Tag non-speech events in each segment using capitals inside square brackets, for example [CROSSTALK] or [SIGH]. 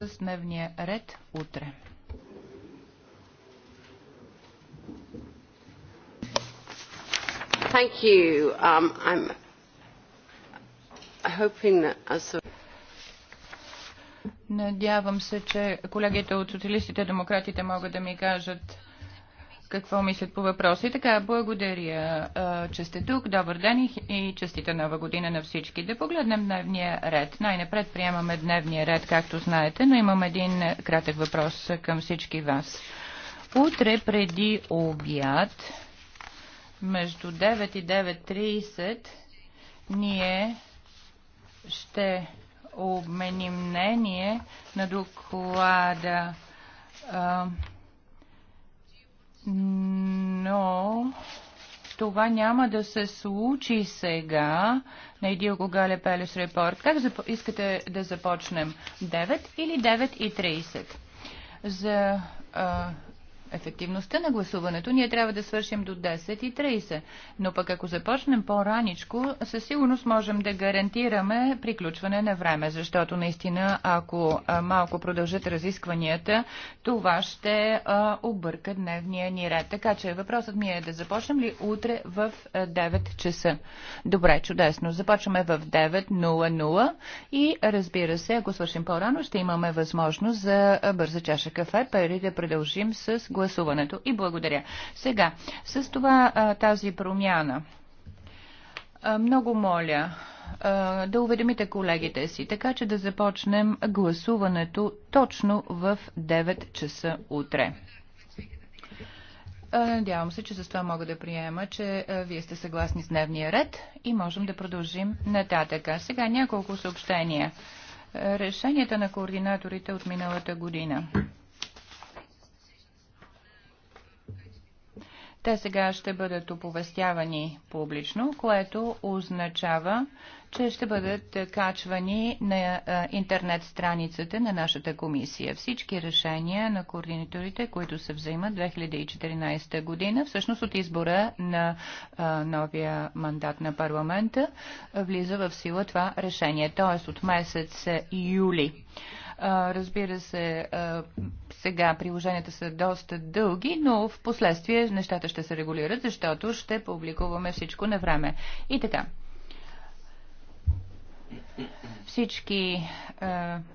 с дневния ред утре. Thank you. Um, I'm hoping that as a... Надявам се, че колегите от социалистите и демократите могат да ми кажат какво мислят по въпроса. И така, благодаря, че сте тук. Добър ден и честита нова година на всички. Да погледнем дневния ред. Най-напред приемаме дневния ред, както знаете, но имам един кратък въпрос към всички вас. Утре преди обяд, между 9 и 9.30, ние ще обменим мнение на доклада но това няма да се случи сега на един Гогале Пелес Репорт. Как искате да започнем? 9 или 9 и 30? За а, ефективността на гласуването, ние трябва да свършим до 10.30. Но пък ако започнем по-раничко, със сигурност можем да гарантираме приключване на време, защото наистина, ако малко продължат разискванията, това ще обърка дневния ни ред. Така че въпросът ми е да започнем ли утре в 9 часа. Добре, чудесно. Започваме в 9.00 и разбира се, ако свършим по-рано, ще имаме възможност за бърза чаша кафе, пари да продължим с гласуването гласуването. И благодаря. Сега, с това тази промяна. Много моля да уведомите колегите си, така че да започнем гласуването точно в 9 часа утре. Надявам се, че с това мога да приема, че вие сте съгласни с дневния ред и можем да продължим нататъка. Сега няколко съобщения. Решенията на координаторите от миналата година. Те сега ще бъдат оповестявани публично, което означава, че ще бъдат качвани на интернет страницата на нашата комисия. Всички решения на координаторите, които се взимат 2014 година, всъщност от избора на новия мандат на парламента, влиза в сила това решение, т.е. от месец юли. Разбира се, сега приложенията са доста дълги, но в последствие нещата ще се регулират, защото ще публикуваме всичко на време. И така. Всички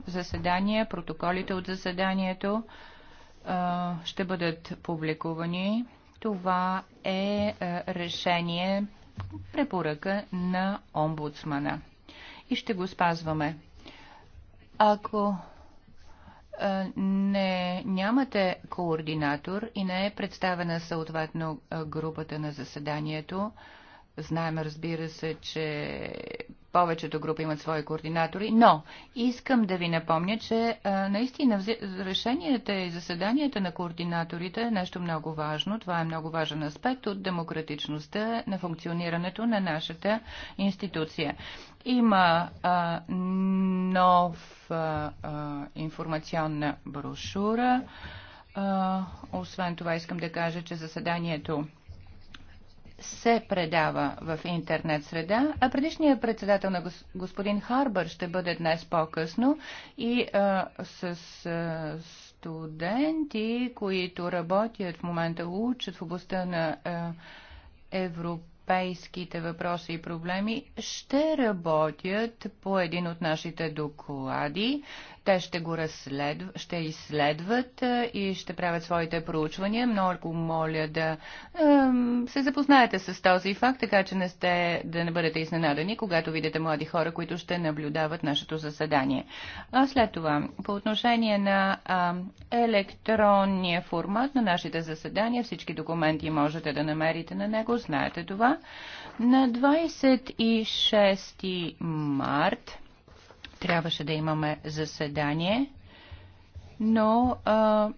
заседания, протоколите от заседанието ще бъдат публикувани. Това е решение, препоръка на омбудсмана. И ще го спазваме. Ако е, не, нямате координатор и не е представена съответно е, групата на заседанието, Знаем, разбира се, че повечето групи имат свои координатори, но искам да ви напомня, че а, наистина взе... решенията и заседанията на координаторите е нещо много важно. Това е много важен аспект от демократичността на функционирането на нашата институция. Има а, нов а, а, информационна брошура. А, освен това искам да кажа, че заседанието се предава в интернет среда, а предишният председател на господин Харбър ще бъде днес по-късно и а, с а, студенти, които работят в момента, учат в областта на а, европейските въпроси и проблеми ще работят по един от нашите доклади те ще го разследв... ще изследват и ще правят своите проучвания. Много моля да се запознаете с този факт, така че не сте, да не бъдете изненадани, когато видите млади хора, които ще наблюдават нашето заседание. А след това, по отношение на електронния формат на нашите заседания, всички документи можете да намерите на него, знаете това. На 26 март трябваше да имаме заседание, но а,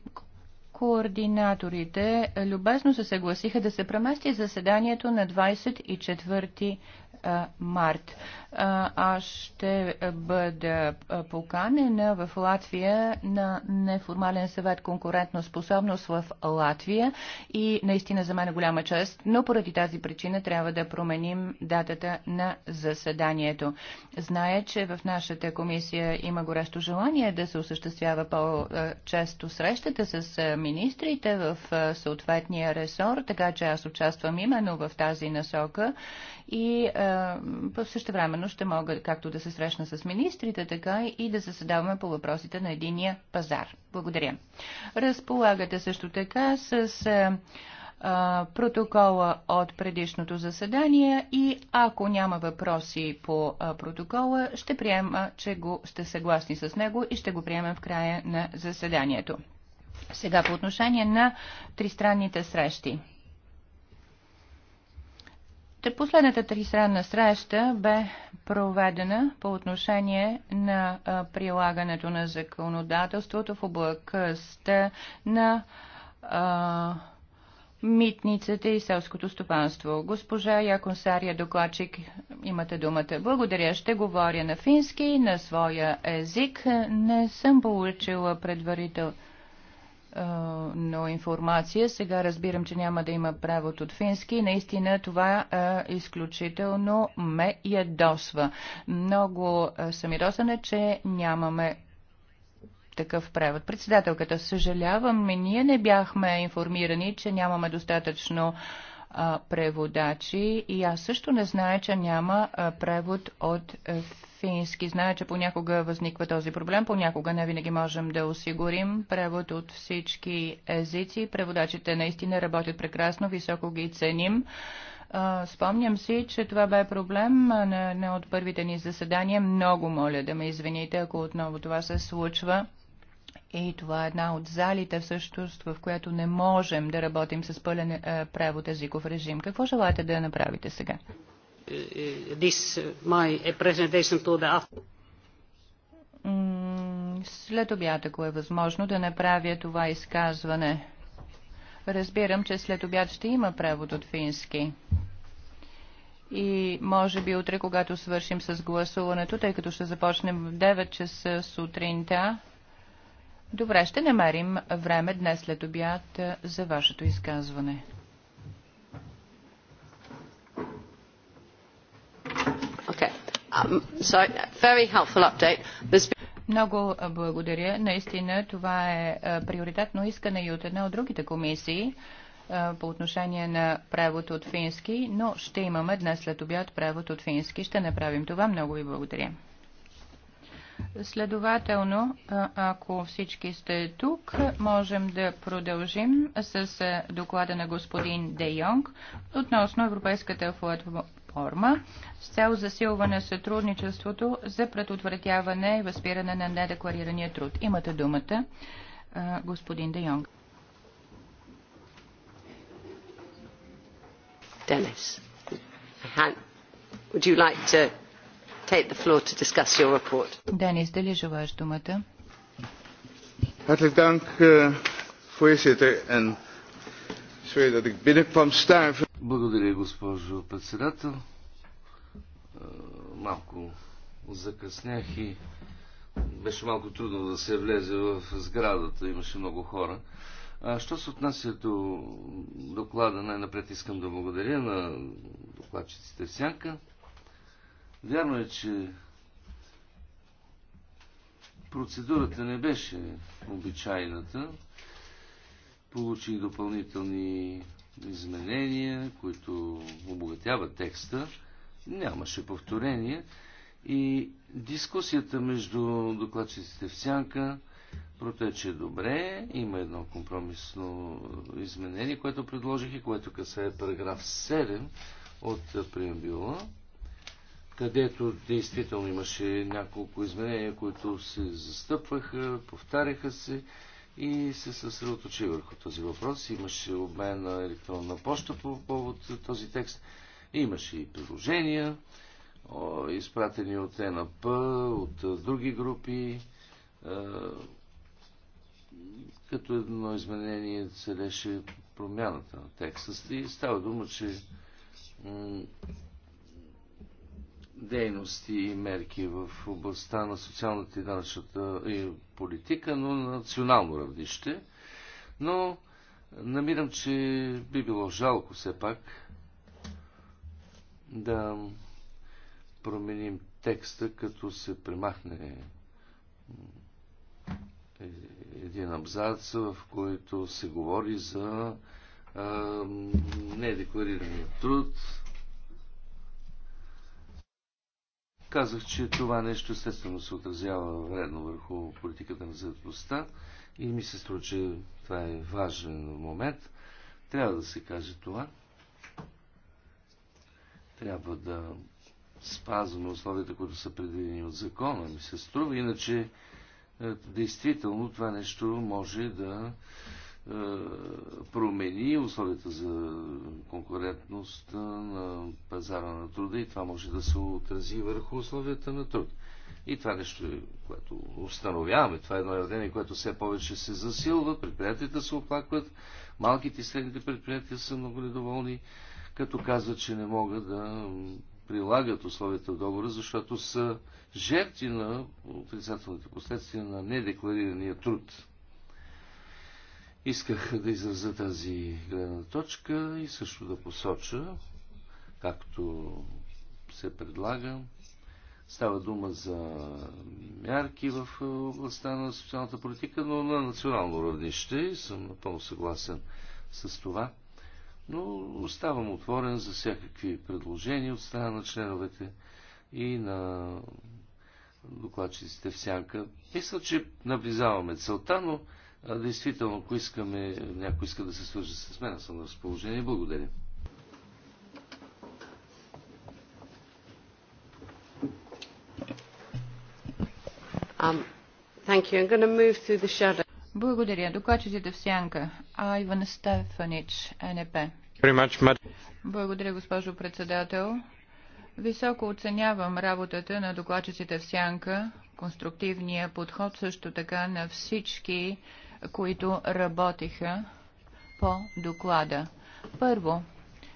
координаторите любезно се съгласиха да се премести заседанието на 24 март аз ще бъда поканена в Латвия на неформален съвет конкурентно способност в Латвия и наистина за мен е голяма чест, но поради тази причина трябва да променим датата на заседанието. Зная, че в нашата комисия има горещо желание да се осъществява по-често срещата с министрите в съответния ресор, така че аз участвам именно в тази насока и по същевременно Естествено, ще мога както да се срещна с министрите, така и да заседаваме по въпросите на единия пазар. Благодаря. Разполагате също така с а, е, а, е, протокола от предишното заседание и ако няма въпроси по а, е, протокола, ще приема, че го сте съгласни с него и ще го приемем в края на заседанието. Сега по отношение на тристранните срещи. Та последната тристранна среща бе проведена по отношение на прилагането на законодателството в областта на а, митницата и селското стопанство. Госпожа Яконсария, докладчик, имате думата. Благодаря. Ще говоря на фински, на своя език. Не съм получила предварително но информация. Сега разбирам, че няма да има превод от фински. Наистина това е, изключително ме ядосва. Много съм ядосана, че нямаме такъв превод. Председателката, съжалявам, ние не бяхме информирани, че нямаме достатъчно а, преводачи и аз също не зная, че няма а, превод от а, фински. Знае, че понякога възниква този проблем, понякога не винаги можем да осигурим превод от всички езици. Преводачите наистина работят прекрасно, високо ги ценим. Спомням си, че това бе проблем на, на от първите ни заседания. Много моля да ме извините, ако отново това се случва. И това е една от залите всъщност, в която не можем да работим с пълен е, превод езиков режим. Какво желаете да направите сега? Uh, this uh, my uh, presentation to the след обяд, ако е възможно, да направя това изказване. Разбирам, че след обяд ще има превод от фински. И може би утре, когато свършим с гласуването, тъй като ще започнем в 9 часа сутринта, добре, ще намерим време днес след обяд за вашето изказване. Um, Много благодаря. Наистина това е приоритетно искане и от една от другите комисии по отношение на правото от фински, но ще имаме днес след обяд правото от фински. Ще направим това. Много ви благодаря. Следователно, ако всички сте тук, можем да продължим с доклада на господин Де Йонг относно Европейската платформа платформа с цел засилване сътрудничеството за предотвратяване и възпиране на недекларирания труд. Имате думата, господин Де Йонг. Денис, would you like to take the floor to discuss your report? Денис, дали желаеш думата? Hartelijk dank, eh, voorzitter. En twee dat ik binnenkwam Благодаря, госпожо председател. Е, малко закъснях и беше малко трудно да се влезе в сградата, имаше много хора. А, що се отнася до доклада, най-напред искам да благодаря на докладчиците в Сянка. Вярно е, че процедурата не беше обичайната. Получих допълнителни изменения, които обогатяват текста. Нямаше повторение. И дискусията между докладчиците в сянка протече добре. Има едно компромисно изменение, което предложих и което касае параграф 7 от преамбюла, където действително имаше няколко изменения, които се застъпваха, повтаряха се и се съсредоточи върху този въпрос. Имаше обмен на електронна почта по повод този текст. Имаше и приложения, изпратени от НАП, от други групи, като едно изменение целеше промяната на текста. И става дума, че дейности и мерки в областта на социалната и данъчната политика, но на национално равнище. Но намирам, че би било жалко все пак да променим текста, като се премахне един абзац, в който се говори за недекларирания труд, Казах, че това нещо естествено се отразява вредно върху политиката на заедността и ми се струва, че това е важен момент. Трябва да се каже това. Трябва да спазваме условията, които са предвидени от закона, ми се струва. Иначе, е, действително, това нещо може да е, промени условията за конкурентност е, на пазара на труда и това може да се отрази върху условията на труд. И това нещо, е, което установяваме, това е едно явление, което все повече се засилва, предприятията се оплакват, малките и средните предприятия са много недоволни, като казват, че не могат да прилагат условията в договора, защото са жертви на отрицателните последствия на недекларирания труд. Исках да изразя тази гледна точка и също да посоча, както се предлага, Става дума за мярки в областта на социалната политика, но на национално равнище. и Съм напълно съгласен с това. Но оставам отворен за всякакви предложения от страна на членовете и на докладчиците в сянка. Мисля, че наблизаваме целта, но Действително, ако искаме, някой иска да се свържи с мен, съм на разположение. Благодаря. Um, Благодаря. Докладчиците в сянка. Айван Стефанич, НП. Благодаря, госпожо председател. Високо оценявам работата на докладчиците в сянка, конструктивния подход също така на всички които работиха по доклада. Първо,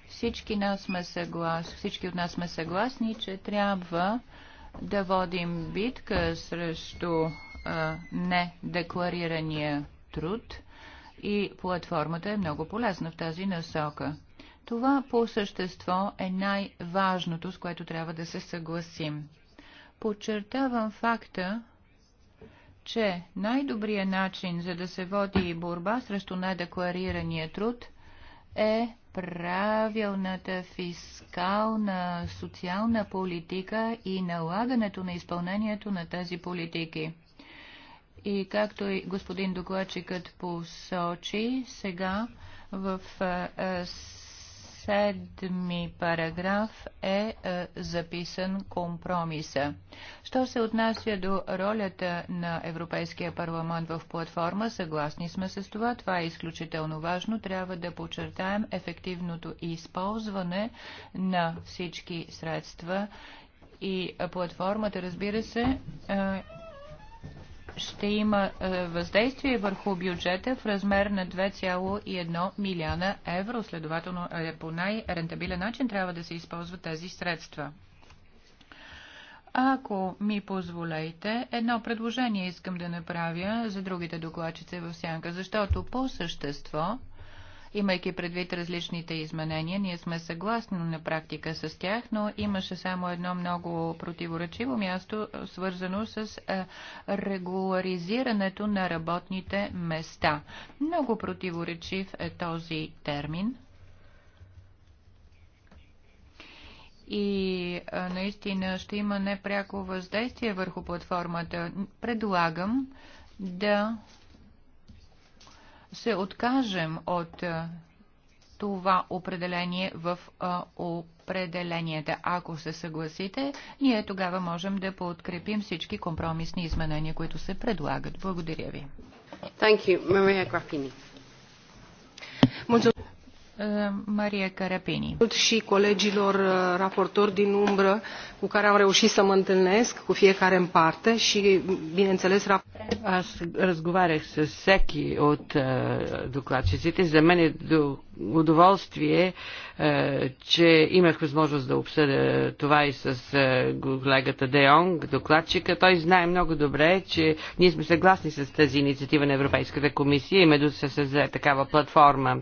всички, нас сме съглас, всички от нас сме съгласни, че трябва да водим битка срещу а, недекларирания труд и платформата е много полезна в тази насока. Това по същество е най-важното, с което трябва да се съгласим. Подчертавам факта, че най-добрият начин за да се води борба срещу недекларирания труд е правилната фискална, социална политика и налагането на изпълнението на тези политики. И както и господин докладчикът посочи, сега в седми параграф е, е, записан компромиса. Що се отнася до ролята на Европейския парламент в платформа, съгласни сме с това. Това е изключително важно. Трябва да подчертаем ефективното използване на всички средства и платформата, разбира се, е, ще има е, въздействие върху бюджета в размер на 2,1 милиона евро. Следователно, е, по най-рентабилен начин трябва да се използват тези средства. Ако ми позволите, едно предложение искам да направя за другите докладчици в сянка, защото по същество Имайки предвид различните изменения, ние сме съгласни на практика с тях, но имаше само едно много противоречиво място, свързано с регуларизирането на работните места. Много противоречив е този термин. и наистина ще има непряко въздействие върху платформата. Предлагам да се откажем от е, това определение в е, определенията. Ако се съгласите, ние тогава можем да подкрепим всички компромисни изменения, които се предлагат. Благодаря ви. Thank you, Maria Grappini. Și colegilor uh, raportori din umbră cu care am reușit să mă întâlnesc, cu fiecare în parte și, bineînțeles, Аз разговарях с всеки от докладчиците. За мен е удоволствие, че имах възможност да обсъда това и с колегата Де докладчика. Той знае много добре, че ние сме съгласни с тази инициатива на Европейската комисия и Медуса се взе такава платформа. Uh,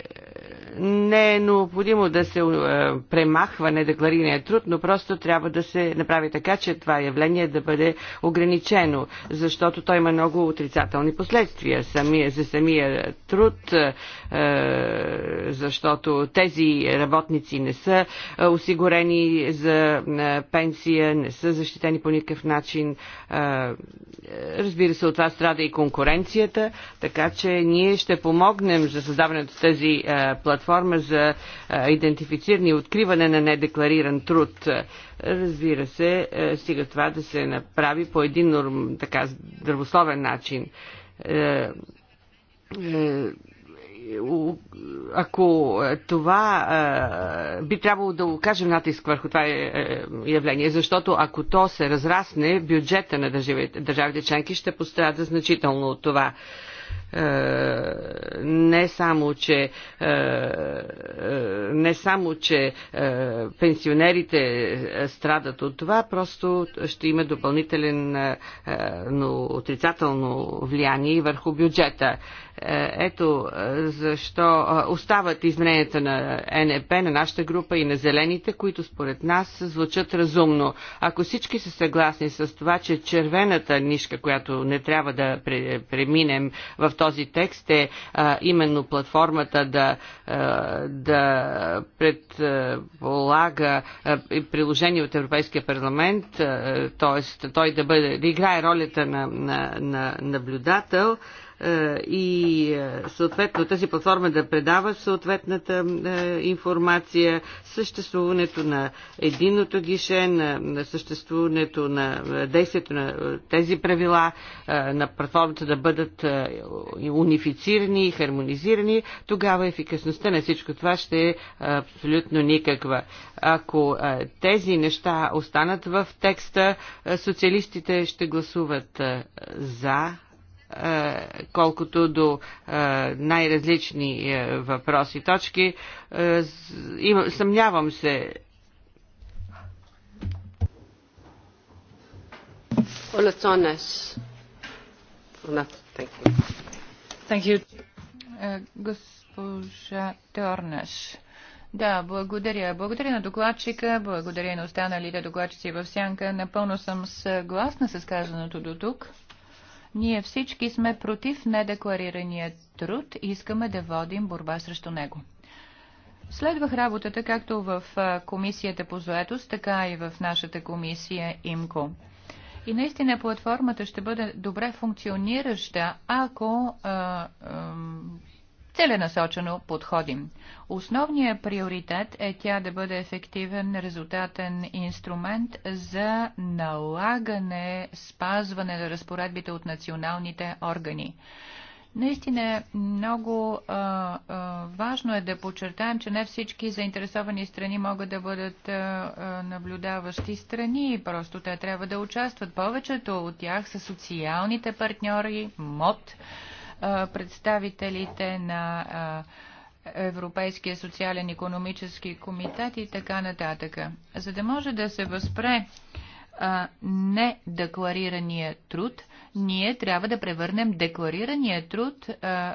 не е необходимо да се е, премахва недекларирания труд, но просто трябва да се направи така, че това явление да бъде ограничено, защото той има много отрицателни последствия самия, за самия труд, е, защото тези работници не са е, осигурени за пенсия, не са защитени по никакъв начин. Разбира се, от това страда и конкуренцията, така че ние ще помогнем за създаването е, платформи платформа за идентифициране и откриване на недеклариран труд. Разбира се, стига това да се направи по един норм, така здравословен начин ако това би трябвало да окажем натиск върху това е, е, явление, защото ако то се разрасне, бюджета на държавите членки ще пострада значително от това. Е, не само, че, е, е, не само, че пенсионерите страдат от това, просто ще има допълнителен но отрицателно влияние върху бюджета. Ето защо остават измененията на НЕП, на нашата група и на зелените, които според нас звучат разумно. Ако всички са съгласни с това, че червената нишка, която не трябва да преминем в този текст е а, именно платформата да, а, да предполага а, приложение от Европейския парламент, т.е. той да, бъде, да играе ролята на, на, на наблюдател. А, е, и е, съответно тази платформа да предава съответната е, информация, съществуването на единното гише, на съществуването на действието на тези правила, на платформата да бъдат унифицирани и хармонизирани, тогава ефикасността на всичко това ще е абсолютно никаква. Ако тези неща останат в текста, социалистите ще гласуват за е, колкото до е, най-различни е, въпроси, и точки. Съмнявам се. Госпожа Торнаш. Да, благодаря. Благодаря на докладчика, благодаря на останалите докладчици в сянка. Напълно съм съгласна с казаното до тук. Ние всички сме против недекларирания труд и искаме да водим борба срещу него. Следвах работата както в комисията по заетост, така и в нашата комисия ИМКО. И наистина платформата ще бъде добре функционираща, ако а, а, целенасочено подходим. Основният приоритет е тя да бъде ефективен резултатен инструмент за налагане, спазване на разпоредбите от националните органи. Наистина е много а, а, важно е да подчертаем, че не всички заинтересовани страни могат да бъдат а, а, наблюдаващи страни. Просто те трябва да участват. Повечето от тях са социалните партньори, МОД. А, представителите на Европейския социален економически комитет и така нататък. За да може да се възпре недекларирания труд, ние трябва да превърнем декларирания труд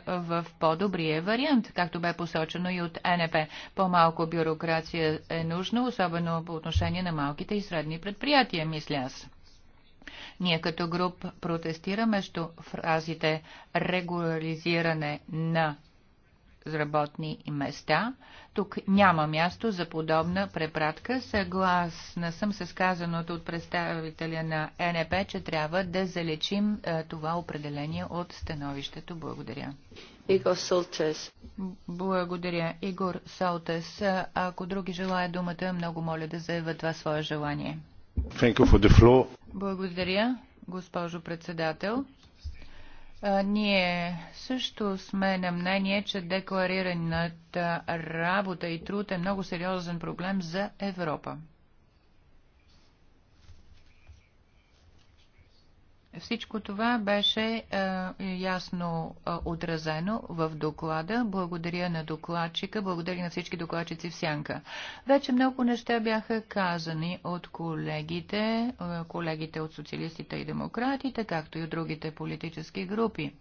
в по-добрия вариант, както бе посочено и от НП. По-малко бюрокрация е нужно, особено по отношение на малките и средни предприятия, мисля аз. Ние като груп протестираме между фразите регулализиране на работни места. Тук няма място за подобна препратка. Съгласна съм с казаното от представителя на НП, че трябва да залечим е, това определение от становището. Благодаря. Игор Солтес. Благодаря, Игор Солтес. Ако други желая думата, много моля да заявят това свое желание. Благодаря, госпожо председател. ние също сме на мнение, че декларираната работа и труд е много сериозен проблем за Европа. Всичко това беше е, ясно е, отразено в доклада. Благодаря на докладчика, благодаря на всички докладчици в Сянка. Вече много неща бяха казани от колегите, е, колегите от социалистите и демократите, както и от другите политически групи.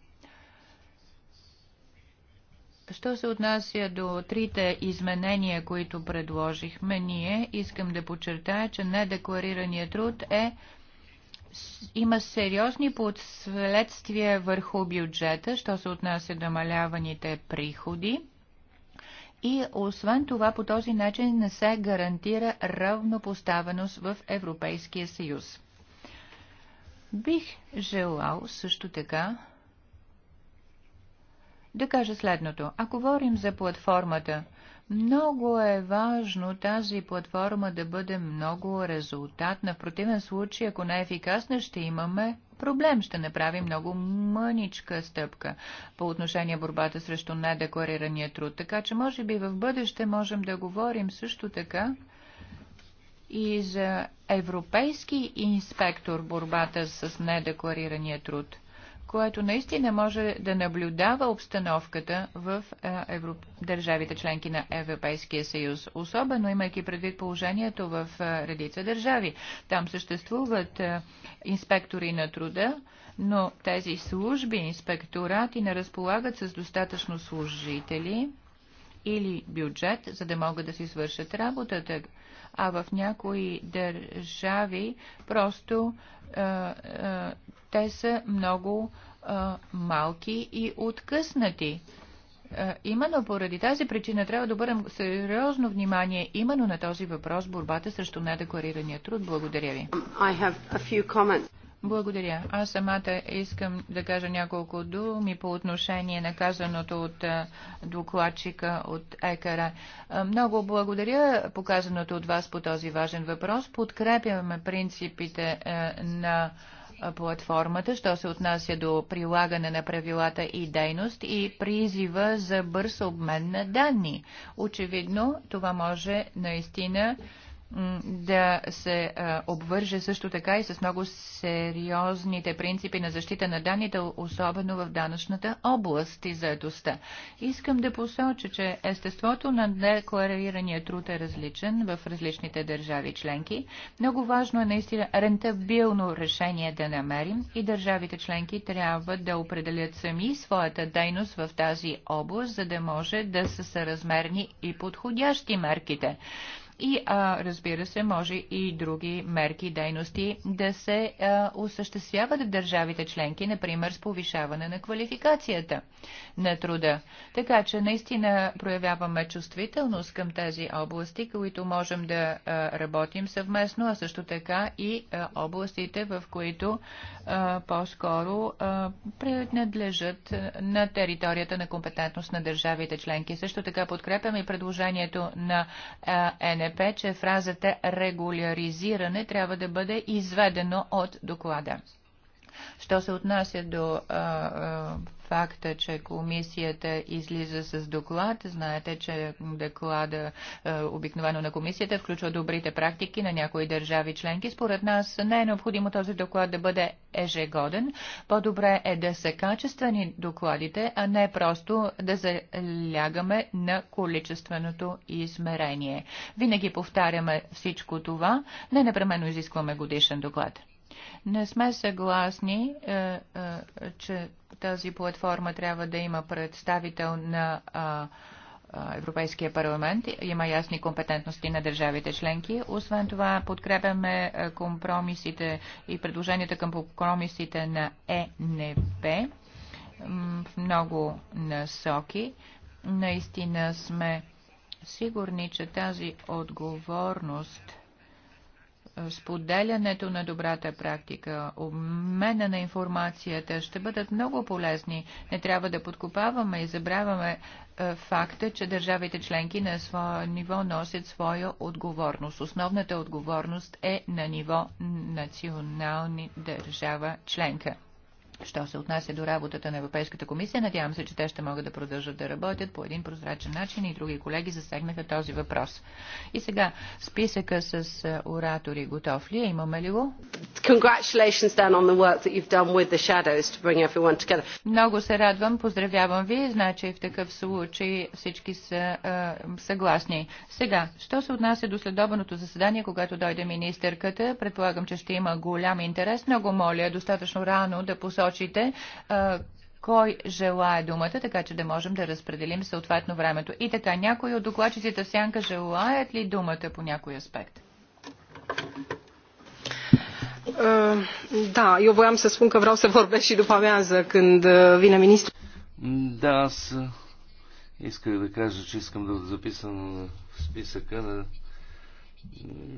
Що се отнася до трите изменения, които предложихме ние, искам да подчертая, че недекларираният труд е има сериозни последствия върху бюджета, що се отнася до маляваните приходи. И освен това, по този начин не се гарантира равнопоставеност в Европейския съюз. Бих желал също така да кажа следното. Ако говорим за платформата, много е важно тази платформа да бъде много резултатна. В противен случай, ако не е ефикасна, ще имаме проблем. Ще направи много мъничка стъпка по отношение борбата срещу недекларирания труд. Така че, може би в бъдеще можем да говорим също така и за европейски инспектор борбата с недекларирания труд – което наистина може да наблюдава обстановката в е, Европ... държавите членки на Европейския съюз, особено имайки предвид положението в е, редица държави. Там съществуват е, инспектори на труда, но тези служби, инспекторати не разполагат с достатъчно служители или бюджет, за да могат да си свършат работата а в някои държави просто е, е, те са много е, малки и откъснати. Именно поради тази причина трябва да обърнем сериозно внимание именно на този въпрос борбата срещу недекларирания труд. Благодаря ви. Благодаря. Аз самата искам да кажа няколко думи по отношение на казаното от докладчика от Екара. Много благодаря показаното от вас по този важен въпрос. Подкрепяме принципите на платформата, що се отнася до прилагане на правилата и дейност и призива за бърз обмен на данни. Очевидно, това може наистина да се обвърже също така и с много сериозните принципи на защита на данните, особено в данъчната област и заедостта. Искам да посоча, че естеството на декларирания труд е различен в различните държави членки. Много важно е наистина рентабилно решение да намерим и държавите членки трябва да определят сами своята дейност в тази област, за да може да са съразмерни и подходящи мерките. И а, разбира се, може и други мерки и дейности да се а, осъществяват в държавите членки, например с повишаване на квалификацията на труда. Така че наистина проявяваме чувствителност към тези области, които можем да а, работим съвместно, а също така и а, областите, в които по-скоро принадлежат на територията на компетентност на държавите членки. Също така подкрепяме и предложението на а, НП, че фразата регуляризиране трябва да бъде изведено от доклада. Що се отнася до а, а, факта, че комисията излиза с доклад, знаете, че доклада обикновено на комисията включва добрите практики на някои държави членки. Според нас не е необходимо този доклад да бъде ежегоден. По-добре е да са качествени докладите, а не просто да залягаме на количественото измерение. Винаги повтаряме всичко това, не непременно изискваме годишен доклад. Не сме съгласни, е, е, че тази платформа трябва да има представител на Европейския парламент. Има ясни компетентности на държавите членки. Освен това, подкрепяме е, компромисите и предложенията към компромисите на ЕНП в много насоки. Наистина сме сигурни, че тази отговорност – споделянето на добрата практика, обмена на информацията ще бъдат много полезни. Не трябва да подкопаваме и забравяме е, факта, че държавите членки на своя ниво носят своя отговорност. Основната отговорност е на ниво национални държава членка. Що се отнася до работата на Европейската комисия, надявам се, че те ще могат да продължат да работят по един прозрачен начин и други колеги засегнаха този въпрос. И сега списъка с оратори готов ли е? Имаме ли го? Много се радвам, поздравявам ви, значи в такъв случай всички са а, съгласни. Сега, що се отнася до следобаното заседание, когато дойде министърката, предполагам, че ще има голям интерес. Много моля, достатъчно рано да посочим посочите кой желая думата, така че да можем да разпределим съответно времето. И така, някой от докладчиците в сянка желаят ли думата по някой аспект? Е, да, eu voiam să spun că vreau să vorbesc și după amiază când vine Да, аз исках да кажа, че искам да записам в списъка на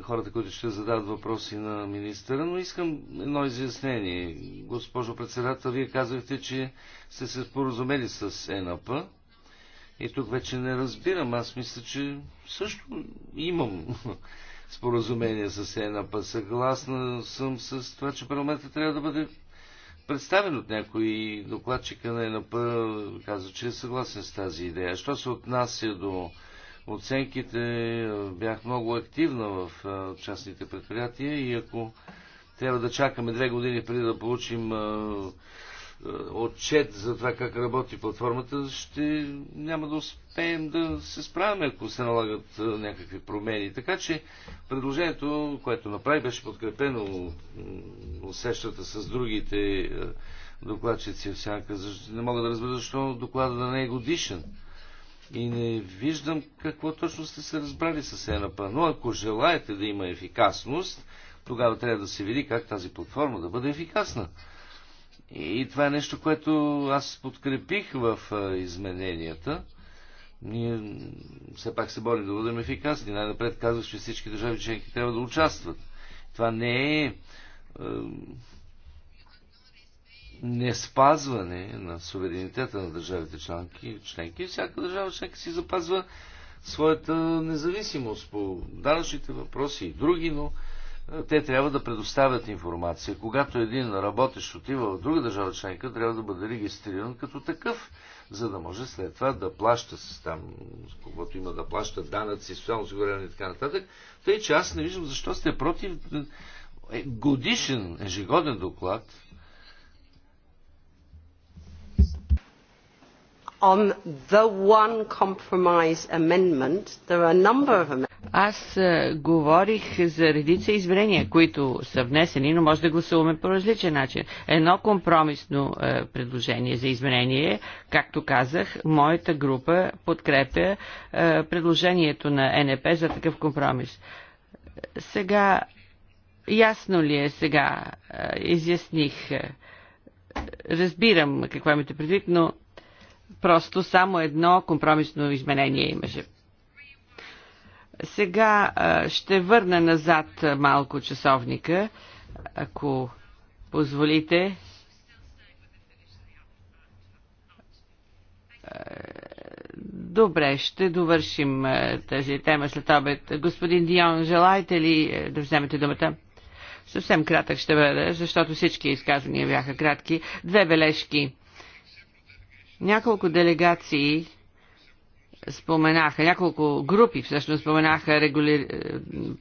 хората, които ще зададат въпроси на министъра, но искам едно изяснение. Госпожо председател, вие казахте, че сте се споразумели с ЕНАП. И тук вече не разбирам. Аз мисля, че също имам [LAUGHS] споразумение с ЕНАП. Съгласна съм с това, че парламентът трябва да бъде представен от някой докладчика на ЕНАП. Каза, че е съгласен с тази идея. Що се отнася до оценките, е, бях много активна в е, частните предприятия и ако трябва да чакаме две години преди да получим е, отчет за това как работи платформата, ще няма да успеем да се справим, ако се налагат някакви промени. Така че предложението, което направи, беше подкрепено усещата с другите докладчици в сянка. Не мога да разбера защо доклада да не е годишен и не виждам какво точно сте се разбрали с ЕНАПА. Но ако желаете да има ефикасност, тогава трябва да се види как тази платформа да бъде ефикасна. И това е нещо, което аз подкрепих в измененията. Ние все пак се борим да бъдем ефикасни. Най-напред казваш, че всички държави членки трябва да участват. Това не е не спазване на суверенитета на държавите членки, членки всяка държава членка си запазва своята независимост по данъчните въпроси и други, но те трябва да предоставят информация. Когато един работещ отива в друга държава членка, трябва да бъде регистриран като такъв, за да може след това да плаща с там, когато има да плаща данъци, социално осигуряване и така нататък. Тъй, че аз не виждам защо сте против е, годишен ежегоден доклад on the one compromise amendment. There are a number of amendments. Аз е, говорих за редица изменения, които са внесени, но може да гласуваме по различен начин. Едно компромисно е, предложение за изменение, както казах, моята група подкрепя е, предложението на НП за такъв компромис. Сега, ясно ли е сега, изясних, разбирам какво имате предвид, но Просто само едно компромисно изменение имаше. Сега ще върна назад малко часовника, ако позволите. Добре, ще довършим тази тема след обед. Господин Дион, желаете ли да вземете думата? Съвсем кратък ще бъде, защото всички изказвания бяха кратки. Две бележки няколко делегации споменаха, няколко групи всъщност споменаха регули... Е,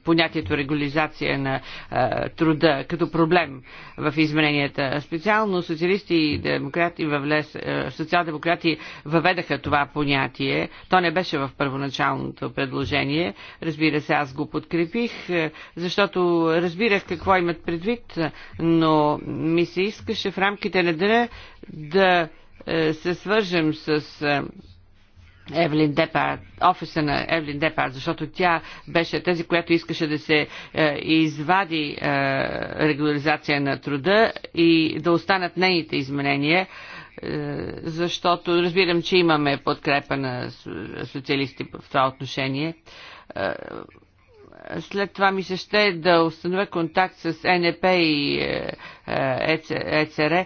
понятието регулизация на а, е, труда като проблем в измененията. Специално социалисти и демократи въвлез... Е, социал-демократи въведаха това понятие. То не беше в първоначалното предложение. Разбира се, аз го подкрепих, защото разбирах какво имат предвид, но ми се искаше в рамките на деня да е, се свържем с е, Евлин Депард, офиса на Евлин Депард, защото тя беше тази, която искаше да се е, извади е, регуляризация на труда и да останат нейните изменения, е, защото разбирам, че имаме подкрепа на социалисти в това отношение. Е, след това ми се ще да установя контакт с НП и ЕЦР, е, е е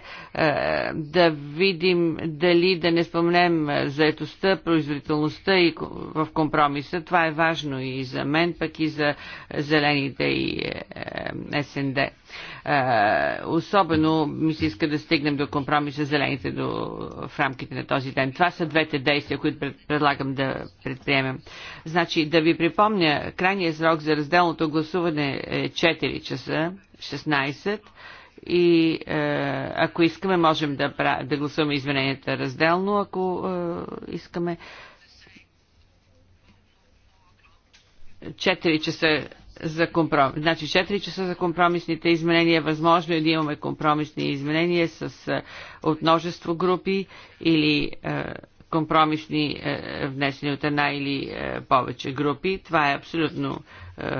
да видим дали да не спомнем заетостта, производителността и в компромиса. Това е важно и за мен, пък и за зелените и СНД. Е, особено ми се иска да стигнем до компромис зелените до, в рамките на този ден. Това са двете действия, които предлагам да предприемем. Значи да ви припомня, крайният срок за разделното гласуване е 4 часа, 16 и е, ако искаме, можем да, да гласуваме измененията разделно, ако е, искаме. 4 часа за компромис. Значи 4 часа за компромисните изменения. Възможно е да имаме компромисни изменения с, от множество групи или е, компромисни е, внесени от една или е, повече групи. Това е абсолютно е,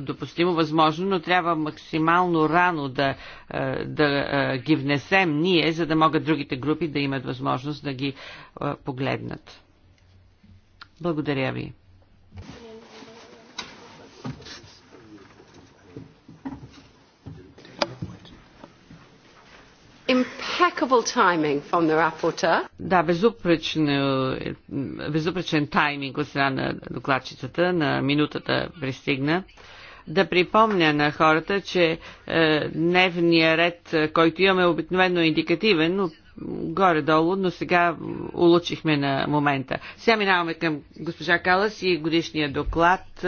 допустимо, възможно, но трябва максимално рано да, е, да е, ги внесем ние, за да могат другите групи да имат възможност да ги е, погледнат. Благодаря ви. impeccable timing from the rapporteur. Да, безупречен, е, е, безупречен тайминг от страна на докладчицата, на минутата пристигна. Да припомня на хората, че е, дневния ред, е, който имаме обикновено индикативен, но горе-долу, но сега улучихме на момента. Сега минаваме към госпожа Калас и годишния доклад.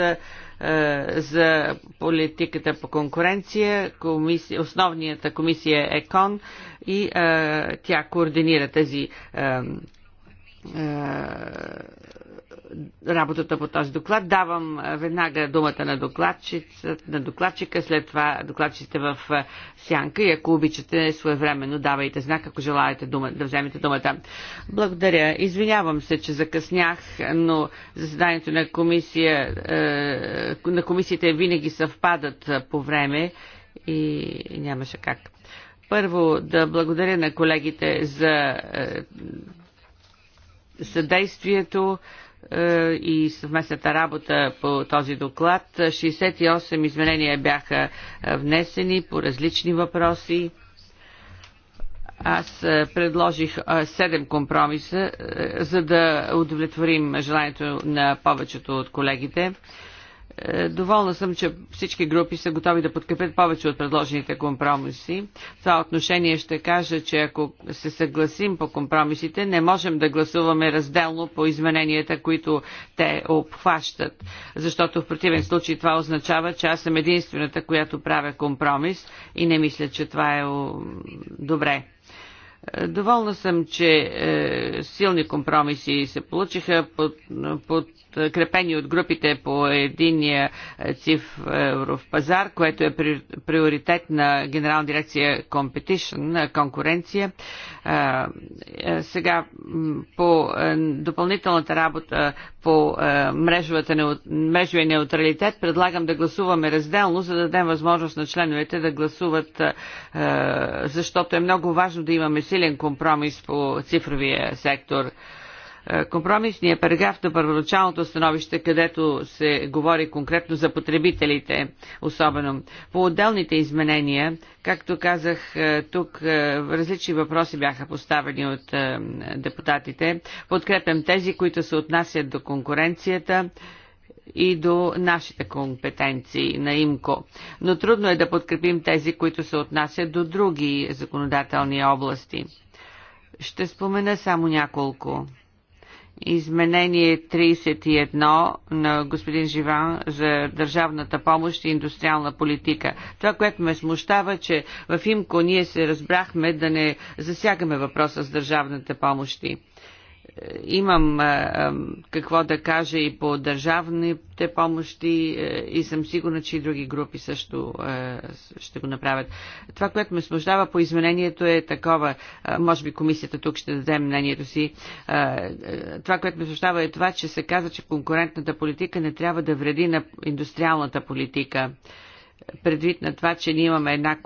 Е, за политиката по конкуренция, комисия, основнията комисия ЕКОН и е, тя координира тези е, работата по този доклад. Давам веднага думата на, на докладчика, след това докладчите в сянка и ако обичате своевременно давайте знак, ако желаете дума, да вземете думата. Благодаря. Извинявам се, че закъснях, но заседанието на, комисия, на комисиите винаги съвпадат по време и нямаше как. Първо да благодаря на колегите за съдействието, е, и съвместната работа по този доклад. 68 изменения бяха е, внесени по различни въпроси. Аз е, предложих 7 компромиса, за да удовлетворим желанието на повечето от колегите. Е, доволна съм, че всички групи са готови да подкрепят повече от предложените компромиси. В това отношение ще кажа, че ако се съгласим по компромисите, не можем да гласуваме разделно по измененията, които те обхващат. Защото в противен случай това означава, че аз съм единствената, която правя компромис и не мисля, че това е добре. Е, доволна съм, че е, силни компромиси се получиха. Под, под, подкрепени от групите по единия е, цифров е, пазар, което е приоритет на Генерална дирекция Competition, конкуренция. Е, сега по допълнителната работа по мрежовия неутралитет предлагам да гласуваме разделно, за да дадем възможност на членовете да гласуват, защото е много важно да имаме силен компромис по цифровия сектор. Е, компромисния параграф на първоначалното становище, където се говори конкретно за потребителите, особено по отделните изменения, както казах е, тук, е, различни въпроси бяха поставени от депутатите. Подкрепям тези, които се отнасят до конкуренцията и до нашите компетенции на ИМКО. Но трудно е да подкрепим тези, които се отнасят до други законодателни области. Ще спомена само няколко. Изменение 31 на господин Живан за държавната помощ и индустриална политика. Това, което ме смущава, че в Имко ние се разбрахме да не засягаме въпроса с държавната помощи имам какво да кажа и по държавните помощи е, и съм сигурна, че и други групи също е, ще го направят. Това, което ме смущава по изменението е такова, може би комисията тук ще даде мнението си, е, това, което ме смущава е това, че се казва, че конкурентната политика не трябва да вреди на индустриалната политика предвид на това, че ние имаме една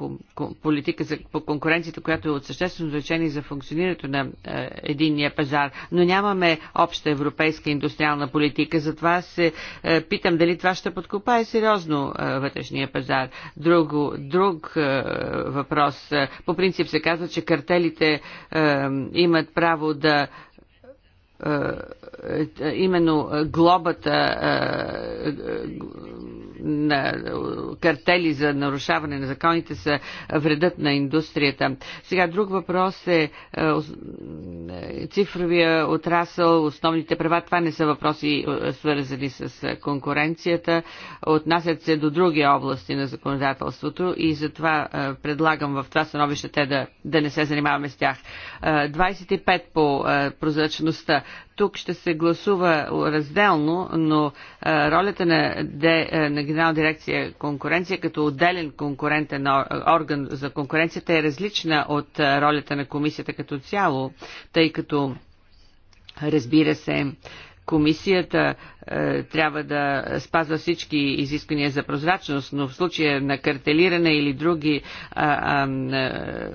политика за, по конкуренцията, която е от съществено значение за функционирането на е, единния пазар, но нямаме обща европейска индустриална политика, затова се е, питам дали това ще подкопае сериозно е, вътрешния пазар. Друго, друг е, въпрос. Е, по принцип се казва, че картелите е, имат право да е, е, именно глобата е, на картели за нарушаване на законите са вредът на индустрията. Сега друг въпрос е цифровия отрасъл, основните права. Това не са въпроси свързани с конкуренцията. Отнасят се до други области на законодателството и затова предлагам в това становище те да, да не се занимаваме с тях. 25 по прозрачността. Тук ще се гласува разделно, но ролята на, де, на Генерална дирекция конкуренция като отделен конкурентен орган за конкуренцията е различна от ролята на комисията като цяло, тъй като, разбира се, комисията е, трябва да спазва всички изисквания за прозрачност, но в случая на картелиране или други а, а, е,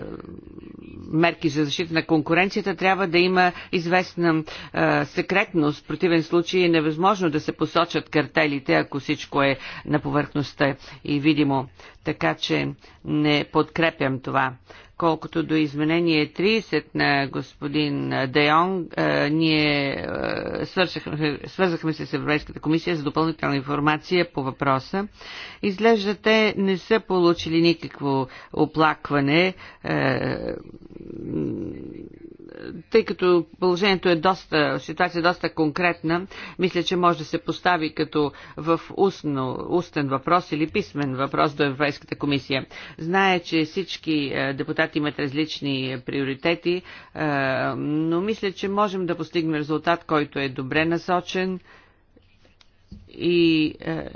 мерки за защита на конкуренцията трябва да има известна а, секретност. В противен случай е невъзможно да се посочат картелите, ако всичко е на повърхността и видимо. Така че не подкрепям това. Колкото до изменение 30 на господин Дейон, е, ние свързахме се с Европейската комисия за допълнителна информация по въпроса. Изглежда те не са получили никакво оплакване, е, тъй като положението е доста, ситуация е доста конкретна, мисля, че може да се постави като в устно, устен въпрос или писмен въпрос до Европейската комисия. Знае, че всички е, депутати имат различни приоритети, е, но мисля, че можем да постигнем резултат, който е добре насочен и е,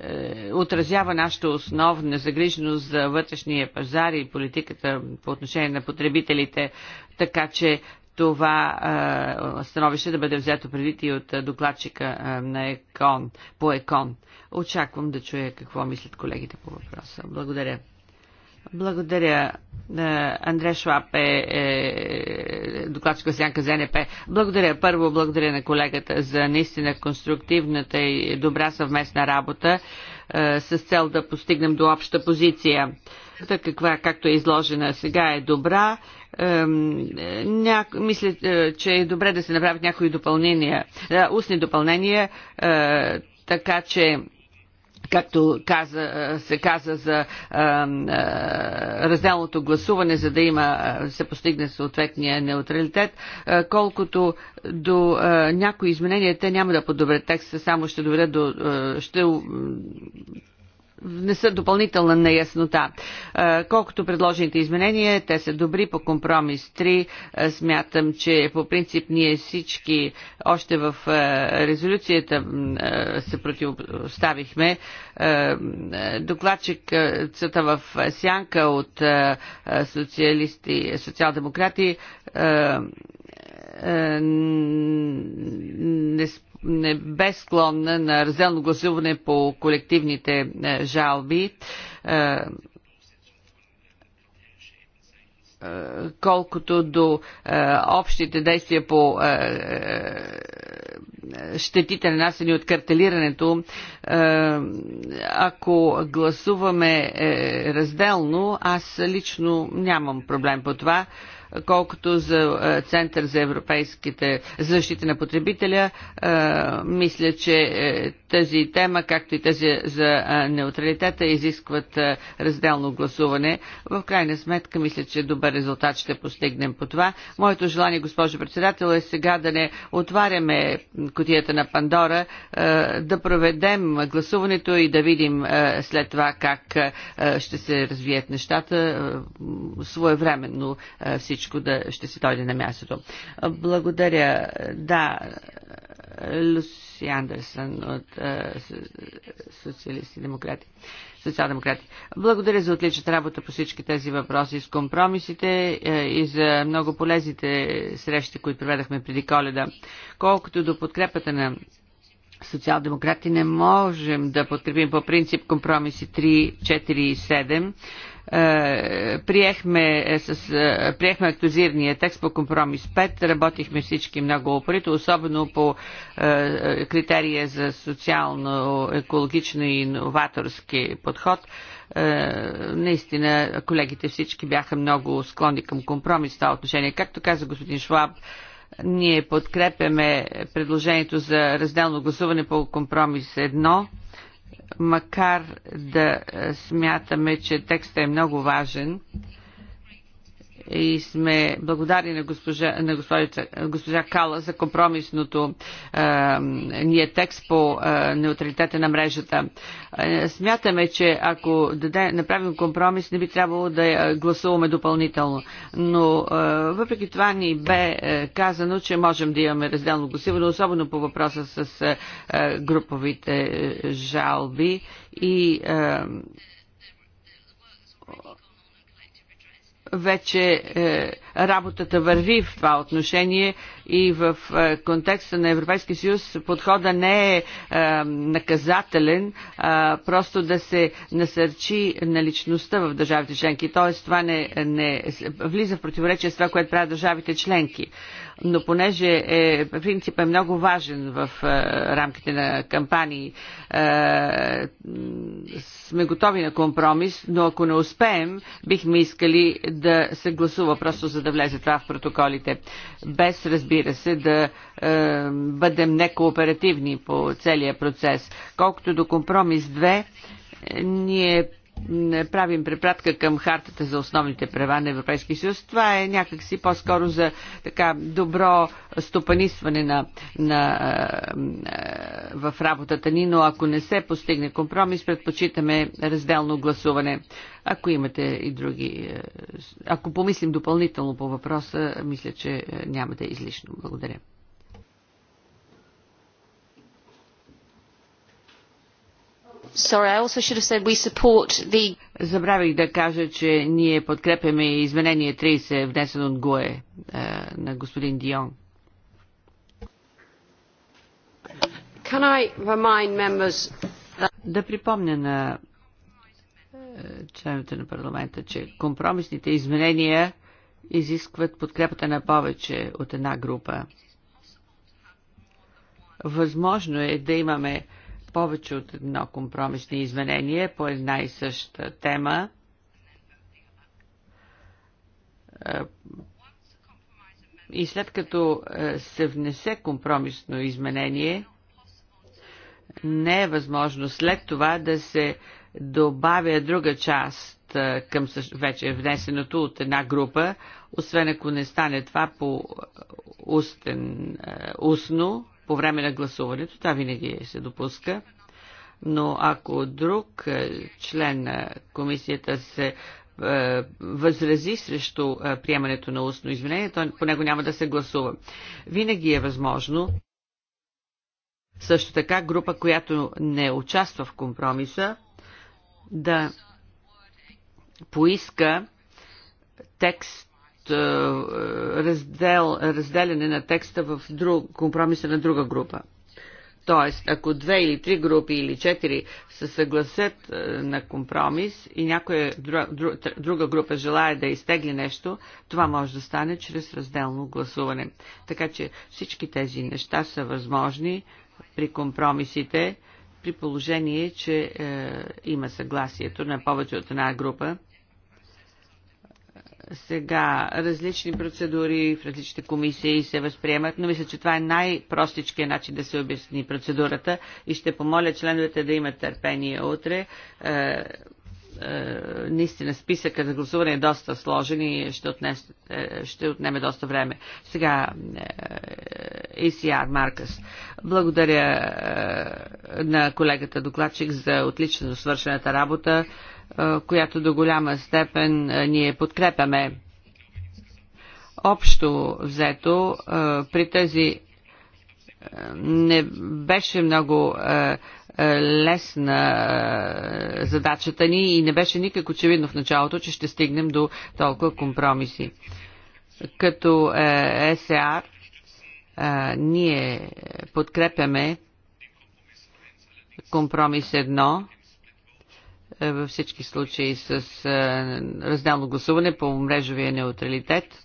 е, отразява нашата основна загриженост за вътрешния пазар и политиката по отношение на потребителите, така че това е, становище да бъде взето преди и от докладчика е, на ЕКОН, по ЕКОН. Очаквам да чуя какво мислят колегите по въпроса. Благодаря. Благодаря. Е, Андре Шлап е, е докладчика Сянка за НП. Благодаря. Първо благодаря на колегата за наистина конструктивната и добра съвместна работа е, с цел да постигнем до обща позиция. Така каква, както е изложена сега, е добра. Е, ня... Мисля, че е добре да се направят някои допълнения, е, устни допълнения, е, така че както каза, се каза за а, а, разделното гласуване, за да има, се постигне съответния неутралитет, а, колкото до а, някои изменения, те няма да подобрят текста, само ще доведат до... А, ще внесат допълнителна неяснота. Е, колкото предложените изменения, те са добри по компромис 3. Е, смятам, че по принцип ние всички още в е, резолюцията се противоставихме. Докладчик цата в сянка от социалисти, социал-демократи не не бе склонна на разделно гласуване по колективните е, жалби е, е, колкото до е, общите действия по е, е, щетите нанасени от картелирането, е, ако гласуваме е, разделно, аз лично нямам проблем по това. Е, Колкото за е, Център за европейските защита на потребителя, е, мисля, че е, тази тема, както и тази за неутралитета, изискват разделно гласуване. В крайна сметка, мисля, че добър резултат ще постигнем по това. Моето желание, госпожо председател, е сега да не отваряме котията на Пандора, да проведем гласуването и да видим след това как ще се развият нещата своевременно всички всичко да ще си дойде на мястото. Благодаря. Да, Люси Андерсън от социалисти демократи социал-демократи. Благодаря за отличната работа по всички тези въпроси с компромисите и за много полезните срещи, които проведахме преди коледа. Колкото до подкрепата на социал-демократи, не можем да подкрепим по принцип компромиси 3, 4 и 7 е, приехме, е, с, е, приехме актуализирания текст по компромис 5, работихме всички много опорито, особено по критерия за социално, екологично и новаторски подход наистина колегите всички бяха много склонни към компромис в това отношение. Както каза господин Шваб, ние подкрепяме предложението за разделно гласуване по компромис 1 макар да е, смятаме, че текстът е много важен, и сме благодарни на госпожа, на госпожа, госпожа Кала за компромисното е, ние текст по е, неутралитета на мрежата. Е, смятаме, че ако даде, направим компромис, не би трябвало да гласуваме допълнително. Но е, въпреки това ни бе е, казано, че можем да имаме разделно гласуване, особено по въпроса с е, груповите жалби и е, вече е, работата върви в това отношение и в е, контекста на Европейския съюз подхода не е, е наказателен, а просто да се насърчи наличността в държавите членки. Тоест това не, не влиза в противоречие с това, което правят държавите членки. Но понеже е, принцип е много важен в е, рамките на кампании, е, сме готови на компромис, но ако не успеем, бихме искали да се гласува просто за да влезе това в протоколите, без разбира се да е, бъдем некооперативни по целия процес. Колкото до компромис 2, ние не правим препратка към хартата за основните права на Европейския съюз. Това е някакси по-скоро за така добро стопанистване на, на, на, е, в работата ни, но ако не се постигне компромис, предпочитаме разделно гласуване. Ако имате и други... Е, ако помислим допълнително по въпроса, мисля, че е, няма да е излишно. Благодаря. Sorry, I also should have said we support the... Забравих да кажа, че ние подкрепяме изменение 30, внесено от ГОЕ е, на господин Дион. Can I remind members that... Да припомня на е, членовете на парламента, че компромисните изменения изискват подкрепата на повече от една група. Възможно е да имаме повече от едно компромисни изменение по една и съща тема. Е, и след като е, се внесе компромисно изменение, не е възможно след това да се добавя друга част е, към вече внесеното от една група, освен ако не стане това по устен, устно по време на гласуването. Това винаги се допуска. Но ако друг е, член на комисията се е, възрази срещу е, приемането на устно извинение, то по него няма да се гласува. Винаги е възможно също така група, която не участва в компромиса, да поиска текст от е, раздел, разделяне на текста в друг, компромиса на друга група. Тоест, ако две или три групи или четири се съгласят е, на компромис и някоя друга, друга група желая да изтегли нещо, това може да стане чрез разделно гласуване. Така че всички тези неща са възможни при компромисите, при положение, че е, има съгласието на повече от една група сега различни процедури в различните комисии се възприемат, но мисля, че това е най-простичкият начин да се обясни процедурата и ще помоля членовете да имат търпение утре. Е, е, наистина списъка за гласуване е доста сложен и ще, отнес, е, ще отнеме доста време. Сега ECR е, е, Маркъс. Благодаря е, на колегата докладчик за отлично свършената работа която до голяма степен ние подкрепяме. Общо взето, при тези не беше много лесна задачата ни и не беше никак очевидно в началото, че ще стигнем до толкова компромиси. Като СЕАР ние подкрепяме компромис едно е, във всички случаи с е, разделно гласуване по мрежовия неутралитет.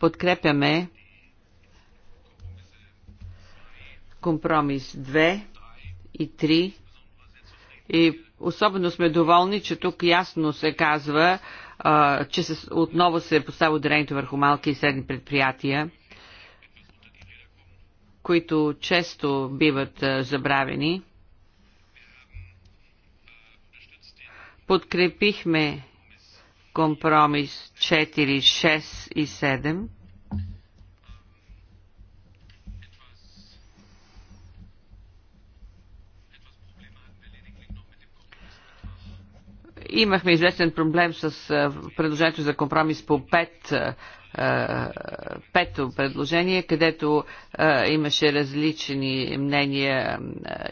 Подкрепяме компромис 2 и 3 и особено сме доволни, че тук ясно се казва, е, че отново се поставя ударението върху малки и средни предприятия, които често биват забравени Подкрепихме компромис 4, 6 и 7 Имахме известен проблем с предложението за компромис по 5 пето предложение, където имаше различни мнения,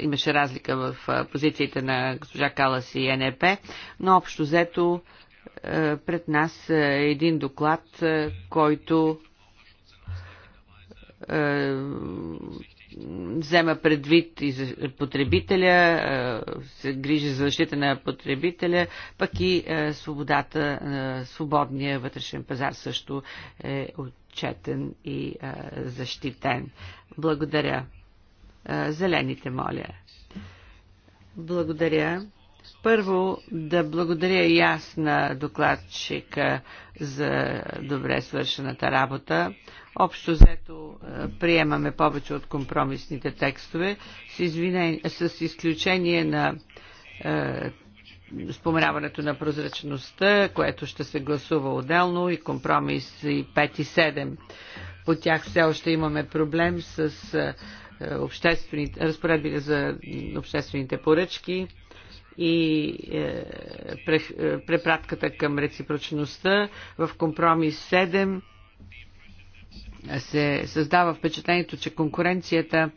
имаше разлика в позициите на госпожа Калас и НЕП, но общо взето пред нас е един доклад, който взема предвид и потребителя, се грижи за защита на потребителя, пък и свободата, свободния вътрешен пазар също е отчетен и защитен. Благодаря. Зелените, моля. Благодаря. Първо да благодаря и аз на докладчика за добре свършената работа. Общо взето е, приемаме повече от компромисните текстове, с, извинение, с изключение на е, споменаването на прозрачността, което ще се гласува отделно и компромис и 5 и 7. По тях все още имаме проблем с е, разпоредбите за обществените поръчки и е, е, препратката към реципрочността в компромис 7 се създава впечатлението, че конкуренцията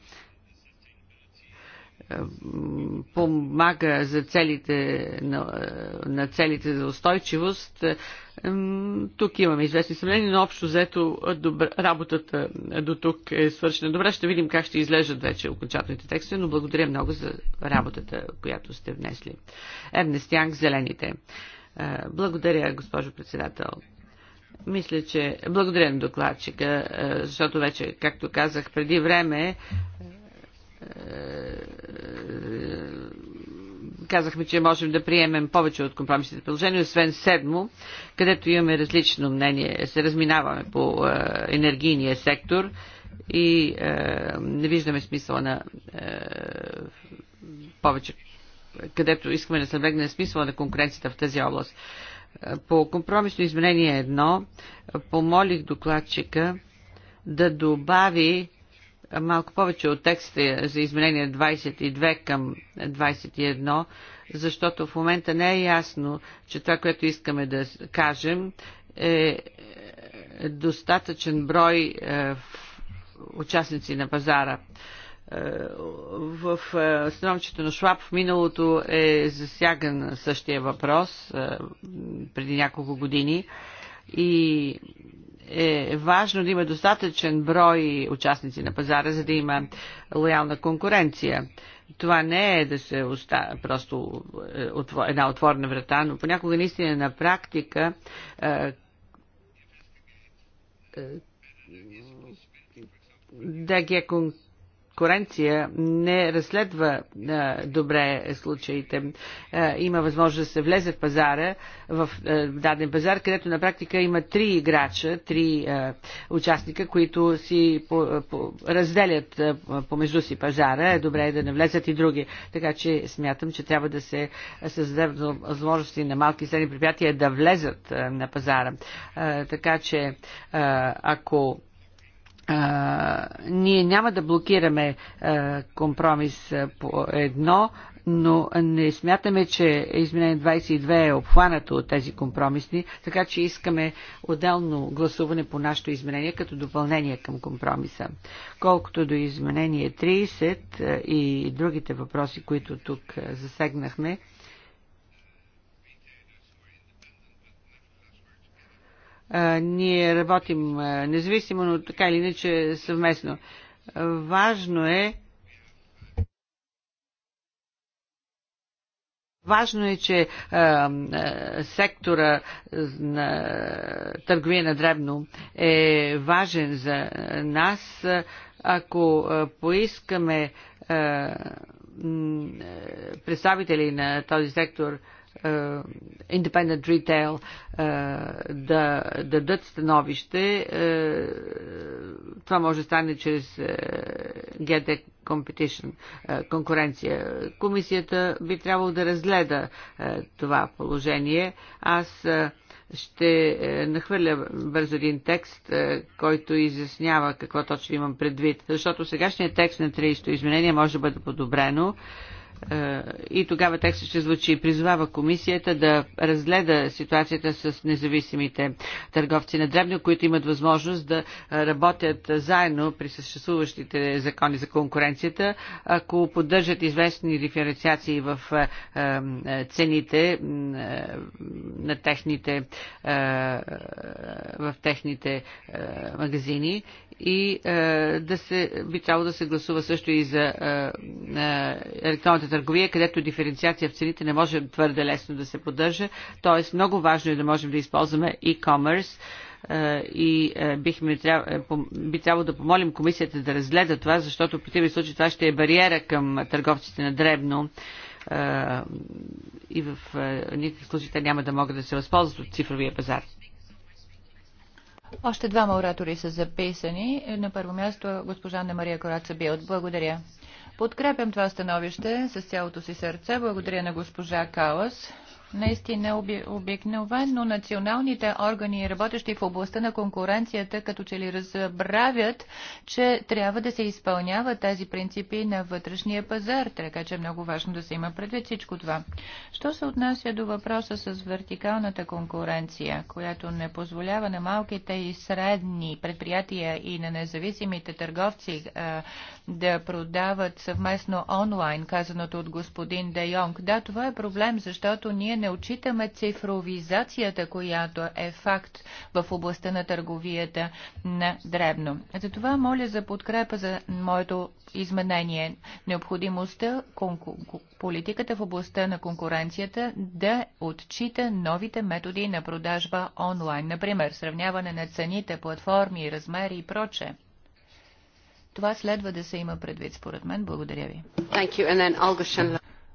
помага за целите на, на целите за устойчивост. Тук имаме известни съмнения, но общо взето работата до тук е свършена. Добре, ще видим как ще излежат вече окончателните текстове, но благодаря много за работата, която сте внесли. Ернестянг, Зелените. Е, благодаря, госпожо председател. Мисля, че благодаря на докладчика, е, защото вече, както казах преди време, казахме, че можем да приемем повече от компромисните предложения, освен седмо, където имаме различно мнение, се разминаваме по е, енергийния сектор и е, не виждаме смисъла на е, повече, където искаме да се влегне смисъла на конкуренцията в тази област. По компромисно изменение едно помолих докладчика да добави малко повече от текста за изменение 22 към 21, защото в момента не е ясно, че това, което искаме да кажем, е достатъчен брой е, участници на пазара е, в е, становището на Шваб в миналото е засяган същия въпрос преди няколко години и е важно да има достатъчен брой участници на пазара, за да има лоялна конкуренция. Това не е да се оста... просто е, една отворена врата, но понякога наистина на практика е, е, конкуренция конкуренция не разследва добре случаите. Има възможност да се влезе в пазара, в даден пазар, където на практика има три играча, три участника, които си разделят помежду си пазара. Е Добре е да не влезат и други. Така че смятам, че трябва да се създаде възможности на малки и средни предприятия да влезат на пазара. Така че ако ние няма да блокираме а, компромис а, по едно, но не смятаме, че изменение 22 е обхванато от тези компромисни, така че искаме отделно гласуване по нашето изменение като допълнение към компромиса. Колкото до изменение 30 и другите въпроси, които тук засегнахме, Ние работим независимо, но така или иначе съвместно. Важно е Важно е, че а, а, сектора на търговия на дребно е важен за нас. Ако поискаме а, представители на този сектор а, е, independent Retail е, да дадат становище. Е, това може да стане чрез GD Competition, конкуренция. Комисията би трябвало да разгледа това положение. Аз ще нахвърля бързо един текст, който изяснява какво точно имам предвид, защото сегашният текст на 30-то изменение може да бъде подобрено. Е, и тогава текстът ще звучи призовава комисията да разгледа ситуацията с независимите търговци на дребно, които имат възможност да работят заедно при съществуващите закони за конкуренцията, ако поддържат известни диференциации в е, е, цените на техните в техните магазини и да се, би трябвало да се гласува също и за електронната търговия, където диференциация в цените не може твърде лесно да се поддържа. Тоест много важно е да можем да използваме e-commerce е, и е, бихме, е, би трябвало да помолим комисията да разгледа това, защото в противен случай това ще е бариера към търговците на дребно и в никакъв случай те няма да могат да се възползват от цифровия пазар. Още двама оратори са записани. На първо място госпожа Анна Мария Кораца Билт. Благодаря. Подкрепям това становище с цялото си сърце. Благодаря на госпожа Калас наистина е обикновено националните органи, работещи в областта на конкуренцията, като че ли разбравят, че трябва да се изпълняват тези принципи на вътрешния пазар, така че е много важно да се има предвид всичко това. Що се отнася до въпроса с вертикалната конкуренция, която не позволява на малките и средни предприятия и на независимите търговци да продават съвместно онлайн, казаното от господин Де Йонг. Да, това е проблем, защото ние не отчитаме цифровизацията, която е факт в областта на търговията на дребно. Затова моля за подкрепа за моето изменение. Необходимостта политиката в областта на конкуренцията да отчита новите методи на продажба онлайн, например сравняване на цените, платформи, размери и проче. Това следва да се има предвид, според мен. Благодаря ви.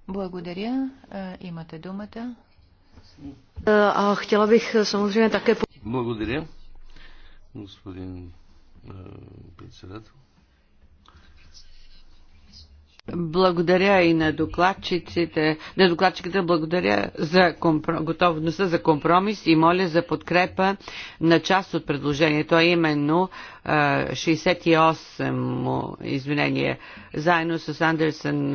Благодаря. Имате думата. А хотела бих samozřejmě také... Благодаря, господин председател. Благодаря и на докладчиците, на докладчиките благодаря за компро, готовността за компромис и моля за подкрепа на част от предложението, а именно 68 извинение. Заедно с Андерсън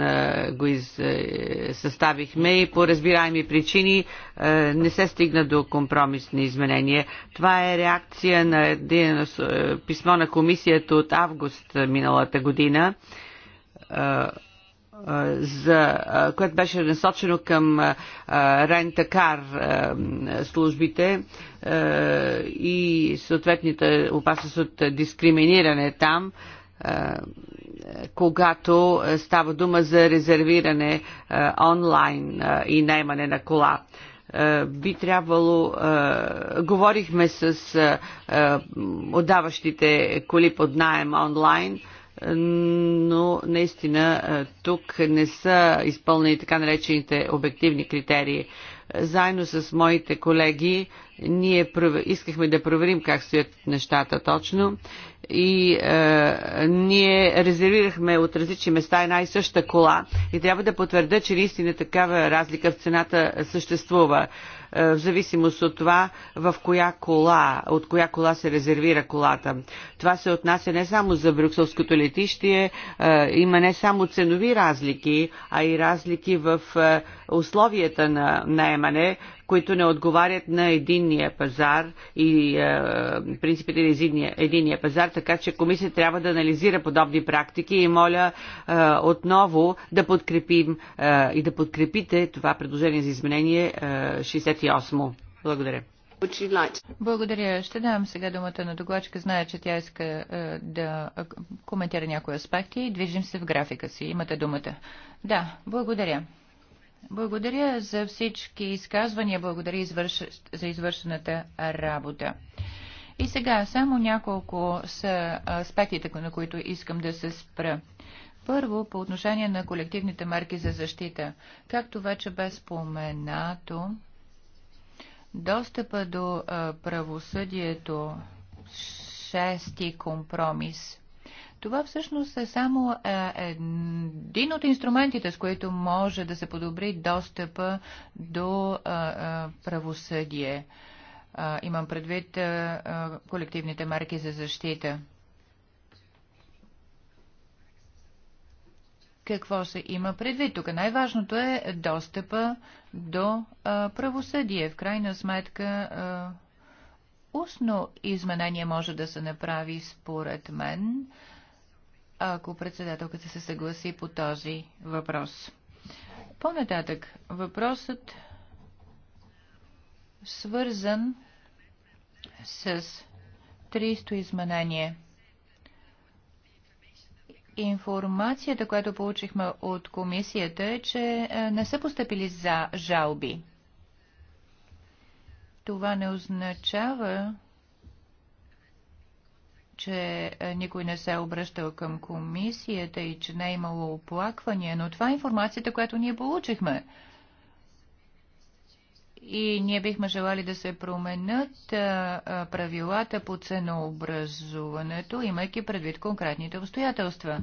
го из, е, съставихме и по разбираеми причини не се стигна до компромисни изменения. Това е реакция на е, писмо на комисията от август миналата година за, което беше насочено към рентакар службите и съответните опасност от дискриминиране там, когато става дума за резервиране онлайн и наймане на кола би трябвало. Говорихме с отдаващите коли под найем онлайн но наистина тук не са изпълнени така наречените обективни критерии. Заедно с моите колеги ние искахме да проверим как стоят нещата точно и е, ние резервирахме от различни места една и съща кола и трябва да потвърда, че наистина такава разлика в цената съществува. Е, в зависимост от това в коя кола, от коя кола се резервира колата. Това се отнася не само за брюкселското летище, е, има не само ценови разлики, а и разлики в е, условията на наемане които не отговарят на единния пазар и е, принципите на единния пазар, така че комисия трябва да анализира подобни практики и моля е, отново да подкрепим е, и да подкрепите това предложение за изменение 68. Благодаря. Благодаря. Ще давам сега думата на докладчика. Зная, че тя иска е, да коментира някои аспекти. Движим се в графика си. Имате думата. Да, благодаря. Благодаря за всички изказвания, благодаря извърш... за извършената работа. И сега само няколко са аспектите, на които искам да се спра. Първо, по отношение на колективните марки за защита. Както вече бе споменато, достъпа до правосъдието шести компромис това всъщност е само е, един от инструментите, с които може да се подобри достъпа до е, е, правосъдие. Имам предвид колективните марки за защита. какво се има предвид. Тук най-важното е достъпа до правосъдие. В крайна сметка, устно изменение може да се направи според мен. А, ако председателката се съгласи по този въпрос. По-нататък въпросът свързан с 300 изменение. Информацията, която получихме от комисията е, че е, не са поступили за жалби. Това не означава, че е, никой не се е обръщал към комисията и че не е имало оплаквания, но това е информацията, която ние получихме. И ние бихме желали да се променят е, е, правилата по ценообразуването, имайки предвид конкретните обстоятелства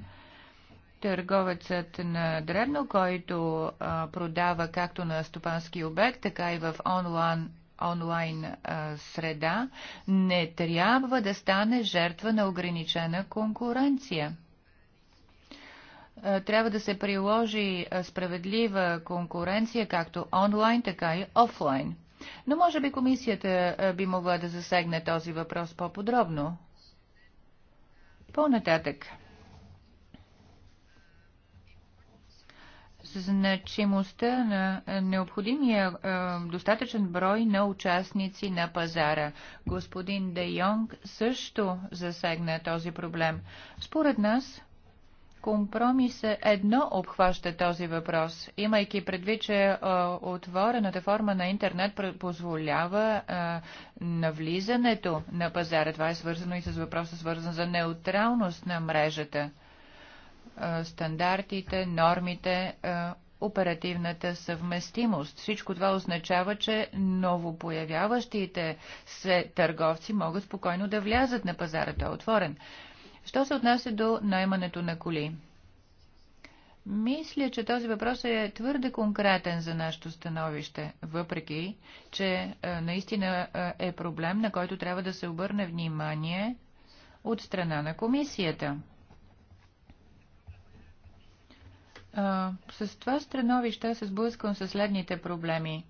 търговецът на дребно, който продава както на стопански обект, така и в онлайн онлайн а, среда, не трябва да стане жертва на ограничена конкуренция. Трябва да се приложи справедлива конкуренция както онлайн, така и офлайн. Но може би комисията би могла да засегне този въпрос по-подробно. По-нататък. значимостта на необходимия е, достатъчен брой на участници на пазара. Господин Де Йонг също засегна този проблем. Според нас, компромиса едно обхваща този въпрос, имайки предвид, че е, отворената форма на интернет позволява е, навлизането на пазара. Това е свързано и с въпроса, свързан за неутралност на мрежата – стандартите, нормите, оперативната съвместимост. Всичко това означава, че новопоявяващите се търговци могат спокойно да влязат на пазара. Той е отворен. Що се отнася до наймането на коли? Мисля, че този въпрос е твърде конкретен за нашето становище, въпреки, че наистина е проблем, на който трябва да се обърне внимание от страна на комисията. А, с това страновище се сблъсквам с следните проблеми.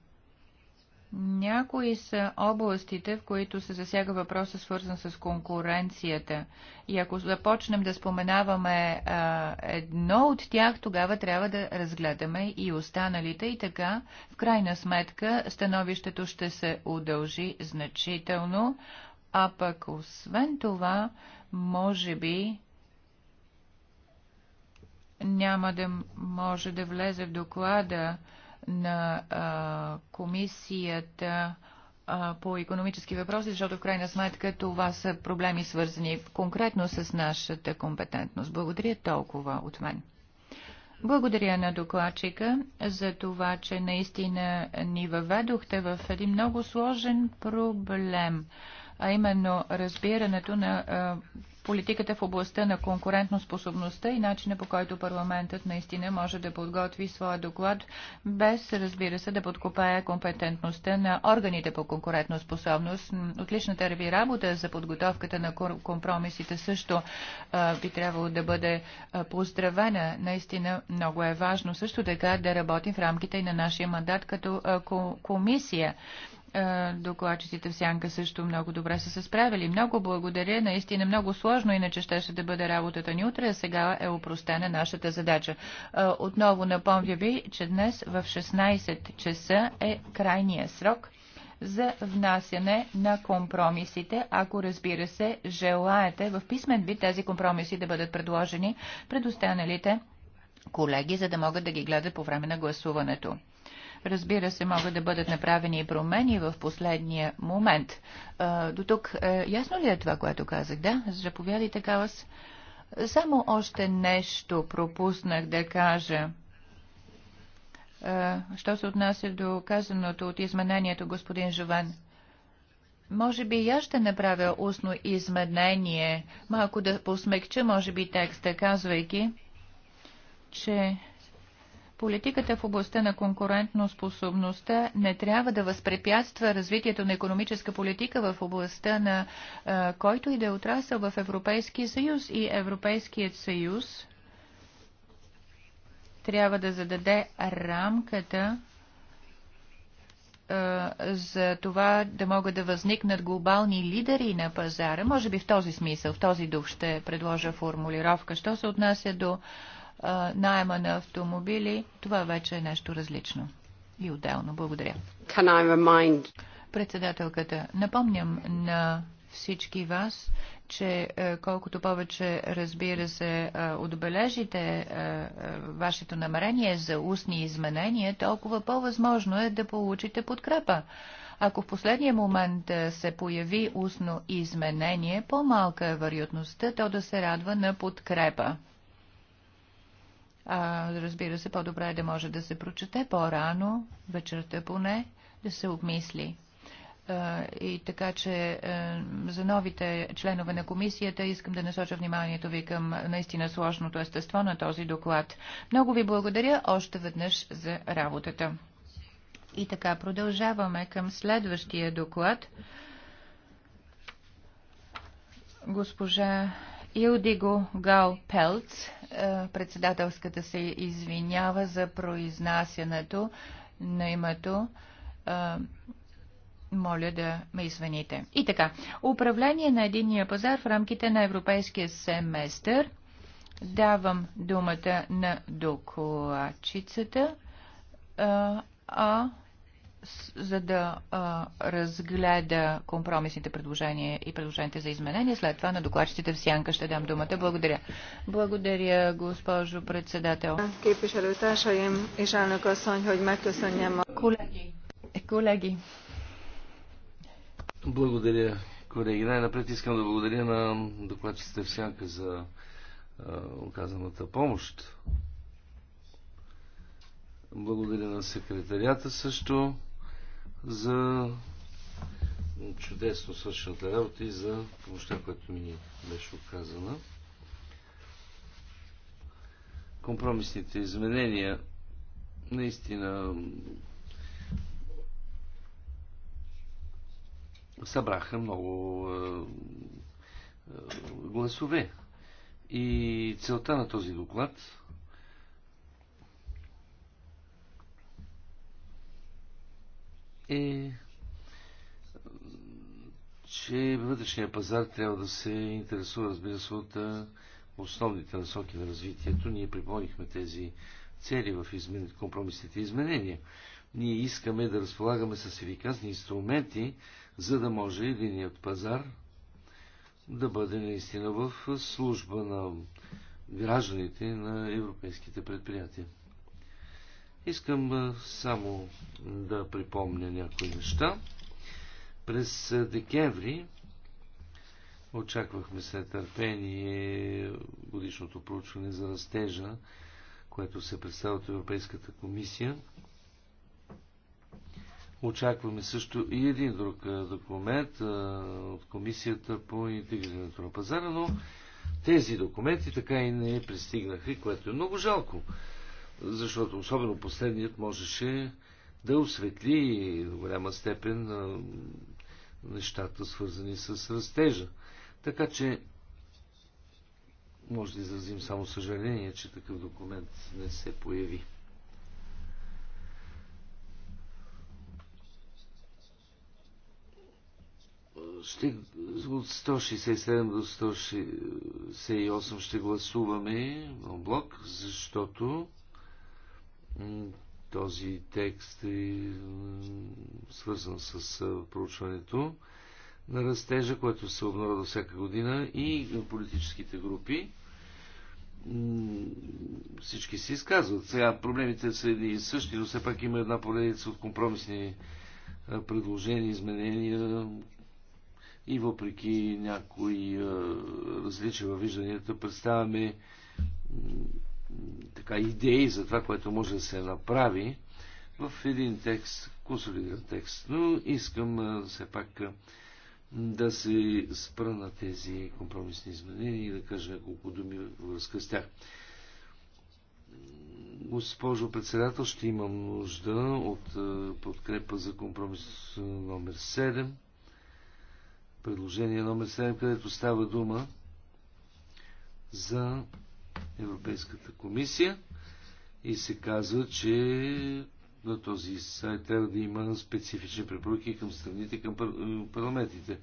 Някои са областите, в които се засяга въпроса, свързан с конкуренцията. И ако започнем да споменаваме а, едно от тях, тогава трябва да разгледаме и останалите. И така, в крайна сметка, становището ще се удължи значително. А пък, освен това, може би няма да може да влезе в доклада на а, комисията а, по економически въпроси, защото в крайна сметка това са проблеми свързани конкретно с нашата компетентност. Благодаря толкова от мен. Благодаря на докладчика за това, че наистина ни въведохте в един много сложен проблем, а именно разбирането на а, политиката в областта на конкурентноспособността и начина по който парламентът наистина може да подготви своя доклад, без, разбира се, да подкопае компетентността на органите по конкурентноспособност. Отличната е ви работа за подготовката на компромисите също би трябвало да бъде поздравена. Наистина много е важно също така да работим в рамките и на нашия мандат като комисия. Е, докладчиците в Сянка също много добре са се справили. Много благодаря. Наистина много сложно, иначе щеше да бъде работата ни утре, а сега е упростена нашата задача. Е, отново напомня ви, че днес в 16 часа е крайния срок за внасяне на компромисите, ако разбира се желаете в писмен вид тези компромиси да бъдат предложени пред останалите колеги, за да могат да ги гледат по време на гласуването. Разбира се, могат да бъдат направени и промени в последния момент. До тук е, ясно ли е това, което казах? Да, заповядайте, Калас. Само още нещо пропуснах да кажа. Що се отнася до казаното от изменението, господин Жован? Може би и аз ще направя устно изменение, малко да посмекча, може би, текста, казвайки, че Политиката в областта на конкурентно способността не трябва да възпрепятства развитието на економическа политика в областта на а, който и да е отрасъл в Европейския съюз и Европейският съюз трябва да зададе рамката за това да могат да възникнат глобални лидери на пазара. Може би в този смисъл, в този дух ще предложа формулировка. Що се отнася до найема на автомобили, това вече е нещо различно и отделно. Благодаря. Can I remind... Председателката, напомням на всички вас, че колкото повече, разбира се, отбележите вашето намерение за устни изменения, толкова по-възможно е да получите подкрепа. Ако в последния момент се появи устно изменение, по-малка е вероятността то да се радва на подкрепа. А, разбира се, по-добре е да може да се прочете по-рано, вечерта поне, да се обмисли и така че е, за новите членове на комисията искам да насоча вниманието ви към наистина сложното естество на този доклад. Много ви благодаря още веднъж за работата. И така продължаваме към следващия доклад. Госпожа Илдиго Гал Пелц, е, председателската се извинява за произнасянето на името. Е, моля да ме извините. И така, управление на единния пазар в рамките на европейския семестър. Давам думата на докладчицата. Е, а, а за да а, разгледа компромисните предложения и предложените за изменения. След това на докладчиците в Сянка ще дам думата. Благодаря. Благодаря, госпожо председател. Колеги, е, колеги. Благодаря, колеги. Най-напред искам да благодаря на докладчиците в Сянка за а, оказаната помощ. Благодаря на секретарията също за чудесно свършената работа и за помощта, която ми беше оказана. Компромисните изменения наистина събраха много е, е, гласове. И целта на този доклад е, че вътрешния пазар трябва да се интересува, разбира се, от е, основните насоки на развитието. Ние припомнихме тези цели в измен... компромисните изменения. Ние искаме да разполагаме с ефикасни инструменти, за да може единият пазар да бъде наистина в служба на гражданите на европейските предприятия. Искам само да припомня някои неща. През декември очаквахме с нетърпение годишното проучване за растежа, което се представя от Европейската комисия. Очакваме също и един друг документ от комисията по интегрирането на пазара, но тези документи така и не пристигнаха, което е много жалко защото особено последният можеше да осветли до голяма степен нещата, свързани с растежа. Така че може да изразим само съжаление, че такъв документ не се появи. ще, от 167 до 168 ще гласуваме блок, защото този текст е свързан с проучването на растежа, което се обнародва всяка година и политическите групи всички се изказват. Сега проблемите са едни и същи, но все пак има една поредица от компромисни предложения, изменения и въпреки някои различия във вижданията, представяме така, идеи за това, което може да се направи в един текст, консолидиран текст. Но искам все пак да се спра на тези компромисни изменения и да кажа няколко думи във връзка с тях. Госпожо председател, ще имам нужда от подкрепа за компромис номер 7, предложение номер 7, където става дума за Европейската комисия и се казва, че на този сайт трябва да има специфични препоръки към страните, към парламентите. Е,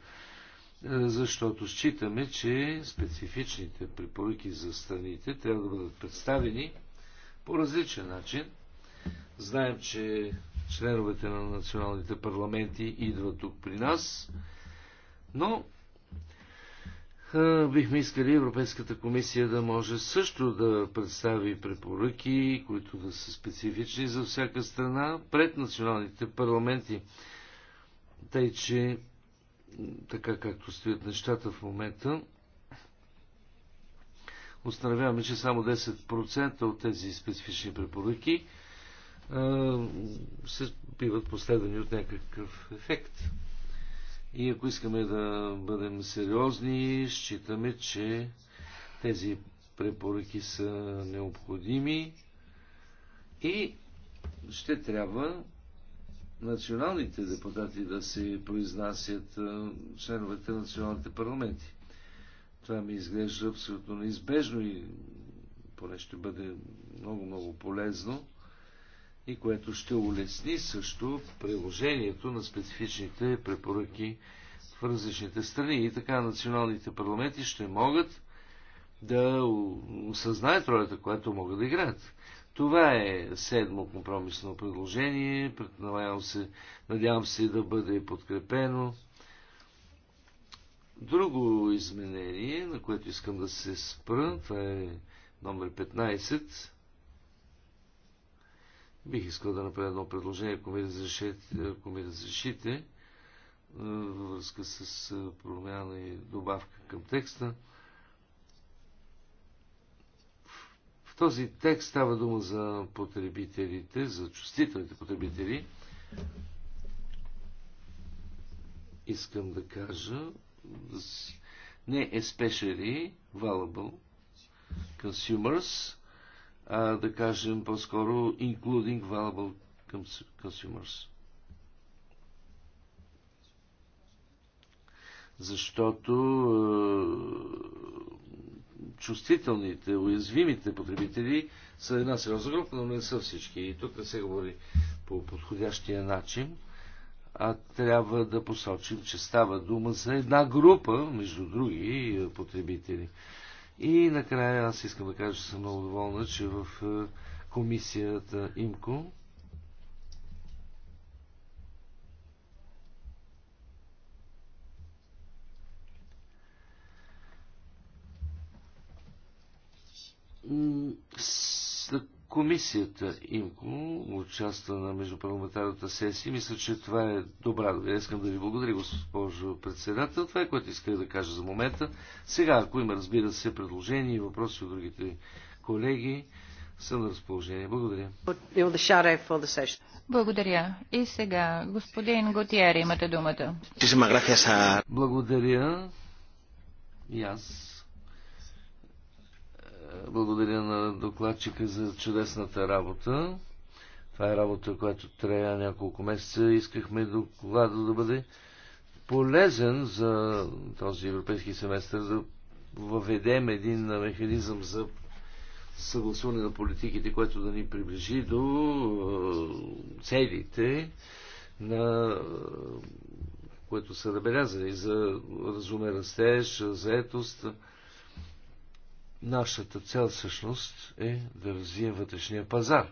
защото считаме, че специфичните препоръки за страните трябва да бъдат представени по различен начин. Знаем, че членовете на националните парламенти идват тук при нас, но е, бихме искали Европейската комисия да може също да представи препоръки, които да са специфични за всяка страна, пред националните парламенти. Тъй, че така както стоят нещата в момента, установяваме, че само 10% от тези специфични препоръки е, се биват последвани от някакъв ефект. И ако искаме да бъдем сериозни, считаме, че тези препоръки са необходими и ще трябва националните депутати да се произнасят членовете на националните парламенти. Това ми изглежда абсолютно неизбежно и поне ще бъде много-много полезно и което ще улесни също приложението на специфичните препоръки в различните страни. И така националните парламенти ще могат да осъзнаят ролята, която могат да играят. Това е седмо компромисно предложение. Предполагам се, надявам се да бъде подкрепено. Друго изменение, на което искам да се спра, това е номер 15 Бих искал да направя едно предложение, ако ми разрешите, ако ми разрешите е, във връзка с е, промяна и добавка към текста. В този текст става дума за потребителите, за чувствителните потребители. Искам да кажа не especially valuable consumers, а да кажем по-скоро including valuable consumers. Защото е, чувствителните, уязвимите потребители са една сериозна група, но не са всички. И тук не се говори по подходящия начин, а трябва да посочим, че става дума за една група, между други, потребители. И накрая аз искам да кажа, че съм много доволна, че в е, комисията ИМКО след Комисията ИМКО участва на междупарламентарната сесия. Мисля, че това е добра. Я искам да ви благодаря, госпожо председател. Това е което исках да кажа за момента. Сега, ако има, разбира се, предложения и въпроси от другите колеги, са на разположение. Благодаря. Благодаря. И сега, господин Готиери, имате думата. Благодаря. И аз благодаря на докладчика за чудесната работа. Това е работа, която трябва няколко месеца. Искахме доклада да бъде полезен за този европейски семестър, да въведем един механизъм за съгласуване на политиките, което да ни приближи до е, целите, на, е, които са набелязани за разумен растеж, заетост, Нашата цел всъщност е да развием вътрешния пазар.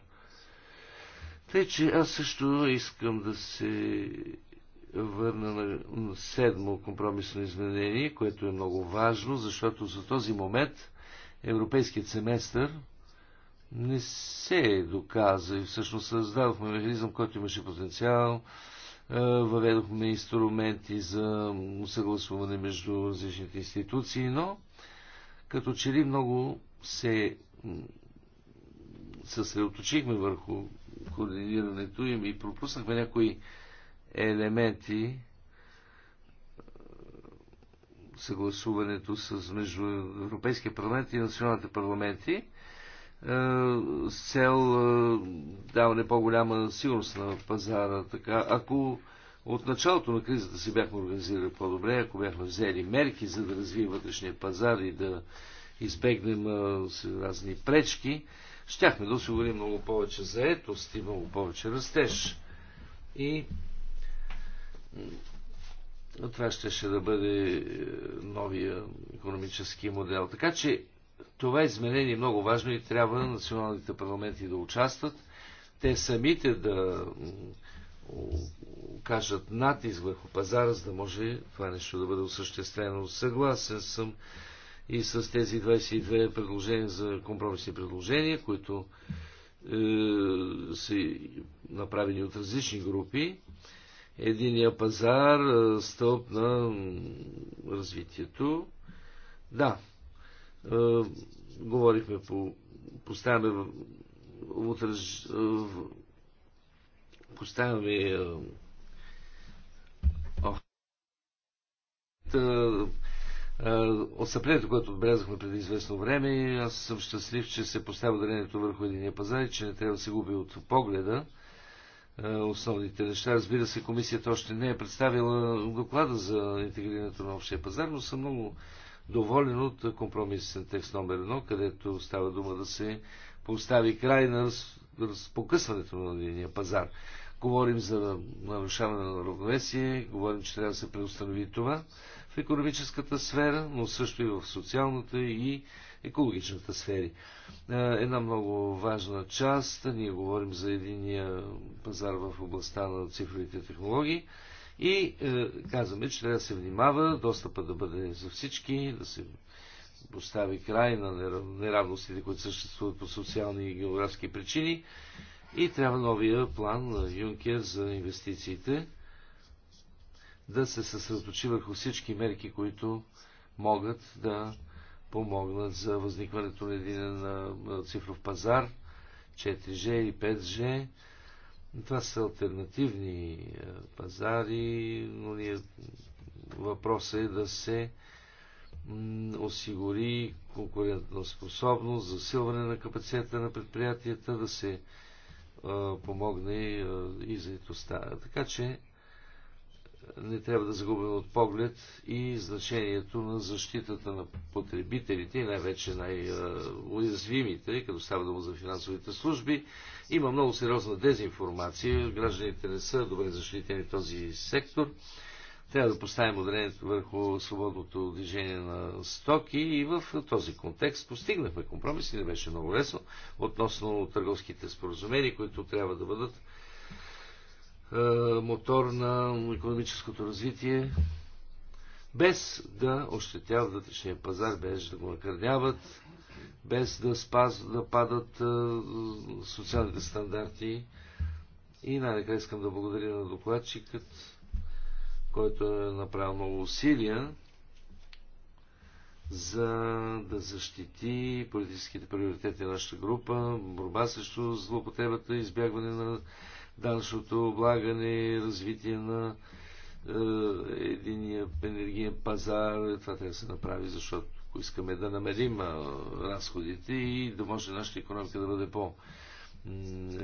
Тъй, че аз също искам да се върна на, на седмо компромисно изменение, което е много важно, защото за този момент европейският семестър не се е доказа и всъщност създадохме механизъм, който имаше потенциал, е, въведохме инструменти за съгласуване между различните институции, но като че ли много се съсредоточихме върху координирането им и пропуснахме някои елементи, е, съгласуването с между Европейския парламент и националните парламенти е, с цел е, даване по-голяма сигурност на пазара. Така, ако от началото на кризата си бяхме организирали по-добре, ако бяхме взели мерки за да развием вътрешния пазар и да избегнем разни пречки, щяхме да осигурим много повече заетост и много повече растеж. И това ще, ще да бъде е, новия економически модел. Така че това изменение е много важно и трябва националните парламенти да участват, те самите да окажат натиск върху пазара, за да може това нещо да бъде осъществено. Съгласен съм и с тези 22 предложения за компромисни предложения, които е, са направени от различни групи. Единия пазар, е, стълб на развитието. Да, е, говорихме по, поставяме в, в, в, поставяме е, е, отстъплението, което отбелязахме преди известно време, аз съм щастлив, че се поставя дарението върху единия пазар и че не трябва да се губи от погледа е, основните неща. Разбира се, комисията още не е представила доклада за интегрирането на общия пазар, но съм много доволен от компромисен текст номер 1, където става дума да се постави край на покъсването на единия пазар. Говорим за нарушаване на равновесие, говорим, че трябва да се преустанови това в економическата сфера, но също и в социалната и екологичната сфери. Една много важна част, ние говорим за единия пазар в областта на цифровите технологии и е, казваме, че трябва да се внимава, достъпа да бъде за всички, да се постави край на неравностите, които съществуват по социални и географски причини и трябва новия план на Юнкер за инвестициите да се съсредоточи върху всички мерки, които могат да помогнат за възникването на един цифров пазар, 4G и 5G. Това са альтернативни пазари, но ние въпросът е да се осигури конкурентна способност, засилване на капацитета на предприятията, да се помогне и заедостта. Така че не трябва да загубим от поглед и значението на защитата на потребителите и най-вече най-уязвимите, като става дума за финансовите служби. Има много сериозна дезинформация, гражданите не са добре защитени в този сектор трябва да поставим ударението върху свободното движение на стоки и в този контекст постигнахме компромис и не беше много лесно относно търговските споразумения, които трябва да бъдат мотор на економическото развитие, без да ощетяват вътрешния пазар, без да го накърняват, без да, спаз, да падат социалните стандарти. И най-накрая искам да благодаря на докладчикът който е направил много усилия за да защити политическите приоритети на нашата група, борба срещу злоупотребата, избягване на данъчното облагане, развитие на е, единия енергиен пазар. Това трябва да се направи, защото ако искаме да намерим е, разходите и да може нашата економика да бъде по-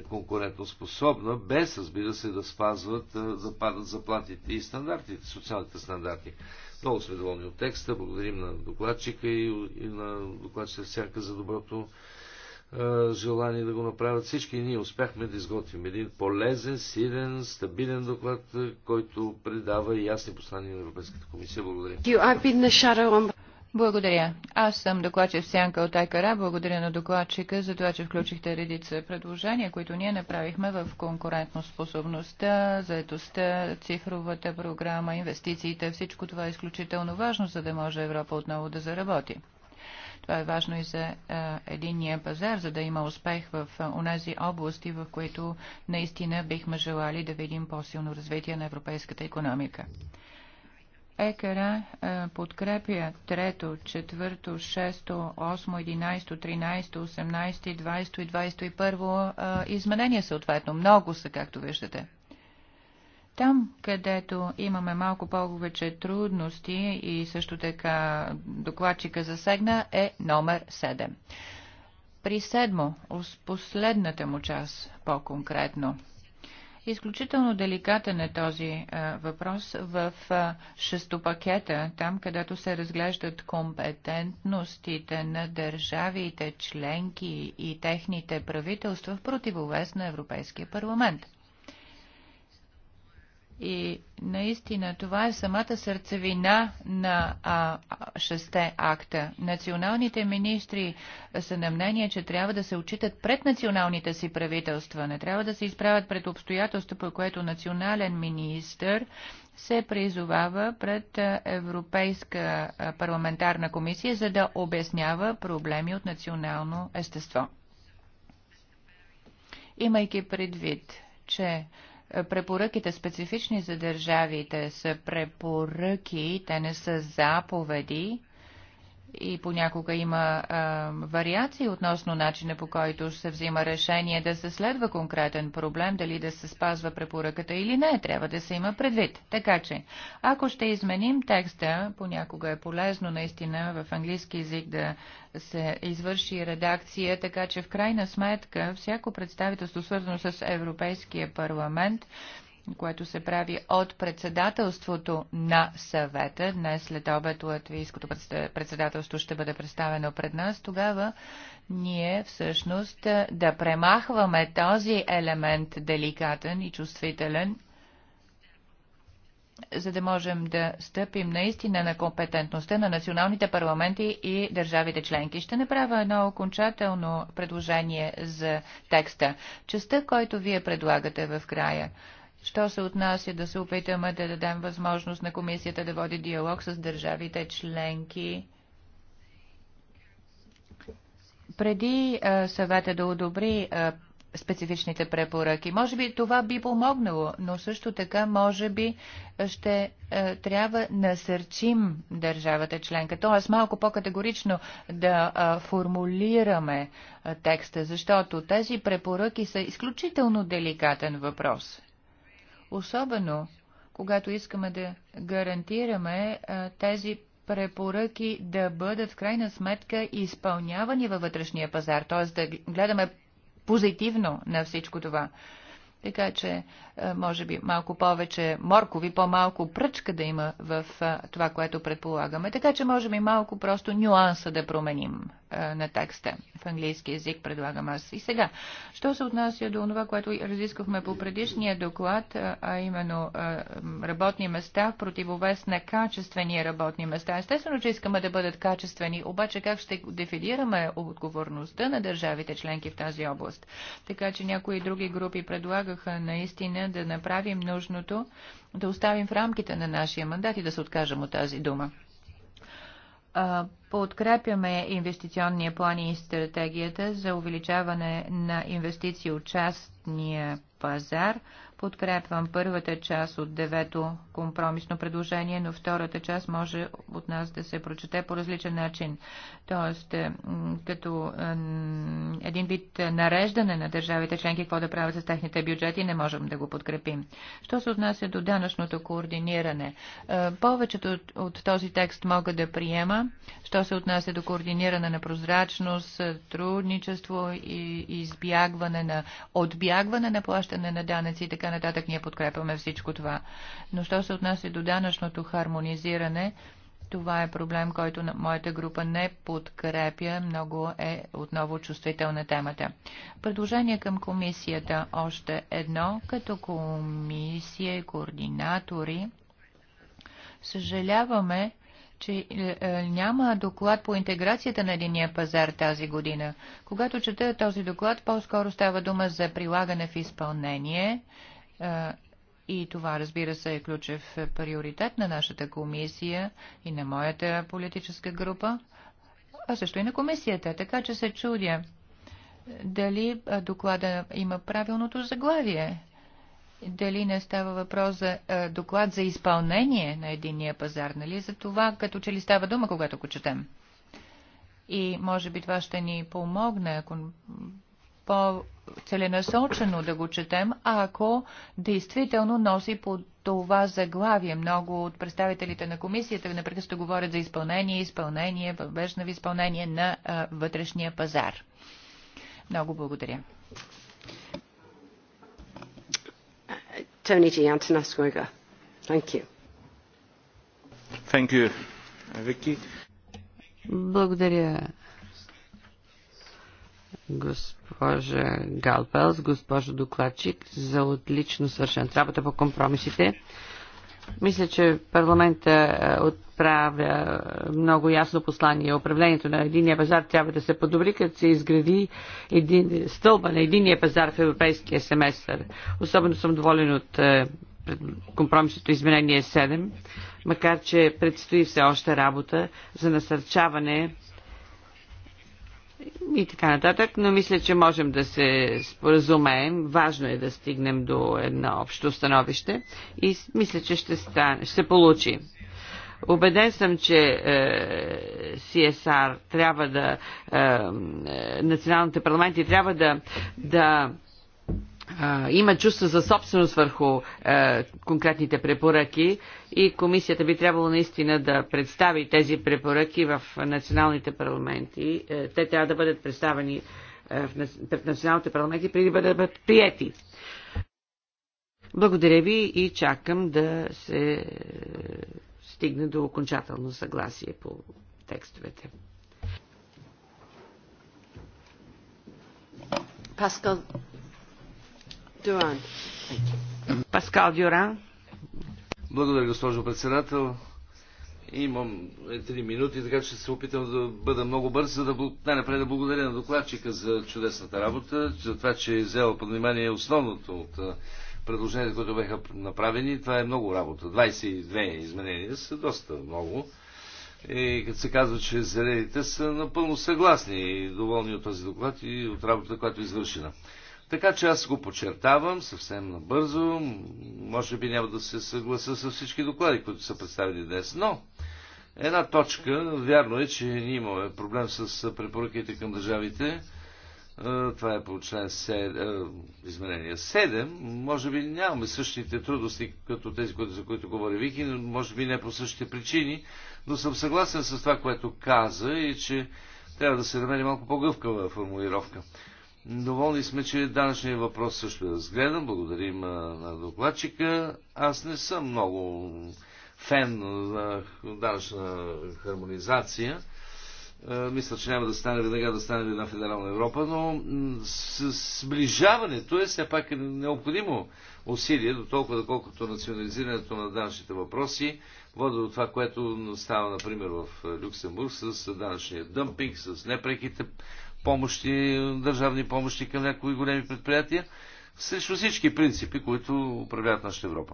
конкурентоспособна, без, разбира се, да спазват, да падат заплатите и стандартите, социалните стандарти. Много сме доволни от текста. Благодарим на докладчика и, и на докладчика всяка за доброто е, желание да го направят. Всички ние успяхме да изготвим един полезен, силен, стабилен доклад, който предава ясни послания на Европейската комисия. Благодаря. Благодаря. Аз съм докладчик Сянка от Айкара. Благодаря на докладчика за това, че включихте редица предложения, които ние направихме в способността, заедостта, цифровата програма, инвестициите. Всичко това е изключително важно, за да може Европа отново да заработи. Това е важно и за единния пазар, за да има успех в онези области, в които наистина бихме желали да видим по-силно развитие на европейската економика е, подкрепя трето, четвърто, шесто, осмо, единайсто, тринайсто, осемнайсто, двайсто и двайсто и първо е, изменения съответно. Много са, както виждате. Там, където имаме малко повече трудности и също така докладчика засегна, е номер 7. При седмо, последната му част по-конкретно – Изключително деликатен е този а, въпрос в а, шестопакета, там където се разглеждат компетентностите на държавите членки и техните правителства в противовес на Европейския парламент. И наистина това е самата сърцевина на а, шесте акта. Националните министри са на мнение, че трябва да се отчитат пред националните си правителства. Не трябва да се изправят пред обстоятелства, по което национален министр се призовава пред Европейска парламентарна комисия, за да обяснява проблеми от национално естество. Имайки предвид, че Препоръките специфични за държавите са препоръки, те не са заповеди и понякога има а, вариации относно начина по който се взима решение да се следва конкретен проблем, дали да се спазва препоръката или не, трябва да се има предвид. Така че, ако ще изменим текста, понякога е полезно наистина в английски язик да се извърши редакция, така че в крайна сметка всяко представителство, свързано с Европейския парламент, което се прави от председателството на съвета. Днес след обед латвийското председателство ще бъде представено пред нас. Тогава ние всъщност да премахваме този елемент деликатен и чувствителен, за да можем да стъпим наистина на компетентността на националните парламенти и държавите членки. Ще направя едно окончателно предложение за текста. Частта, който вие предлагате в края Що се отнася да се опитаме да дадем възможност на комисията да води диалог с държавите членки? Преди съвета да одобри специфичните препоръки. Може би това би помогнало, но също така може би ще е, трябва насърчим държавата членка. Тоест малко по-категорично да е, формулираме е, текста, защото тези препоръки са изключително деликатен въпрос особено когато искаме да гарантираме а, тези препоръки да бъдат в крайна сметка изпълнявани във вътрешния пазар, т.е. да гледаме позитивно на всичко това. Така че, може би, малко повече моркови, по-малко пръчка да има в това, което предполагаме. Така че, може би, малко просто нюанса да променим. Е, на текста в английски язик, предлагам аз. И сега, що се отнася до това, което разискахме по предишния доклад, е, а именно е, работни места в противовес на качествени работни места. Естествено, че искаме да бъдат качествени, обаче как ще дефинираме отговорността на държавите членки в тази област? Така че някои други групи предлагаха наистина да направим нужното, да оставим в рамките на нашия мандат и да се откажем от тази дума. Подкрепяме инвестиционния план и стратегията за увеличаване на инвестиции от частния пазар – Подкрепвам първата част от девето компромисно предложение, но втората част може от нас да се прочете по различен начин. Тоест, като един вид нареждане на държавите членки, какво да правят с техните бюджети, не можем да го подкрепим. Що се отнася до данъчното координиране? Е, повечето от, този текст мога да приема. Що се отнася до координиране на прозрачност, трудничество и избягване на отбягване на плащане на данъци и така така нататък. Ние подкрепяме всичко това. Но що се отнася до данъчното хармонизиране, това е проблем, който моята група не подкрепя. Много е отново чувствителна темата. Предложение към комисията още едно, като комисия и координатори. Съжаляваме, че е, е няма доклад по интеграцията на единия пазар тази година. Когато чета този доклад, по-скоро става дума за прилагане в изпълнение и това, разбира се, е ключев приоритет на нашата комисия и на моята политическа група, а също и на комисията. Така че се чудя дали доклада има правилното заглавие. Дали не става въпрос за доклад за изпълнение на единния пазар, нали? За това, като че ли става дума, когато го четем. И може би това ще ни помогне, ако по-целенасочено да го четем, а ако действително носи под това заглавие. Много от представителите на комисията непрекъснато говорят за изпълнение, изпълнение, вечно в изпълнение на а, вътрешния пазар. Много благодаря. Тони Thank you. Thank you, Vicky. Благодаря, госпожа Галпелс, госпожа докладчик, за отлично свършената работа по компромисите. Мисля, че парламента е, отправя е, много ясно послание. Управлението на единия пазар трябва да се подобри, като се изгради един, стълба на единия пазар в европейския семестър. Особено съм доволен от е, компромисното изменение 7, макар че предстои все още работа за насърчаване и така нататък, но мисля, че можем да се споразумеем. Важно е да стигнем до едно общо становище и мисля, че ще, стане, ще се получи. Обеден съм, че е, CSR е трябва да. Е, е, националните парламенти трябва да. да има чувство за собственост върху е, конкретните препоръки и комисията би трябвало наистина да представи тези препоръки в националните парламенти. Е, те трябва да бъдат представени е, в, националните парламенти преди да бъдат приети. Благодаря ви и чакам да се е, стигне до окончателно съгласие по текстовете. Паскал, Дюран. Паскал Дюран. Благодаря, госпожо председател. Имам е, три минути, така че се опитам да бъда много бърз, за да най-напред да благодаря на докладчика за чудесната работа, за това, че е взел под внимание основното от е, предложенията, които бяха направени. Това е много работа. 22 изменения са доста много. И като се казва, че зелените са напълно съгласни и доволни от този доклад и от работата, която е извършена. Така че аз го подчертавам съвсем набързо. Може би няма да се съгласа с всички доклади, които са представени днес. Но една точка, вярно е, че ние имаме проблем с препоръките към държавите. Това е по член 7, изменение 7. Може би нямаме същите трудности, като тези, за които говори Вики, може би не по същите причини, но съм съгласен с това, което каза и че трябва да се намери малко по-гъвкава формулировка. Доволни сме, че данъчният въпрос също е разгледан. Благодарим на докладчика. Аз не съм много фен на данъчна хармонизация. Мисля, че няма да стане веднага да стане една федерална Европа, но сближаването е все пак е необходимо усилие, до толкова доколкото национализирането на данъчните въпроси води до това, което става, например, в Люксембург с данъчния дъмпинг, с непреките помощи, държавни помощи към някои големи предприятия, срещу всички принципи, които управляват нашата Европа.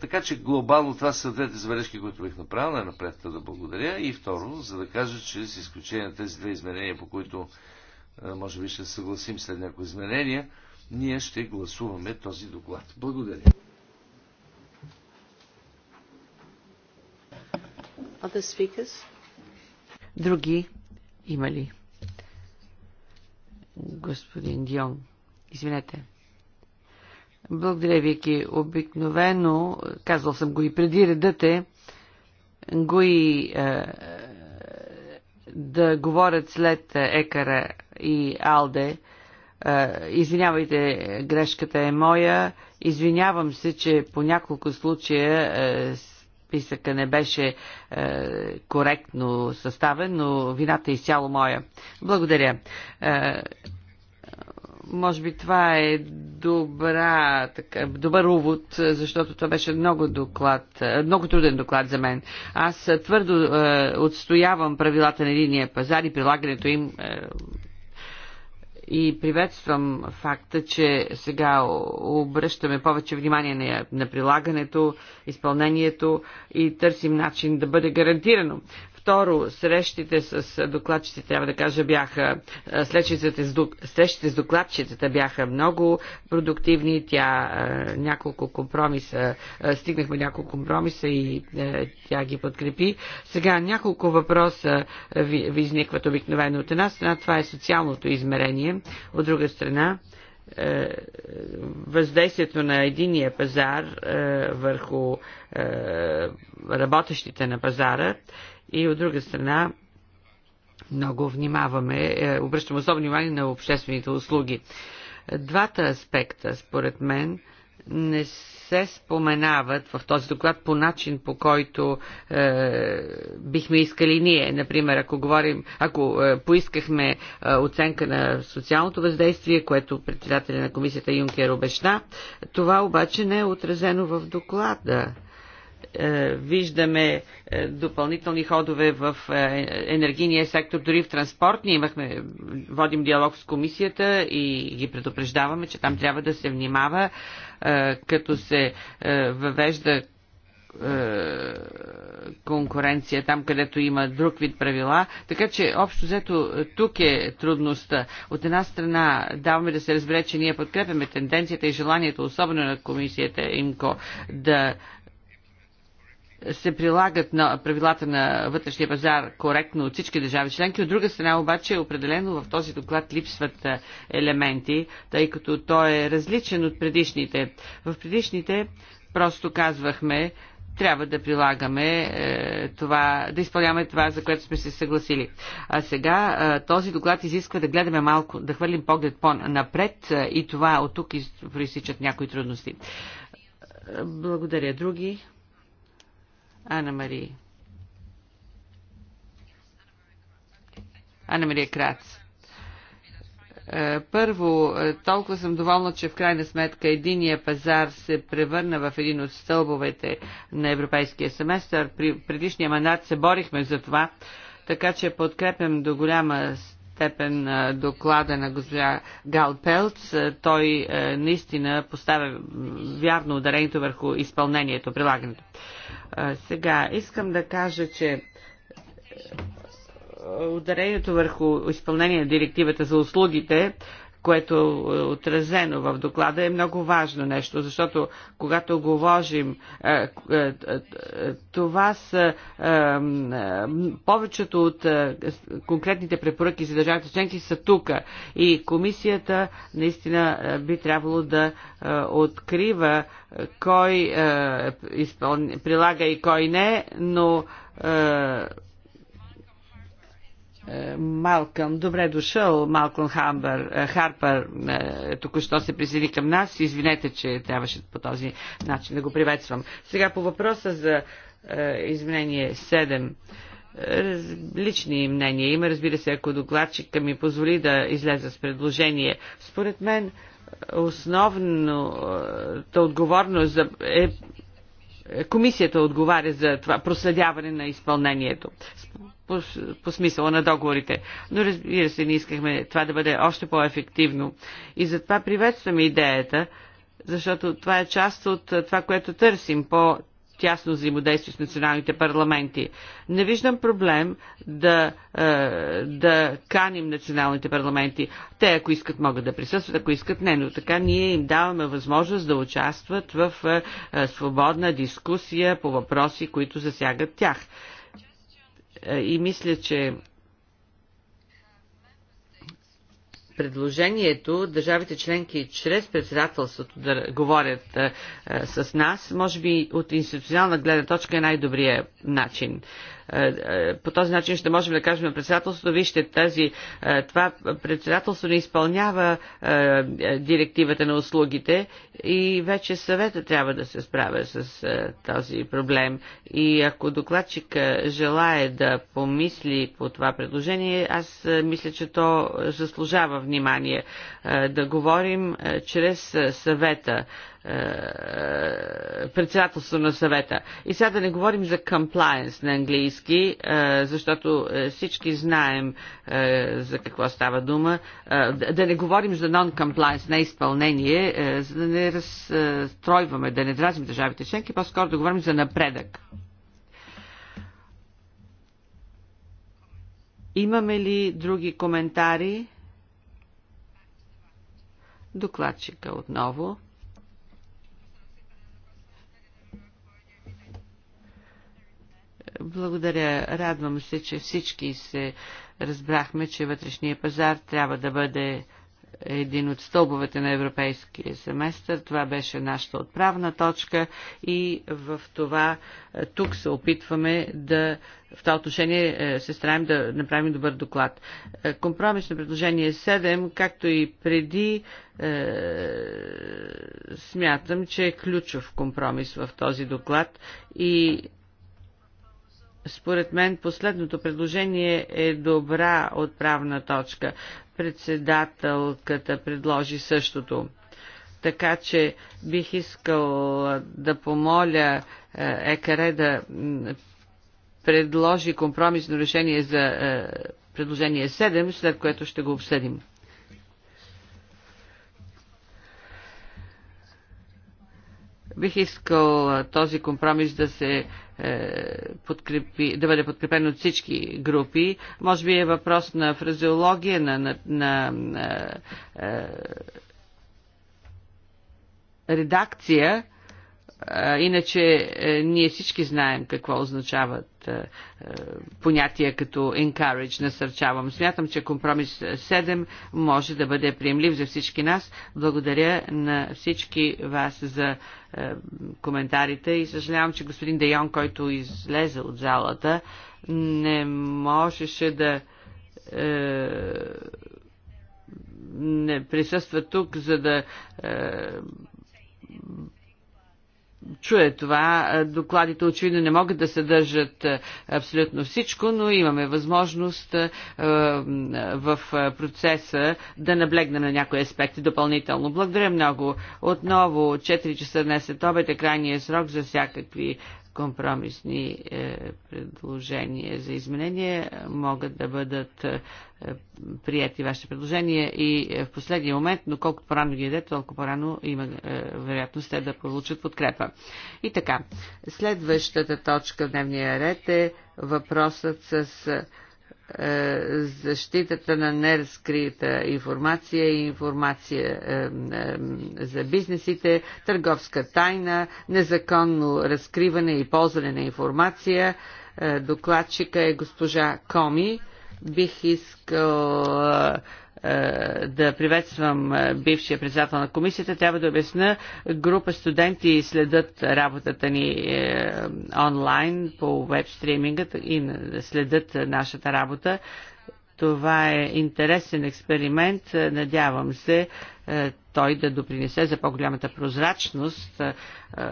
Така че глобално това са двете забележки, които бих направил. Най-напред да благодаря. И второ, за да кажа, че с изключение на тези две изменения, по които може би ще съгласим след някои изменения, ние ще гласуваме този доклад. Благодаря. Други има ли? господин Дион. Извинете. Благодаря, Вики. Обикновено, казвал съм го и преди редът е, го и е, да говорят след Екара и Алде. Е, извинявайте, грешката е моя. Извинявам се, че по няколко случая е, списъка не беше е, коректно съставен, но вината е изцяло моя. Благодаря. Е, може би това е добра, така, добър увод, защото това беше много доклад, е, много труден доклад за мен. Аз твърдо е, отстоявам правилата на единия пазар и прилагането им е, и приветствам факта, че сега обръщаме повече внимание на, на прилагането, изпълнението и търсим начин да бъде гарантирано Второ, срещите с докладчиците, трябва да кажа, бяха, срещите с, срещите с докладчицата бяха много продуктивни. Тя няколко компромиса, стигнахме няколко компромиса и тя ги подкрепи. Сега няколко въпроса ви, ви изникват обикновено от една страна. Това е социалното измерение. От друга страна, е, въздействието на единия пазар е, върху е, работещите на пазара и от друга страна много внимаваме, обръщам особено внимание на обществените услуги. Двата аспекта, според мен, не се споменават в този доклад по начин, по който е, бихме искали ние. Например, ако говорим, ако е, поискахме е, оценка на социалното въздействие, което председателя на комисията Юнкер обеща, това обаче не е отразено в доклада. Е, виждаме е, допълнителни ходове в е, енергийния сектор, дори в транспорт. Ние имахме, водим диалог с комисията и ги предупреждаваме, че там трябва да се внимава, като се въвежда конкуренция там, където има друг вид правила. Така че, общо взето, тук е трудността. От една страна, даваме да се разбере, че ние подкрепяме тенденцията и желанието, особено на комисията ИМКО, да се прилагат на правилата на вътрешния пазар коректно от всички държави членки. От друга страна обаче е определено в този доклад липсват елементи, тъй като той е различен от предишните. В предишните просто казвахме, трябва да прилагаме е, това, да изпълняваме това, за което сме се съгласили. А сега е, този доклад изисква да гледаме малко, да хвърлим поглед по-напред е, и това от тук из... проистичат някои трудности. Благодаря. Други? Анна Мария. Анна Мария Крац. Е, първо, е, толкова съм доволна, че в крайна сметка единия пазар се превърна в един от стълбовете на европейския семестър. При предишния мандат се борихме за това, така че подкрепям до голяма степен степен доклада на госпожа Пелц, е, Той е, наистина поставя вярно ударението върху изпълнението, прилагането. Е, сега, искам да кажа, че ударението върху изпълнение на директивата за услугите което е отразено в доклада, е много важно нещо, защото когато говорим, е, е, е, това са повечето от конкретните препоръки за държавите членки са тук и комисията наистина би трябвало да открива кой прилага и кой не, но Малкъм, добре дошъл, Малкъм Хамбър, е, Харпър, е, току-що се присъедини към нас. Извинете, че трябваше по този начин да го приветствам. Сега по въпроса за е, изменение 7 Лични мнения. Има, разбира се, ако докладчика ми позволи да излеза с предложение. Според мен основната отговорност е комисията отговаря за това проследяване на изпълнението по, по смисъла на договорите. Но разбира се, не искахме това да бъде още по-ефективно. И затова приветстваме идеята, защото това е част от това, което търсим по тясно взаимодействие с националните парламенти. Не виждам проблем да, е, да каним националните парламенти. Те, ако искат, могат да присъстват, ако искат, не, но така ние им даваме възможност да участват в е, е, свободна дискусия по въпроси, които засягат тях. Е, и мисля, че предложението държавите членки чрез председателството да говорят а, е, а, е, с нас, може би от институционална гледна точка е най-добрият начин. Е, е, по този начин ще можем да кажем на председателството, вижте, тази, е, това председателство не изпълнява директивата на услугите и вече съвета трябва да се справя с този проблем. И ако докладчик желая да помисли по това предложение, аз мисля, че то заслужава внимание. Да говорим чрез съвета е, е, председателство на съвета. И сега да не говорим за compliance на английски, е, защото всички знаем за какво става дума. Да не говорим за non-compliance, на изпълнение, за да не разстройваме, да не дразим държавите членки, по-скоро да говорим за напредък. Имаме ли други коментари? Докладчика отново. Благодаря. Радвам се, че всички се разбрахме, че вътрешния пазар трябва да бъде един от стълбовете на европейския семестър. Това беше нашата отправна точка и в това е, тук се опитваме да в това отношение е, се стараем да направим добър доклад. Е, компромисно предложение 7, както и преди, смятам, че е ключов компромис в този доклад и според мен последното предложение е добра отправна точка. Председателката предложи същото. Така че бих искал да помоля е, ЕКР да предложи компромисно решение за е, предложение 7, след което ще го обсъдим. Бих искал този компромис да се е, подкрепи, да бъде подкрепен от всички групи. Може би е въпрос на фразеология, на, на, на, на на е, редакция Иначе е, ние всички знаем какво означават е, е, понятия като encourage, насърчавам. Смятам, че компромис 7 може да бъде приемлив за всички нас. Благодаря на всички вас за коментарите и съжалявам, че господин Дейон, който излезе от залата, не можеше да не присъства тук, за да чуе това. Докладите очевидно не могат да съдържат абсолютно всичко, но имаме възможност в процеса да наблегна на някои аспекти допълнително. Благодаря много. Отново 4 часа днес е обед е крайния срок за всякакви компромисни е, предложения за изменения могат да бъдат е, прияти вашите предложения и е, в последния момент, но колкото по-рано ги даде, толкова по-рано има вероятност те да получат подкрепа. И така, следващата точка в дневния ред е въпросът с е, защитата на неразкрита информация и информация е, е, за бизнесите, търговска тайна, незаконно разкриване и ползване на информация. Докладчика е госпожа Коми. Бих искал да приветствам бившия председател на комисията. Трябва да обясна, група студенти следят работата ни е, онлайн по веб стриминга и следят нашата работа. Това е интересен експеримент. Надявам се е, той да допринесе за по-голямата прозрачност е, е,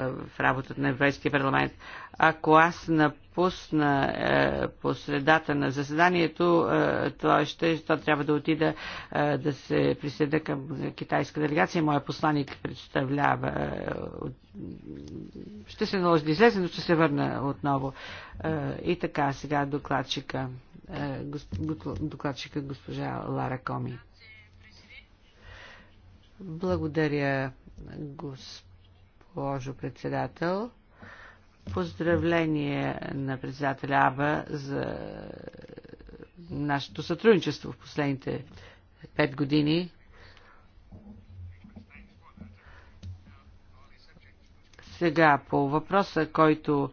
в работата на Европейския парламент. Ако аз напусна по средата на заседанието, това ще, то трябва да отида да се присъда към китайска делегация. Моя посланник представлява. Ще се наложи да излезе, но ще се върна отново. И така, сега докладчика. Е, докладчика госпожа Лара Коми. Благодаря, госпожо председател. Поздравление на председателя Аба за нашето сътрудничество в последните пет години. Сега по въпроса, който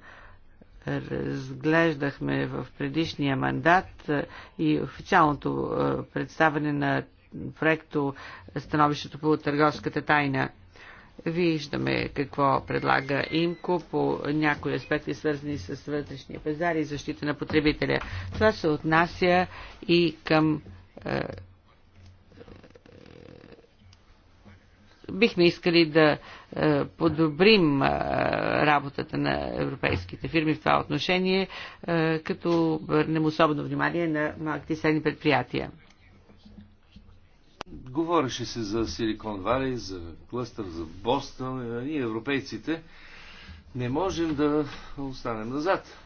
разглеждахме в предишния мандат е, и официалното е, представане на проекто е, Становището по търговската тайна. Виждаме какво предлага ИМКО по някои аспекти, свързани с вътрешния пазар и защита на потребителя. Това се отнася и към бихме искали да е, подобрим е, работата на европейските фирми в това отношение, е, като върнем особено внимание на малките и средни предприятия. Говореше се за Силикон Вали, за клъстър, за Бостън. Ние, европейците, не можем да останем назад.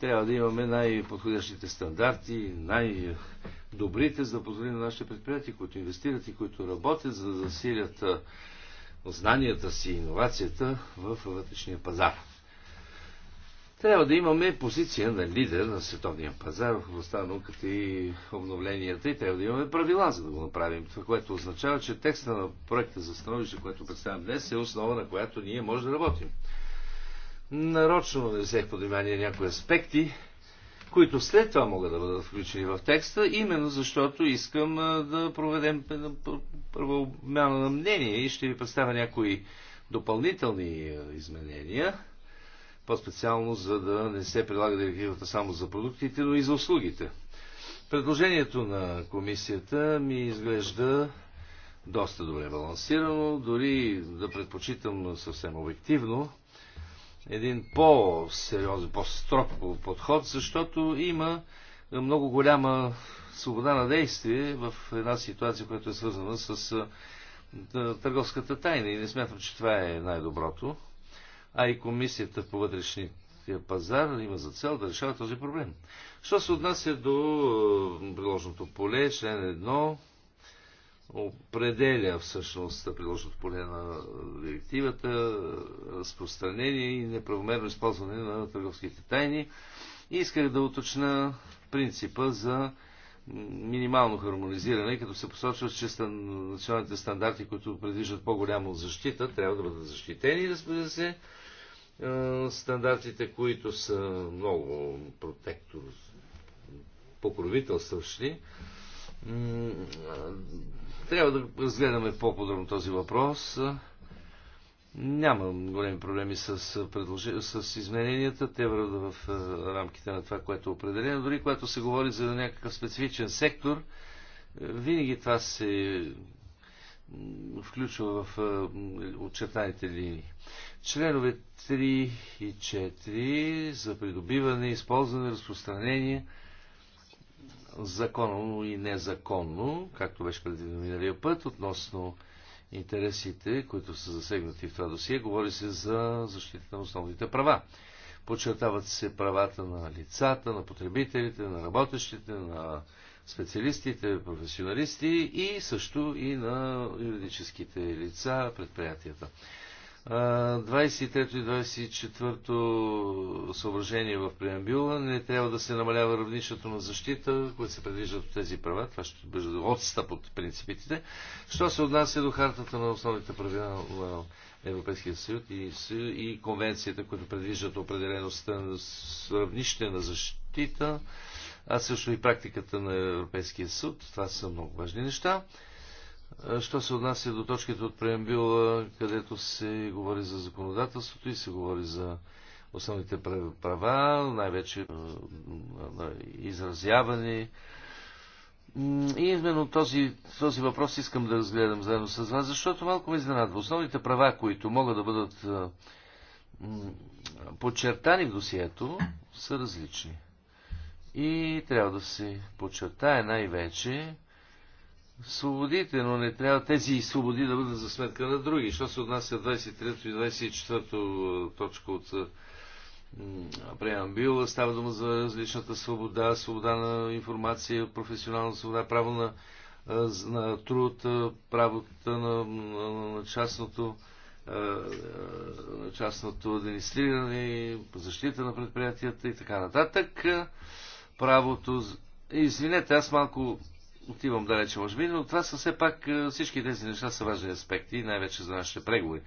Трябва да имаме най-подходящите стандарти, най- добрите, за да позволим на нашите предприятия, които инвестират и които работят, за да засилят знанията си и иновацията в вътрешния пазар. Трябва да имаме позиция на лидер на световния пазар в областта на науката и обновленията и трябва да имаме правила, за да го направим. Това, което означава, че текста на проекта за становище, което представям днес, е основа, на която ние може да работим. Нарочно не взех под внимание някои аспекти, които след това могат да бъдат включени в текста, именно защото искам да проведем първо обмяна на мнение и ще ви представя някои допълнителни изменения, по-специално за да не се прилага директивата само за продуктите, но и за услугите. Предложението на комисията ми изглежда доста добре балансирано, дори да предпочитам съвсем обективно един по-сериозен, по-строг подход, защото има много голяма свобода на действие в една ситуация, която е свързана с търговската тайна. И не смятам, че това е най-доброто. А и комисията по вътрешни пазар има за цел да решава този проблем. Що се отнася до приложното поле, член едно? определя всъщност приложното поле на директивата, разпространение и неправомерно използване на търговските тайни. И исках да уточна принципа за минимално хармонизиране, като се посочва, че националните стандарти, които предвиждат по-голяма защита, трябва да бъдат защитени, разбира се. Е, стандартите, които са много протектор, покровителстващи, трябва да разгледаме по-подробно този въпрос. Нямам големи проблеми с, предлож... с измененията. Те върват в е, рамките на това, което е определено. Дори когато се говори за някакъв специфичен сектор, е, винаги това се включва в е, очертаните линии. Членове 3 и 4 за придобиване, използване, разпространение – законно и незаконно, както беше на миналия път, относно интересите, които са засегнати в това досие. Говори се за защита на основните права. Подчертават се правата на лицата, на потребителите, на работещите, на специалистите, професионалисти и също и на юридическите лица, предприятията. 23 и 24 съображение в преамбюла не трябва да се намалява равнището на защита, които се предвиждат от тези права. Това ще бъде отстъп от принципите. Що се отнася до хартата на основните правила на Европейския съюз и, и конвенцията, които предвиждат определеността на равнище на защита, а също и практиката на Европейския съд. Това са много важни неща. Що се отнася до точките от преамбюла, където се говори за законодателството и се говори за основните права, най-вече изразяване. И именно този, този въпрос искам да разгледам заедно с вас, защото малко ме изненадва. Основните права, които могат да бъдат подчертани в досието, са различни. И трябва да се подчертае най-вече свободите, но не трябва тези свободи да бъдат за сметка на други. Що се отнася 23 и 24 е, точка от е, преамбил, става дума за различната свобода, свобода на информация, професионална свобода, право на, е, на труд, правото на, на, на частното на частното администриране, защита на предприятията и така нататък. Правото... Извинете, аз малко отивам далече, може би, но това са все пак е, всички тези неща са важни аспекти, най-вече за нашите преговори.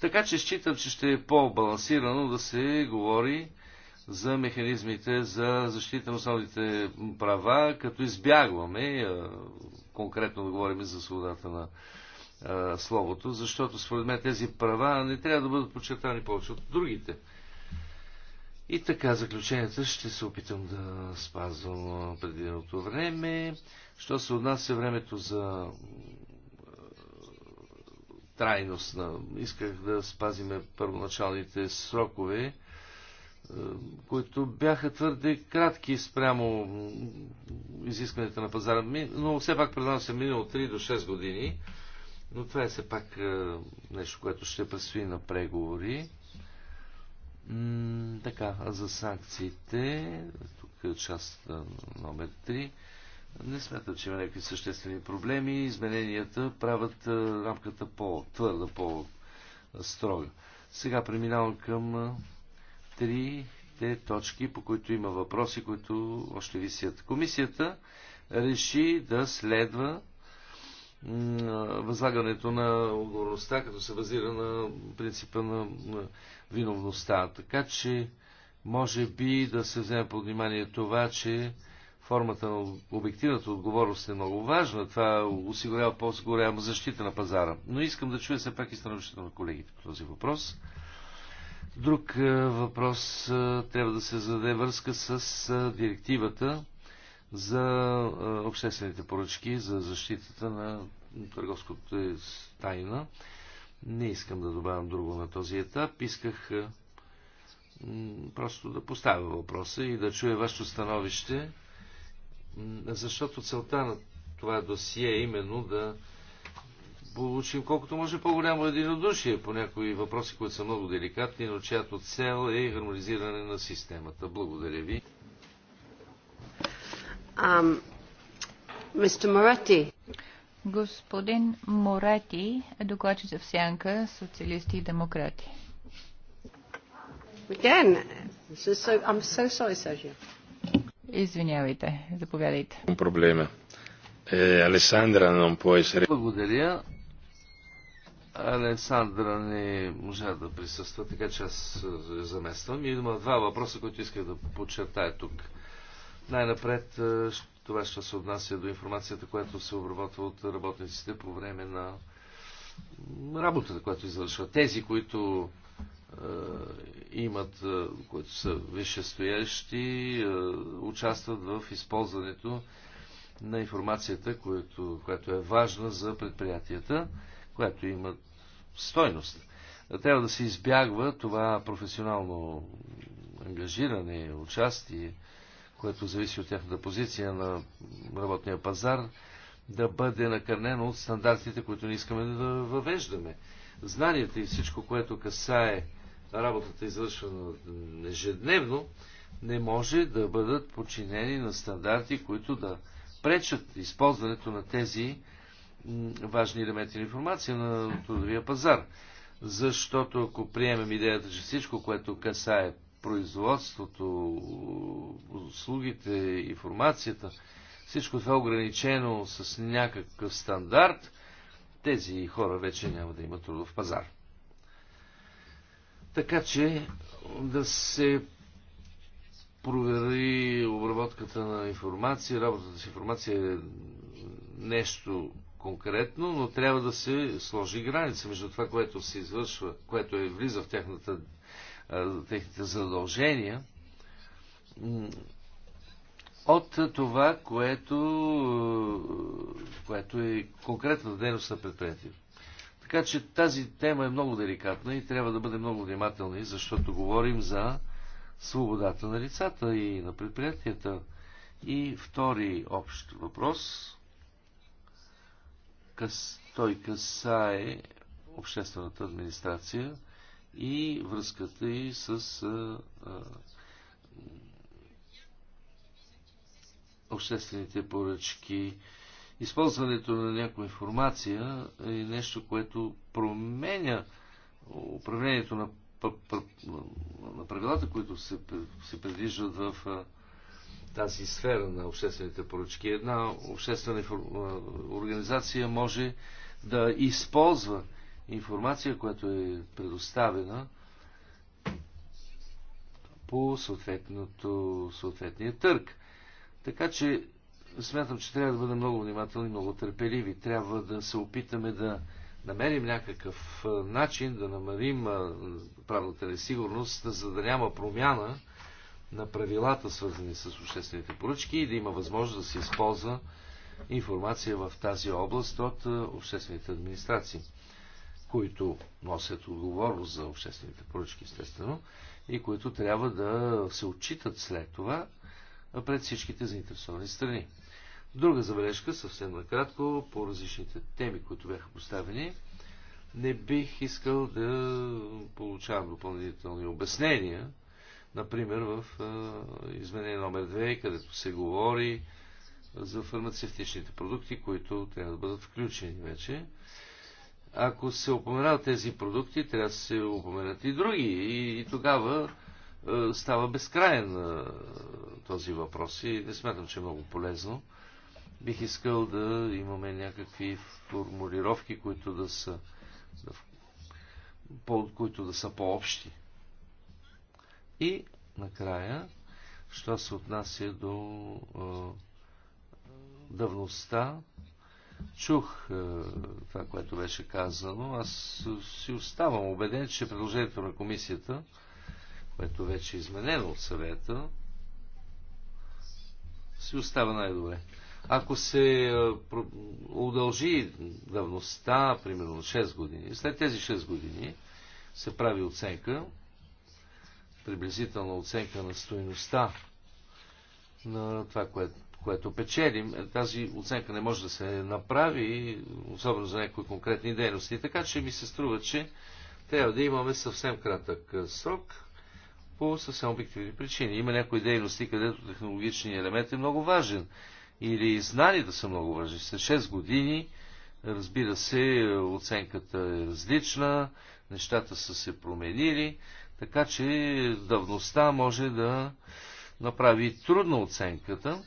Така че считам, че ще е по-балансирано да се говори за механизмите за защита на основните права, като избягваме е, конкретно да говорим за свободата на е, словото, защото според мен тези права не трябва да бъдат подчертани повече от другите. И така, заключенията ще се опитам да спазвам предвиденото време. Що се отнася времето за трайност на... Исках да спазиме първоначалните срокове, които бяха твърде кратки спрямо изискването на пазара, но все пак предавам се минало от 3 до 6 години. Но това е все пак нещо, което ще предстои на преговори. М така, а за санкциите, тук е част номер 3, не смятам, че има някакви съществени проблеми. Измененията правят рамката по-твърда, по-строга. Сега преминавам към 3-те точки, по които има въпроси, които още висят. Комисията реши да следва възлагането на отговорността, като се базира на принципа на виновността. Така че може би да се вземе под внимание това, че формата на обективната отговорност е много важна. Това осигурява по-голяма защита на пазара. Но искам да чуя все пак и становището на колегите по този въпрос. Друг е, въпрос е, трябва да се зададе връзка с е, директивата за обществените поръчки, за защитата на търговското тайна. Не искам да добавям друго на този етап. Исках е, просто да поставя въпроса и да чуя вашето становище, защото целта на това досие е именно да получим колкото може по-голямо единодушие по някои въпроси, които са много деликатни, но чиято цел е хармонизиране на системата. Благодаря ви. Um, Mr. Moretti. Господин Морети е докладчик за сянка социалисти и демократи. Again, so, I'm so sorry, Sergio. Извинявайте, заповядайте. Проблема. Е, Алесандра non può essere... Благодаря. Алесандра не можа да присъства, така че аз е, замествам. И има два въпроса, които исках да подчертая тук. Най-напред ще. Това ще се отнася до информацията, която се обработва от работниците по време на работата, която извършва. Тези, които е, имат, е, които са висшестоящи, е, участват в използването на информацията, която, която е важна за предприятията, която имат стойност. Трябва да се избягва това професионално ангажиране, участие, което зависи от тяхната позиция на работния пазар, да бъде накърнено от стандартите, които не искаме да въвеждаме. Знанията и всичко, което касае работата, извършвана ежедневно, не може да бъдат подчинени на стандарти, които да пречат използването на тези важни елементи на информация на трудовия пазар. Защото ако приемем идеята, че всичко, което касае производството, услугите, информацията, всичко това е ограничено с някакъв стандарт, тези хора вече няма да имат трудов пазар. Така че да се провери обработката на информация, работата с информация е нещо конкретно, но трябва да се сложи граница между това, което се извършва, което е влиза в тяхната техните задължения от това, което, което е конкретната дейност на предприятието. Така че тази тема е много деликатна и трябва да бъде много внимателни, защото говорим за свободата на лицата и на предприятията. И втори общ въпрос. Той касае обществената администрация и връзката и с а, а, обществените поръчки. Използването на някаква информация е нещо, което променя управлението на, на правилата, които се, се предвиждат в а, тази сфера на обществените поръчки. Една обществена организация може да използва информация, която е предоставена по съответния търг. Така че смятам, че трябва да бъдем много внимателни, много търпеливи. Трябва да се опитаме да намерим някакъв начин да намерим правната несигурност, за да няма промяна на правилата, свързани с обществените поръчки и да има възможност да се използва информация в тази област от обществените администрации които носят отговорност за обществените поръчки, естествено, и които трябва да се отчитат след това пред всичките заинтересовани страни. Друга забележка, съвсем накратко, по различните теми, които бяха поставени, не бих искал да получавам допълнителни обяснения, например в изменение номер 2, където се говори за фармацевтичните продукти, които трябва да бъдат включени вече ако се упоменават тези продукти, трябва да се упоменат и други. И, и тогава е, става безкраен е, този въпрос. И не смятам, че е много полезно. Бих искал да имаме някакви формулировки, които да са, да, по, които да са по-общи. И накрая, що се отнася до е, давността, чух е, това, което беше казано. Аз си оставам убеден, че предложението на комисията, което вече е изменено от съвета, си остава най-добре. Ако се е, удължи давността, примерно 6 години, след тези 6 години се прави оценка, приблизителна оценка на стоеността на това, което което печелим. Тази оценка не може да се направи, особено за някои конкретни дейности. Така че ми се струва, че трябва да имаме съвсем кратък срок по съвсем обективни причини. Има някои дейности, където технологичният елемент е много важен или знанията са много важни. След 6 години, разбира се, оценката е различна, нещата са се променили, така че давността може да направи трудна оценката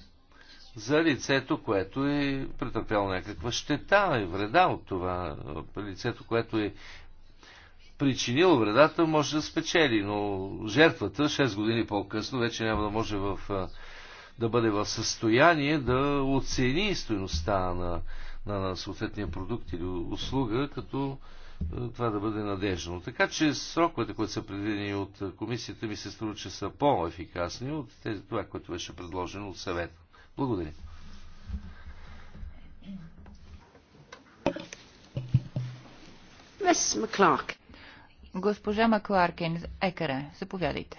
за лицето, което е претърпяло някаква щета и вреда от това. Лицето, което е причинило вредата, може да спечели, но жертвата 6 години по-късно вече няма да може в, да бъде в състояние да оцени стоеността на, на, на съответния продукт или услуга, като това да бъде надежно. Така че сроковете, които са предвидени от комисията, ми се струва, че са по-ефикасни от тези, това, което беше предложено от съвета. Благодаря. Госпожа Макларкин, екаре, заповядайте.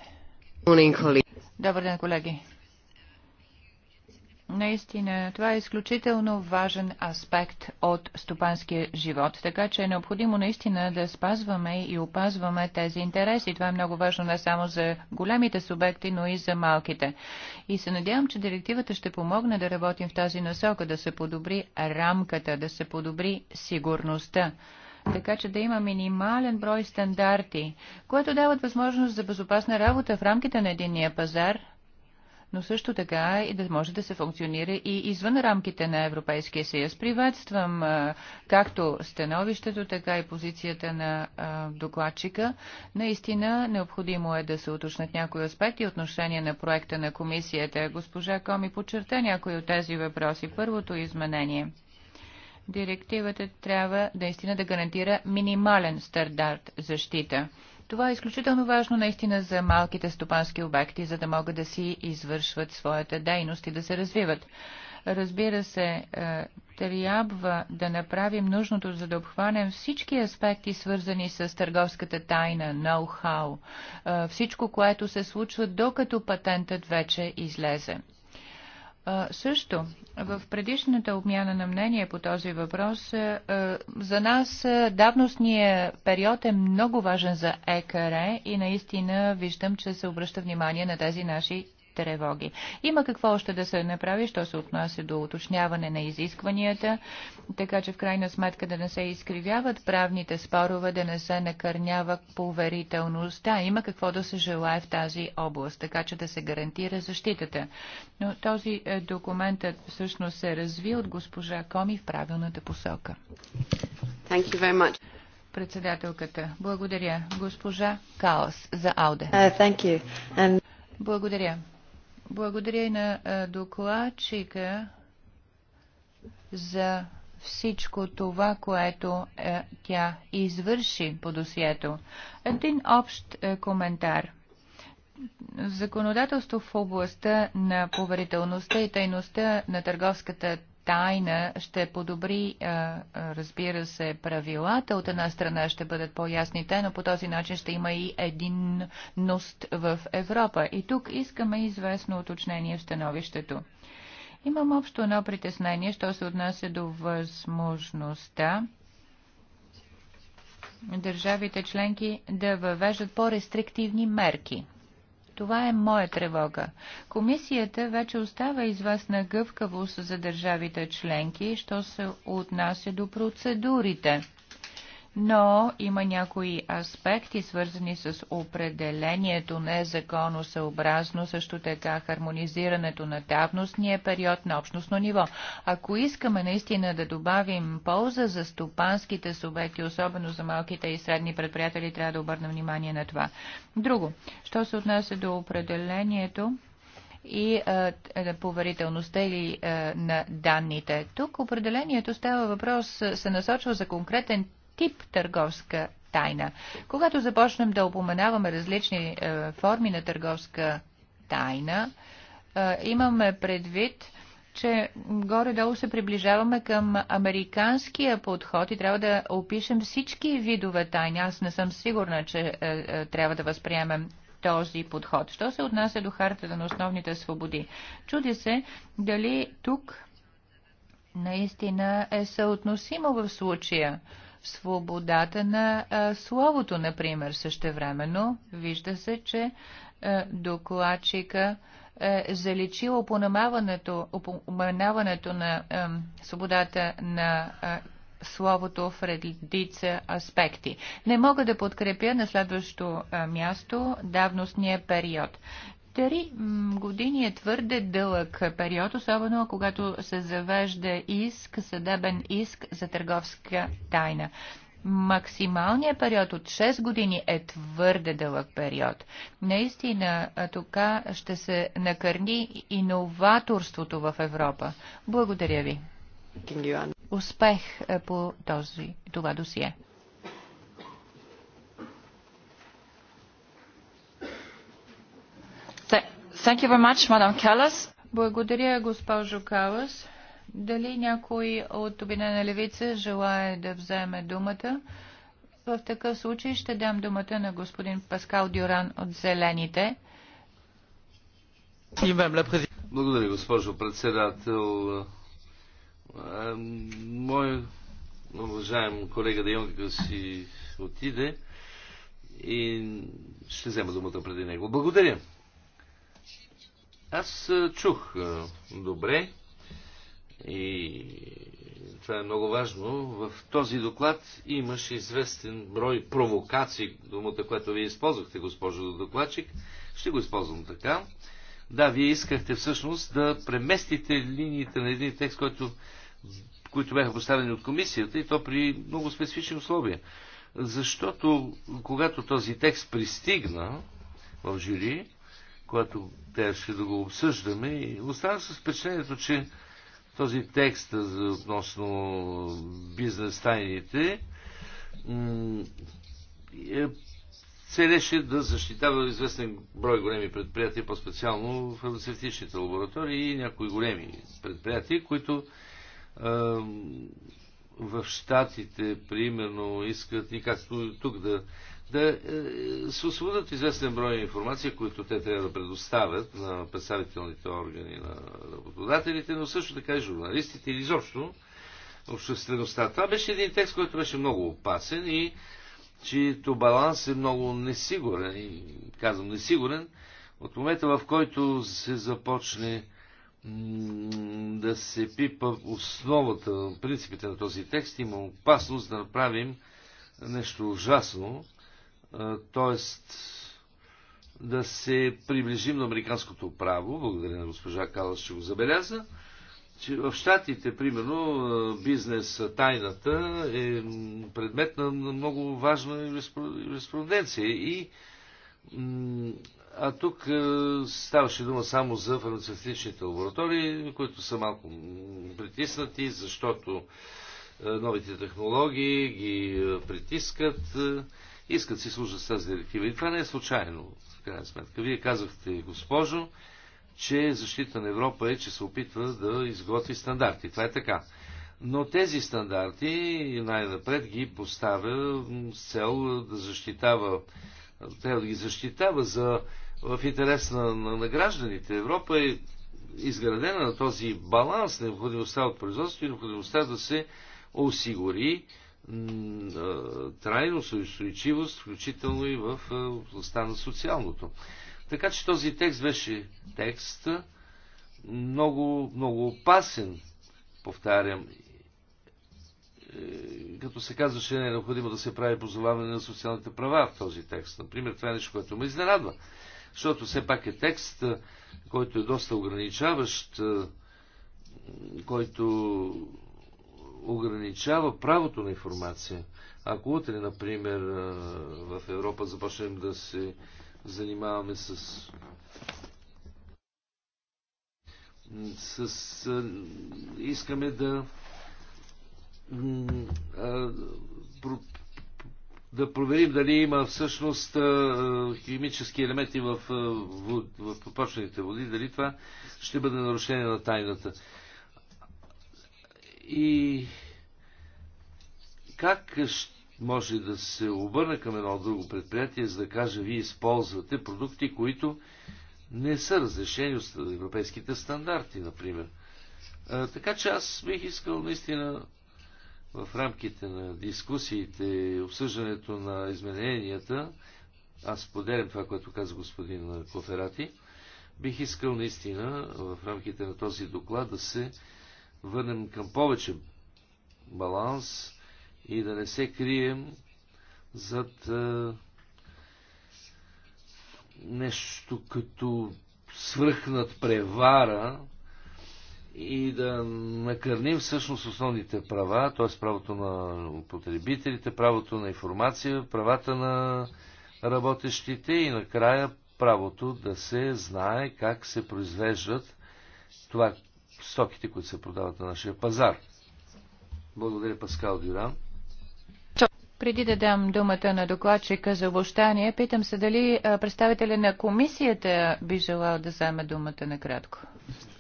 Добър ден, колеги. Наистина, това е изключително важен аспект от стопанския живот, така че е необходимо наистина да спазваме и опазваме тези интереси. Това е много важно не само за големите субекти, но и за малките. И се надявам, че директивата ще помогне да работим в тази насока, да се подобри рамката, да се подобри сигурността така че да има минимален брой стандарти, което дават възможност за безопасна работа в рамките на единния пазар – но също така и да може да се функционира и извън рамките на Европейския съюз. Приветствам както становището, така и позицията на докладчика. Наистина необходимо е да се уточнат някои аспекти отношение на проекта на комисията. Госпожа Коми подчерта някои от тези въпроси. Първото изменение директивата трябва наистина да гарантира минимален стандарт защита. Това е изключително важно наистина за малките стопански обекти, за да могат да си извършват своята дейност и да се развиват. Разбира се, е, трябва да направим нужното, за да обхванем всички аспекти, свързани с търговската тайна, ноу-хау, е, всичко, което се случва, докато патентът вече излезе. Също в предишната обмяна на мнение по този въпрос, за нас давностния период е много важен за ЕКР и наистина виждам, че се обръща внимание на тези наши тревоги. Има какво още да се направи, що се отнася до уточняване на изискванията, така че в крайна сметка да не се изкривяват правните спорове, да не се накърнява поверителността. Има какво да се желае в тази област, така че да се гарантира защитата. Но този е, документ е, всъщност се разви от госпожа Коми в правилната посока. Thank you very much председателката. Благодаря. Госпожа Каос за Ауде. Uh, And... Благодаря. Благодаря и на докладчика за всичко това, което е, тя извърши по досието. Един общ е, коментар. Законодателство в областта на поверителността и тайността на търговската тайна ще подобри, разбира се, правилата. От една страна ще бъдат по-ясните, но по този начин ще има и единност в Европа. И тук искаме известно уточнение в становището. Имам общо едно притеснение, що се отнася до възможността държавите членки да въвеждат по-рестриктивни мерки – това е моя тревога. Комисията вече остава известна гъвкавост за държавите членки, що се отнася до процедурите но има някои аспекти, свързани с определението незаконосъобразно, също така хармонизирането на давностния период на общностно ниво. Ако искаме наистина да добавим полза за стопанските субекти, особено за малките и средни предприятели, трябва да обърнем внимание на това. Друго, що се отнася до определението, и а, е, поверителността или а, е, на данните. Тук определението става въпрос, се насочва за конкретен тип търговска тайна. Когато започнем да упоменаваме различни е, форми на търговска тайна, е, имаме предвид, че горе-долу се приближаваме към американския подход и трябва да опишем всички видове тайни. Аз не съм сигурна, че е, е, трябва да възприемем този подход. Що се отнася до хартата на основните свободи? Чуди се дали тук наистина е съотносимо в случая. Е, свободата на а, словото, например, същевременно. Вижда се, че а, докладчика е заличил упоменаването на а, свободата на а, словото в редица аспекти. Не мога да подкрепя на следващото място давностния период. Три години е твърде дълъг период, особено когато се завежда иск, съдебен иск за търговска тайна. Максималният период от 6 години е твърде дълъг период. Наистина, тук ще се накърни иноваторството в Европа. Благодаря ви. Успех по този, това досие. Thank you very much, Madam Callas. Благодаря, госпожо Калас. Дали някой от Обединена левица желая да вземе думата? В такъв случай ще дам думата на господин Паскал Дюран от Зелените. Благодаря, госпожо председател. Мой уважаем колега Дайон, Йонг си отиде и ще взема думата преди него. Благодаря. Аз е, чух е, добре и това е много важно. В този доклад имаше известен брой провокации, думата, която вие използвахте, госпожо докладчик. Ще го използвам така. Да, вие искахте всъщност да преместите линиите на един текст, който, които бяха поставени от комисията и то при много специфични условия. Защото когато този текст пристигна в жюри, което трябваше да го обсъждаме. И оставам с впечатлението, че този текст относно бизнес тайните е, целеше да защитава известен брой големи предприятия, по-специално фармацевтичните лаборатории и някои големи предприятия, които в Штатите, примерно, искат и както тук да да е, се освободят известен брой информация, които те трябва да предоставят на представителните органи на работодателите, но също така и журналистите или изобщо обществеността. Това беше един текст, който беше много опасен и чието баланс е много несигурен. И казвам несигурен от момента, в който се започне да се пипа основата, принципите на този текст, има опасност да направим нещо ужасно, т.е. да се приближим на американското право, благодаря на госпожа Калас, че го забеляза, че в Штатите, примерно, бизнес тайната е предмет на много важна юриспруденция. И, а тук ставаше дума само за фармацевтичните лаборатории, които са малко притиснати, защото новите технологии ги притискат искат си служат с тази директива. И това не е случайно, в крайна сметка. Вие казахте, госпожо, че защита на Европа е, че се опитва да изготви стандарти. Това е така. Но тези стандарти най-напред ги поставя с цел да защитава, трябва да ги защитава за, в интерес на, на, на гражданите. Европа е изградена на този баланс, необходимостта от производство и необходимостта да се осигури трайност и устойчивост, включително и в областта на социалното. Така че този текст беше текст много, много опасен, повтарям, е, като се казва, че не е необходимо да се прави позоваване на социалните права в този текст. Например, това е нещо, което ме изненадва, защото все пак е текст, който е доста ограничаващ, е, който ограничава правото на информация. Ако утре, например, в Европа започнем да се занимаваме с с, искаме да да проверим дали има всъщност химически елементи в, в, в почвените води, дали това ще бъде нарушение на тайната. И как може да се обърна към едно друго предприятие, за да каже, вие използвате продукти, които не са разрешени от европейските стандарти, например. А, така че аз бих искал наистина в рамките на дискусиите и обсъждането на измененията, аз поделям това, което каза господин Коферати, бих искал наистина в рамките на този доклад да се върнем към повече баланс и да не се крием зад а, нещо като свръхнат превара и да накърним всъщност основните права, т.е. правото на потребителите, правото на информация, правата на работещите и накрая правото да се знае как се произвеждат това, стоките, които се продават на нашия пазар. Благодаря, Паскал Дюран. Преди да дам думата на докладчика за обощание, питам се дали представителя на комисията би желал да вземе думата накратко.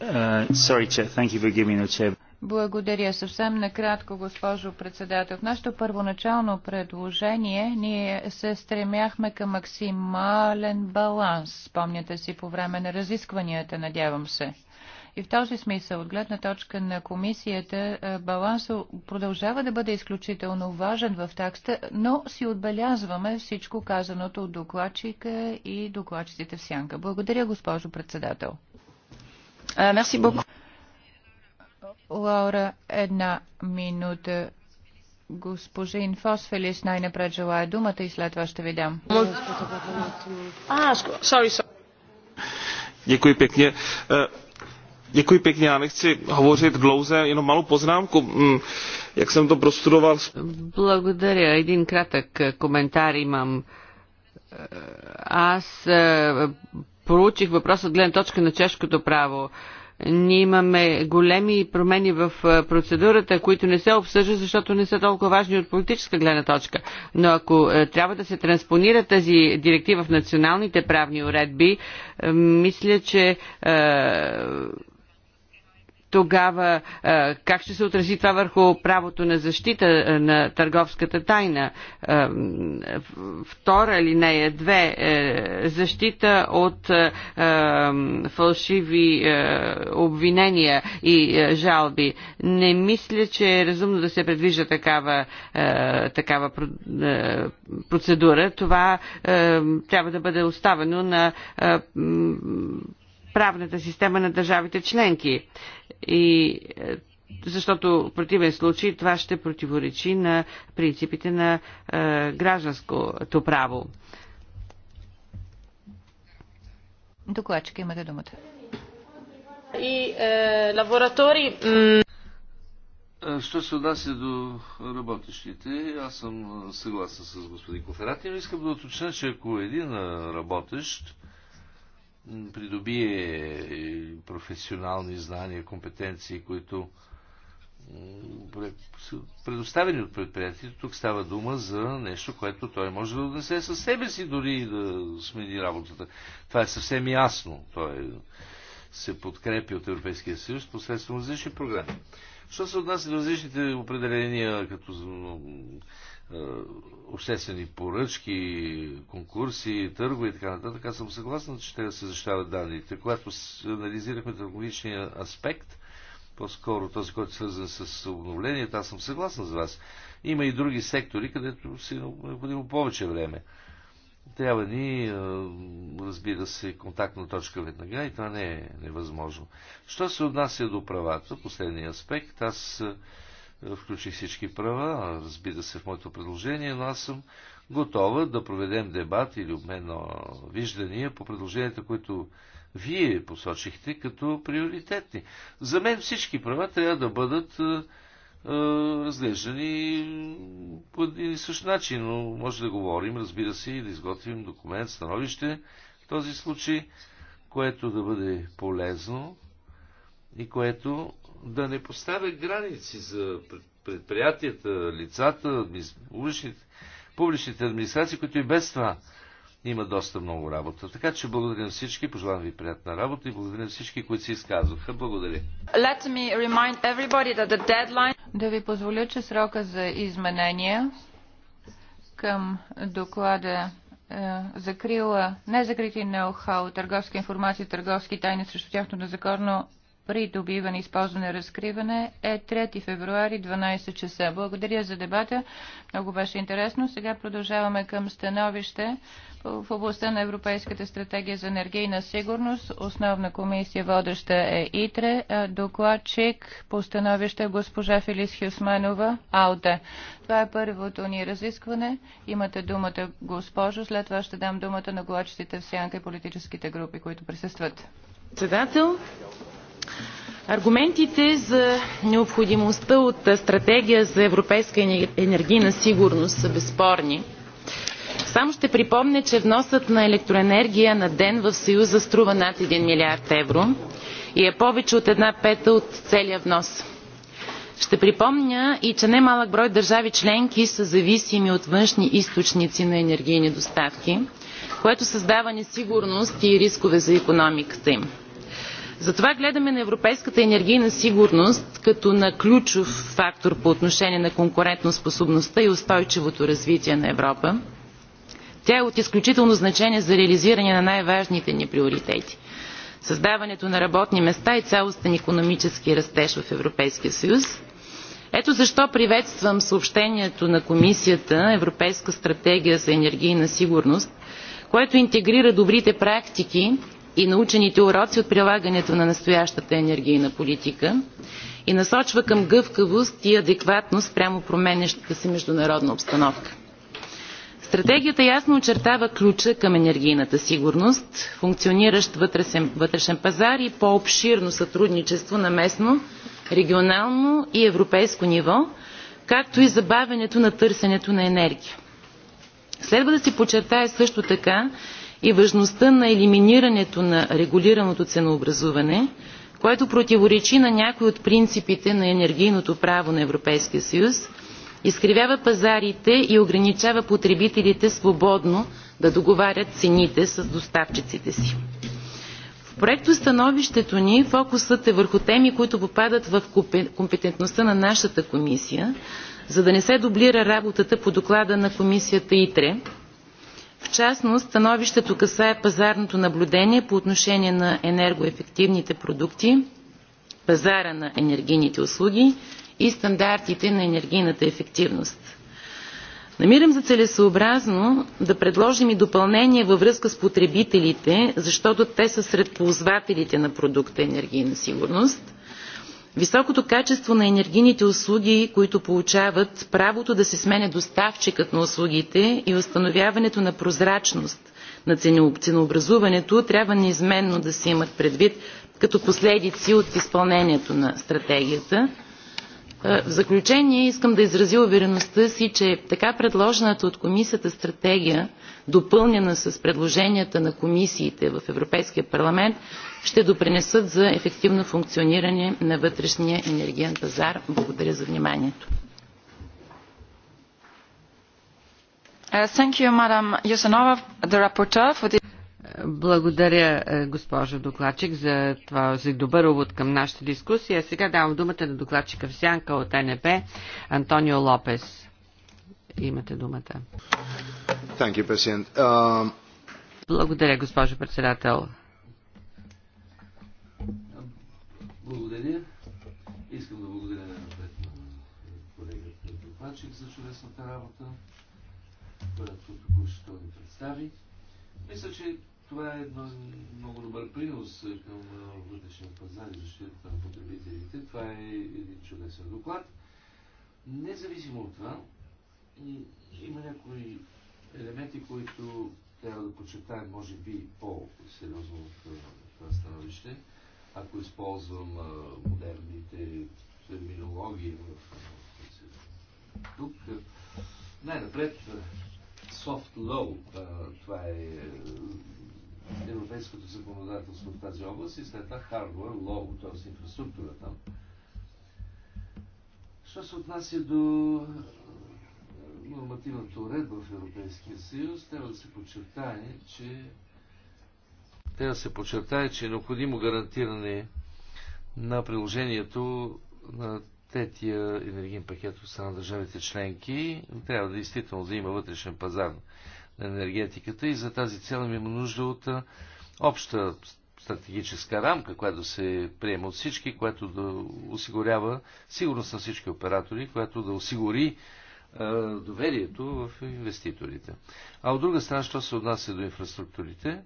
Uh, sorry, Thank you for giving the Благодаря. Съвсем накратко, госпожо председател. В нашето първоначално предложение ние се стремяхме към максимален баланс. Спомняте си по време на разискванията, надявам се. И в този смисъл, от гледна точка на комисията, е, балансът продължава да бъде изключително важен в такста, но си отбелязваме всичко казаното от докладчика и докладчиците в сянка. Благодаря, госпожо председател. Е, мерси Бог. Лаура, една минута. Госпожа Инфосфелис най-напред желая думата и след това ще ви дам. А, sorry, sorry. Děkuji pěkně. Děkuji pěkně, já nechci hovořit dlouze, jenom malou poznámku, mm, jak jsem to prostudoval. Благодаря, един кратък е, коментар имам. Е, аз е, получих въпрос от гледна точка на чешкото право. Ние имаме големи промени в процедурата, които не се обсъждат, защото не са толкова важни от политическа гледна точка. Но ако трябва да се транспонира тази директива в националните правни уредби, мисля, че тогава как ще се отрази това върху правото на защита на търговската тайна? Втора линия, две, е, защита от фалшиви обвинения и жалби. Не мисля, че е разумно да се предвижда такава, такава процедура. Това трябва да бъде оставено на правната система на държавите членки. И е, защото в противен случай това ще противоречи на принципите на е, гражданското право. Докладчик, имате думата. И е, лаборатори... Е, що се отнася до работещите, аз съм е, съгласен с господин Коферати, но искам да уточня, че ако един работещ придобие професионални знания, компетенции, които предоставени от предприятието. Тук става дума за нещо, което той може да отнесе със себе си, дори да смени работата. Това е съвсем ясно. Той се подкрепи от Европейския съюз посредством различни програми. Що се отнася до различните определения, като е, обществени поръчки, конкурси, търго и така нататък, аз съм съгласен, че трябва да се защитават данните. Когато анализирахме технологичния аспект, по-скоро този, който е свързан с обновлението, аз съм съгласен с вас. Има и други сектори, където си е необходимо повече време. Трябва ни, е, разбира се, контактна точка веднага и това не е невъзможно. Що се отнася до правата, последния аспект, аз включих всички права, разбира се, в моето предложение, но аз съм готова да проведем дебат или обмен на виждания по предложенията, които вие посочихте като приоритетни. За мен всички права трябва да бъдат е, е разглеждани по един и същ начин, но може да говорим, разбира се, и да изготвим документ, становище в този случай, което да бъде полезно и което да не поставя граници за предприятията, лицата, публичните, публичните администрации, които и без това има доста много работа. Така че благодаря на всички, пожелавам ви приятна работа и благодаря на всички, които се изказваха. Благодаря. Deadline... Да ви позволя, че срока за изменения към доклада е, закрила незакрити ноу-хау, търговска информация, търговски тайни срещу тяхното незаконно придобиване, използване, разкриване е 3 февруари 12 часа. Благодаря за дебата. Много беше интересно. Сега продължаваме към становище в областта на Европейската стратегия за енергийна сигурност. Основна комисия водеща е ИТРЕ. Докладчик по становище е госпожа Фелис Хюсманова, АЛТЕ. Това е първото ни разискване. Имате думата, госпожо. След това ще дам думата на докладчиците в сянка и политическите групи, които присъстват. Председател, Аргументите за необходимостта от стратегия за европейска енергийна сигурност са безспорни. Само ще припомня, че вносът на електроенергия на ден в Съюза струва над 1 милиард евро и е повече от една пета от целия внос. Ще припомня и, че немалък брой държави членки са зависими от външни източници на енергийни доставки, което създава несигурност и рискове за економиката им затова гледаме на европейската енергийна сигурност като на ключов фактор по отношение на конкурентоспособността и устойчивото развитие на европа. тя е от изключително значение за реализиране на най важните ни приоритети създаването на работни места и цялостен икономически растеж в европейския съюз. ето защо приветствам съобщението на комисията европейска стратегия за енергийна сигурност което интегрира добрите практики и научените уроци от прилагането на настоящата енергийна политика и насочва към гъвкавост и адекватност прямо променящата се международна обстановка. Стратегията ясно очертава ключа към енергийната сигурност, функциониращ вътрешен, вътрешен пазар и по-обширно сътрудничество на местно, регионално и европейско ниво, както и забавянето на търсенето на енергия. Следва да се подчертая също така, и важността на елиминирането на регулираното ценообразуване, което противоречи на някои от принципите на енергийното право на Европейския съюз, изкривява пазарите и ограничава потребителите свободно да договарят цените с доставчиците си. В становището ни фокусът е върху теми, които попадат в компетентността на нашата комисия, за да не се дублира работата по доклада на комисията ИТРЕ, в частност, становището касае пазарното наблюдение по отношение на енергоефективните продукти, пазара на енергийните услуги и стандартите на енергийната ефективност. Намирам за целесообразно да предложим и допълнение във връзка с потребителите, защото те са сред ползвателите на продукта енергийна сигурност Високото качество на енергийните услуги, които получават, правото да се сменя доставчикът на услугите и установяването на прозрачност на ценообразуването трябва неизменно да се имат предвид като последици от изпълнението на стратегията. Е, в заключение искам да изразя увереността си, че така предложената от комисията стратегия, допълнена с предложенията на комисиите в Европейския парламент, ще допринесат за ефективно функциониране на вътрешния енергиен пазар. Благодаря за вниманието. Uh, Благодаря, е, госпожо докладчик, за това за добър увод към нашата дискусия. Сега давам думата на докладчика в сянка от НП, Антонио Лопес. Имате думата. You, uh... Благодаря, госпожо председател. Благодаря. Искам да благодаря на напред на колегата докладчик за чудесната работа, която току-що ни представи. Мисля, че това е едно много добър принос към вътрешния пазар и защита на потребителите. Това е един чудесен доклад. Независимо от това, има някои елементи, които трябва да почетаем, може би, по-сериозно от това становище ако използвам модерните терминологии в тук. Най-напред soft а, това е европейското законодателство в тази област и след това hardware low, т.е. инфраструктура там. Що се отнася до нормативната уредба в Европейския съюз, трябва да се подчертае, че трябва да се подчертае, че е необходимо гарантиране на приложението на третия енергиен пакет от страна на държавите членки. Трябва да действително да има вътрешен пазар на енергетиката и за тази цел има нужда от обща стратегическа рамка, която се приема от всички, която да осигурява сигурност на всички оператори, която да осигури доверието в инвеститорите. А от друга страна, що се отнася до инфраструктурите,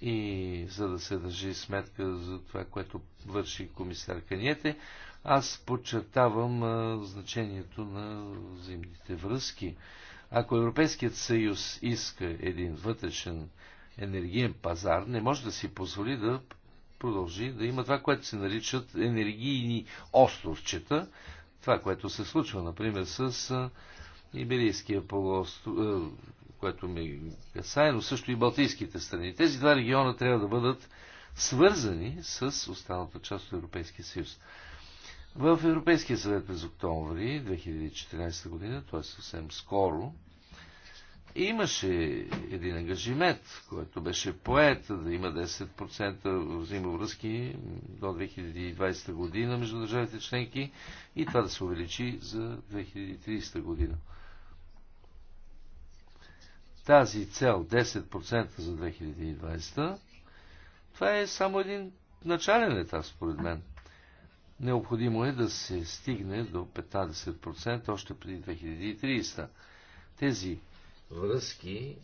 и за да се държи сметка за това, което върши комисар Каниете, аз подчертавам а, значението на взаимните връзки. Ако Европейският съюз иска един вътрешен енергиен пазар, не може да си позволи да продължи да има това, което се наричат енергийни островчета, това, което се случва, например, с Иберийския полуостров, което ми касае, но също и Балтийските страни. Тези два региона трябва да бъдат свързани с останалата част от Европейския съюз. В Европейския съвет през октомври 2014 година, т.е. съвсем скоро, имаше един ангажимент, който беше поет да има 10% взаимовръзки до 2020 година между държавите членки и това да се увеличи за 2030 година тази цел 10% за 2020, това е само един начален етап, според мен. Необходимо е да се стигне до 15% още преди 2030. Тези връзки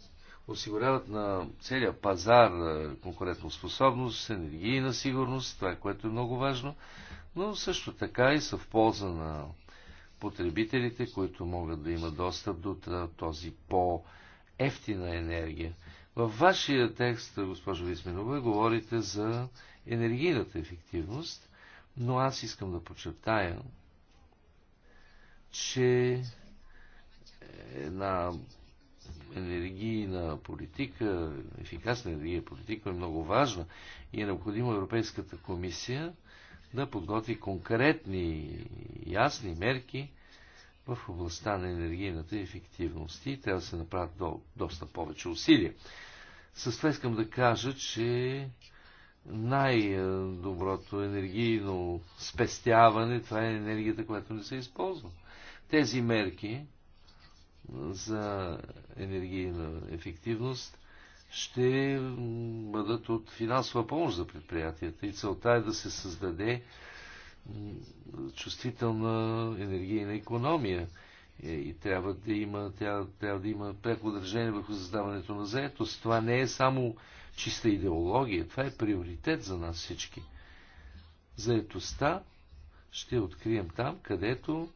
осигуряват на целия пазар е, конкурентоспособност, енергийна сигурност, това е което е много важно, но също така и са в полза на потребителите, които могат да имат достъп до този по- ефтина енергия. Във вашия текст, госпожо Висменова, говорите за енергийната ефективност, но аз искам да подчертая, че една енергийна политика, ефикасна енергийна политика е много важна и е необходимо Европейската комисия да подготви конкретни ясни мерки в областта на енергийната ефективност и трябва да се направят до, доста повече усилия. С това искам да кажа, че най-доброто енергийно спестяване, това е енергията, която не се използва. Тези мерки за енергийна ефективност ще бъдат от финансова помощ за предприятията и целта е да се създаде чувствителна енергийна економия е, и трябва да има, трябва, трябва да има преко държение върху създаването на заетост. Това не е само чиста идеология, това е приоритет за нас всички. Заетостта ще открием там, където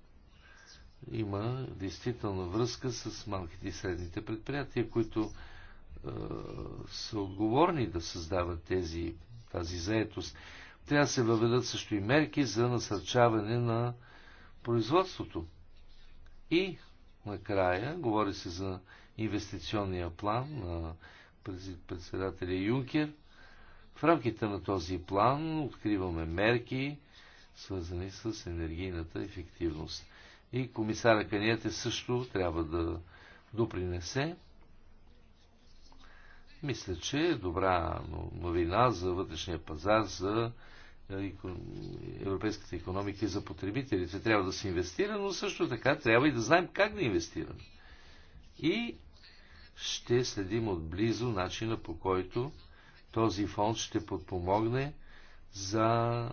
има действителна връзка с малките и средните предприятия, които е, са отговорни да създават тези, тази заетост. Трябва да се въведат също и мерки за насърчаване на производството. И накрая, говори се за инвестиционния план на председателя Юнкер. В рамките на този план откриваме мерки, свързани с енергийната ефективност. И комисара Каниете също трябва да допринесе. Мисля, че е добра новина за вътрешния пазар, за европейската економика и за потребителите. Трябва да се инвестира, но също така трябва и да знаем как да инвестираме. И ще следим отблизо начина по който този фонд ще подпомогне за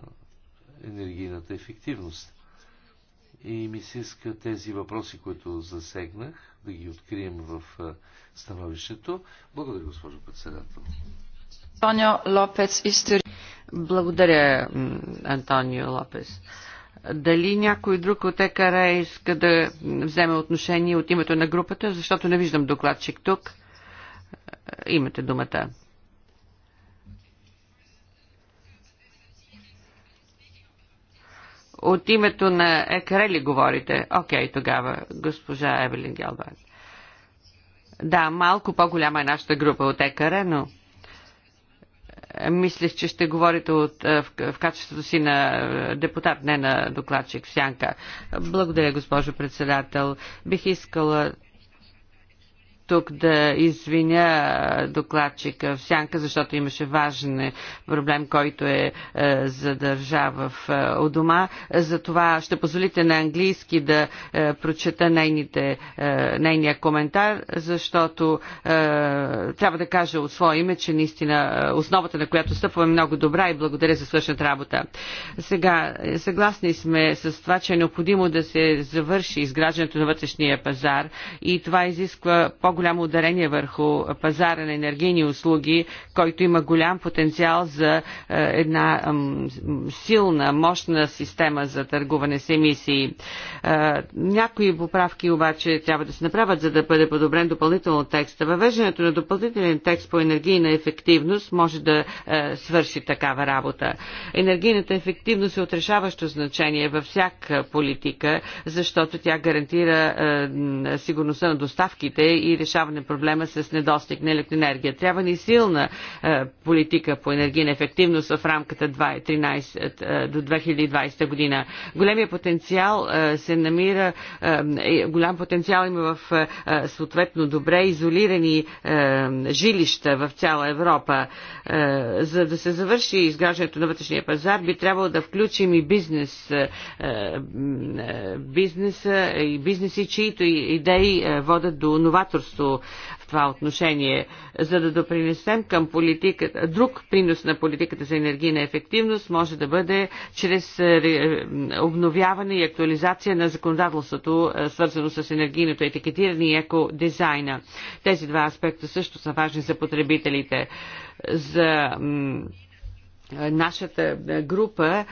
енергийната ефективност. И ми се иска тези въпроси, които засегнах, да ги открием в становището. Благодаря, госпожо председател. Антонио Лопес Благодаря, Антонио Лопес. Дали някой друг от ЕКР иска да вземе отношение от името на групата, защото не виждам докладчик тук. Е, имате думата. От името на ЕКР ли говорите? Окей, okay, тогава, госпожа Евелин Гелбард. Да, малко по-голяма е нашата група от ЕКР, но Мислех, че ще говорите от, е, в, в качеството си на е, депутат, не на докладчик в Сянка. Благодаря, госпожо председател. Бих искала тук да извиня докладчика в сянка, защото имаше важен проблем, който е, е задържава задържа в е, у дома. Затова ще позволите на английски да е, прочета нейните, нейния коментар, защото трябва да кажа от свое име, че наистина основата, на която стъпваме много добра и благодаря за свършната работа. Сега, съгласни сме с това, че е необходимо да се завърши изграждането на вътрешния пазар и това изисква по по-голямо ударение върху пазара на енергийни услуги, който има голям потенциал за е, една силна, мощна система за търгуване с емисии. Е, някои поправки обаче трябва да се направят, за да бъде подобрен допълнително текста. Въвеждането на допълнителен текст по енергийна ефективност може да е, свърши такава работа. Енергийната ефективност е отрешаващо значение във всяка политика, защото тя гарантира сигурността на доставките и решаване на проблема с недостиг на електроенергия. Трябва ни силна е, политика по енергийна ефективност в рамката 2013 е, до 2020 година. Големия потенциал е, се намира, голям потенциал има в съответно добре изолирани жилища в цяла Европа. За да се завърши изграждането на вътрешния пазар, би трябвало да включим и бизнес, бизнеса и бизнеси, чието идеи водят до новаторство място в това отношение. За да допринесем към политиката, друг принос на политиката за енергийна ефективност може да бъде чрез е, е, обновяване и актуализация на законодателството, е, свързано с енергийното етикетиране и екодизайна. Тези два аспекта също са важни за потребителите. За нашата група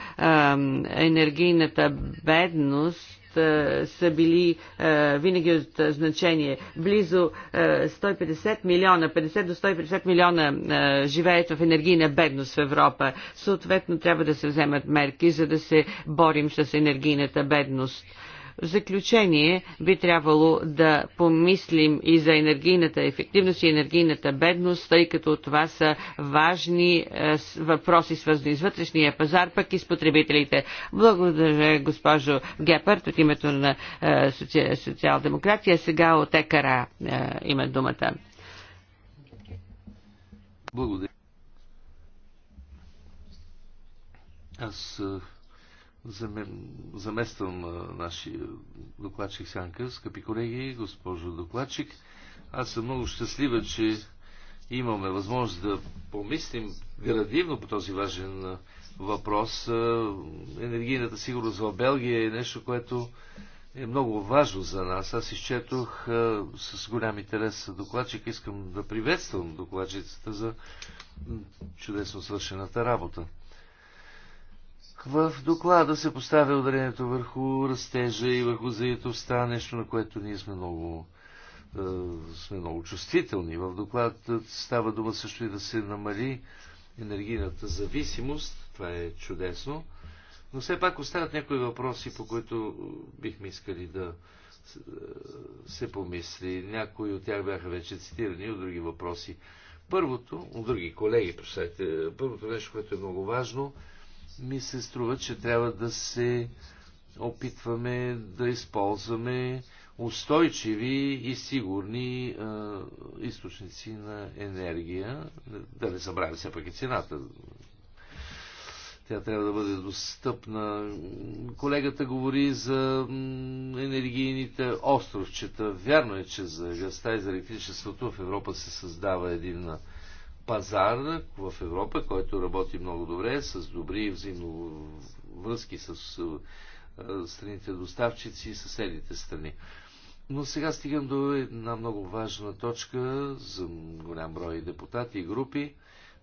енергийната бедност са били винаги от значение. Близо 150 милиона, 50 до 150 милиона живеят в енергийна бедност в Европа. Съответно трябва да се вземат мерки, за да се борим с енергийната бедност в заключение би трябвало да помислим и за енергийната ефективност и енергийната бедност, тъй като това са важни е, въпроси, свързани с вътрешния пазар, пък и с потребителите. Благодаря, госпожо Гепард, от името на е, социал-демократия. Сега от Екара е, има думата. Благодаря. Аз замествам нашия докладчик Сянка. Скъпи колеги, госпожо докладчик, аз съм много щастлива, че имаме възможност да помислим градивно по този важен въпрос. Енергийната сигурност в Белгия е нещо, което е много важно за нас. Аз изчетох с голям интерес докладчик. Искам да приветствам докладчицата за чудесно свършената работа. В доклада се поставя ударението върху растежа и върху заедостта, нещо на което ние сме много, е, сме много чувствителни. В доклад става дума също и да се намали енергийната зависимост. Това е чудесно. Но все пак остават някои въпроси, по които бихме искали да е, се помисли. Някои от тях бяха вече цитирани от други въпроси. Първото, от други колеги, прощайте, първото нещо, което е много важно – ми се струва, че трябва да се опитваме да използваме устойчиви и сигурни а, източници на енергия. Да не забравя все пак и цената. Тя трябва да бъде достъпна. Колегата говори за енергийните островчета. Вярно е, че за газта и за електричеството в Европа се създава един пазар в Европа, който работи много добре, с добри взаимно връзки с страните доставчици и съседните страни. Но сега стигам до една много важна точка за голям брой депутати и групи.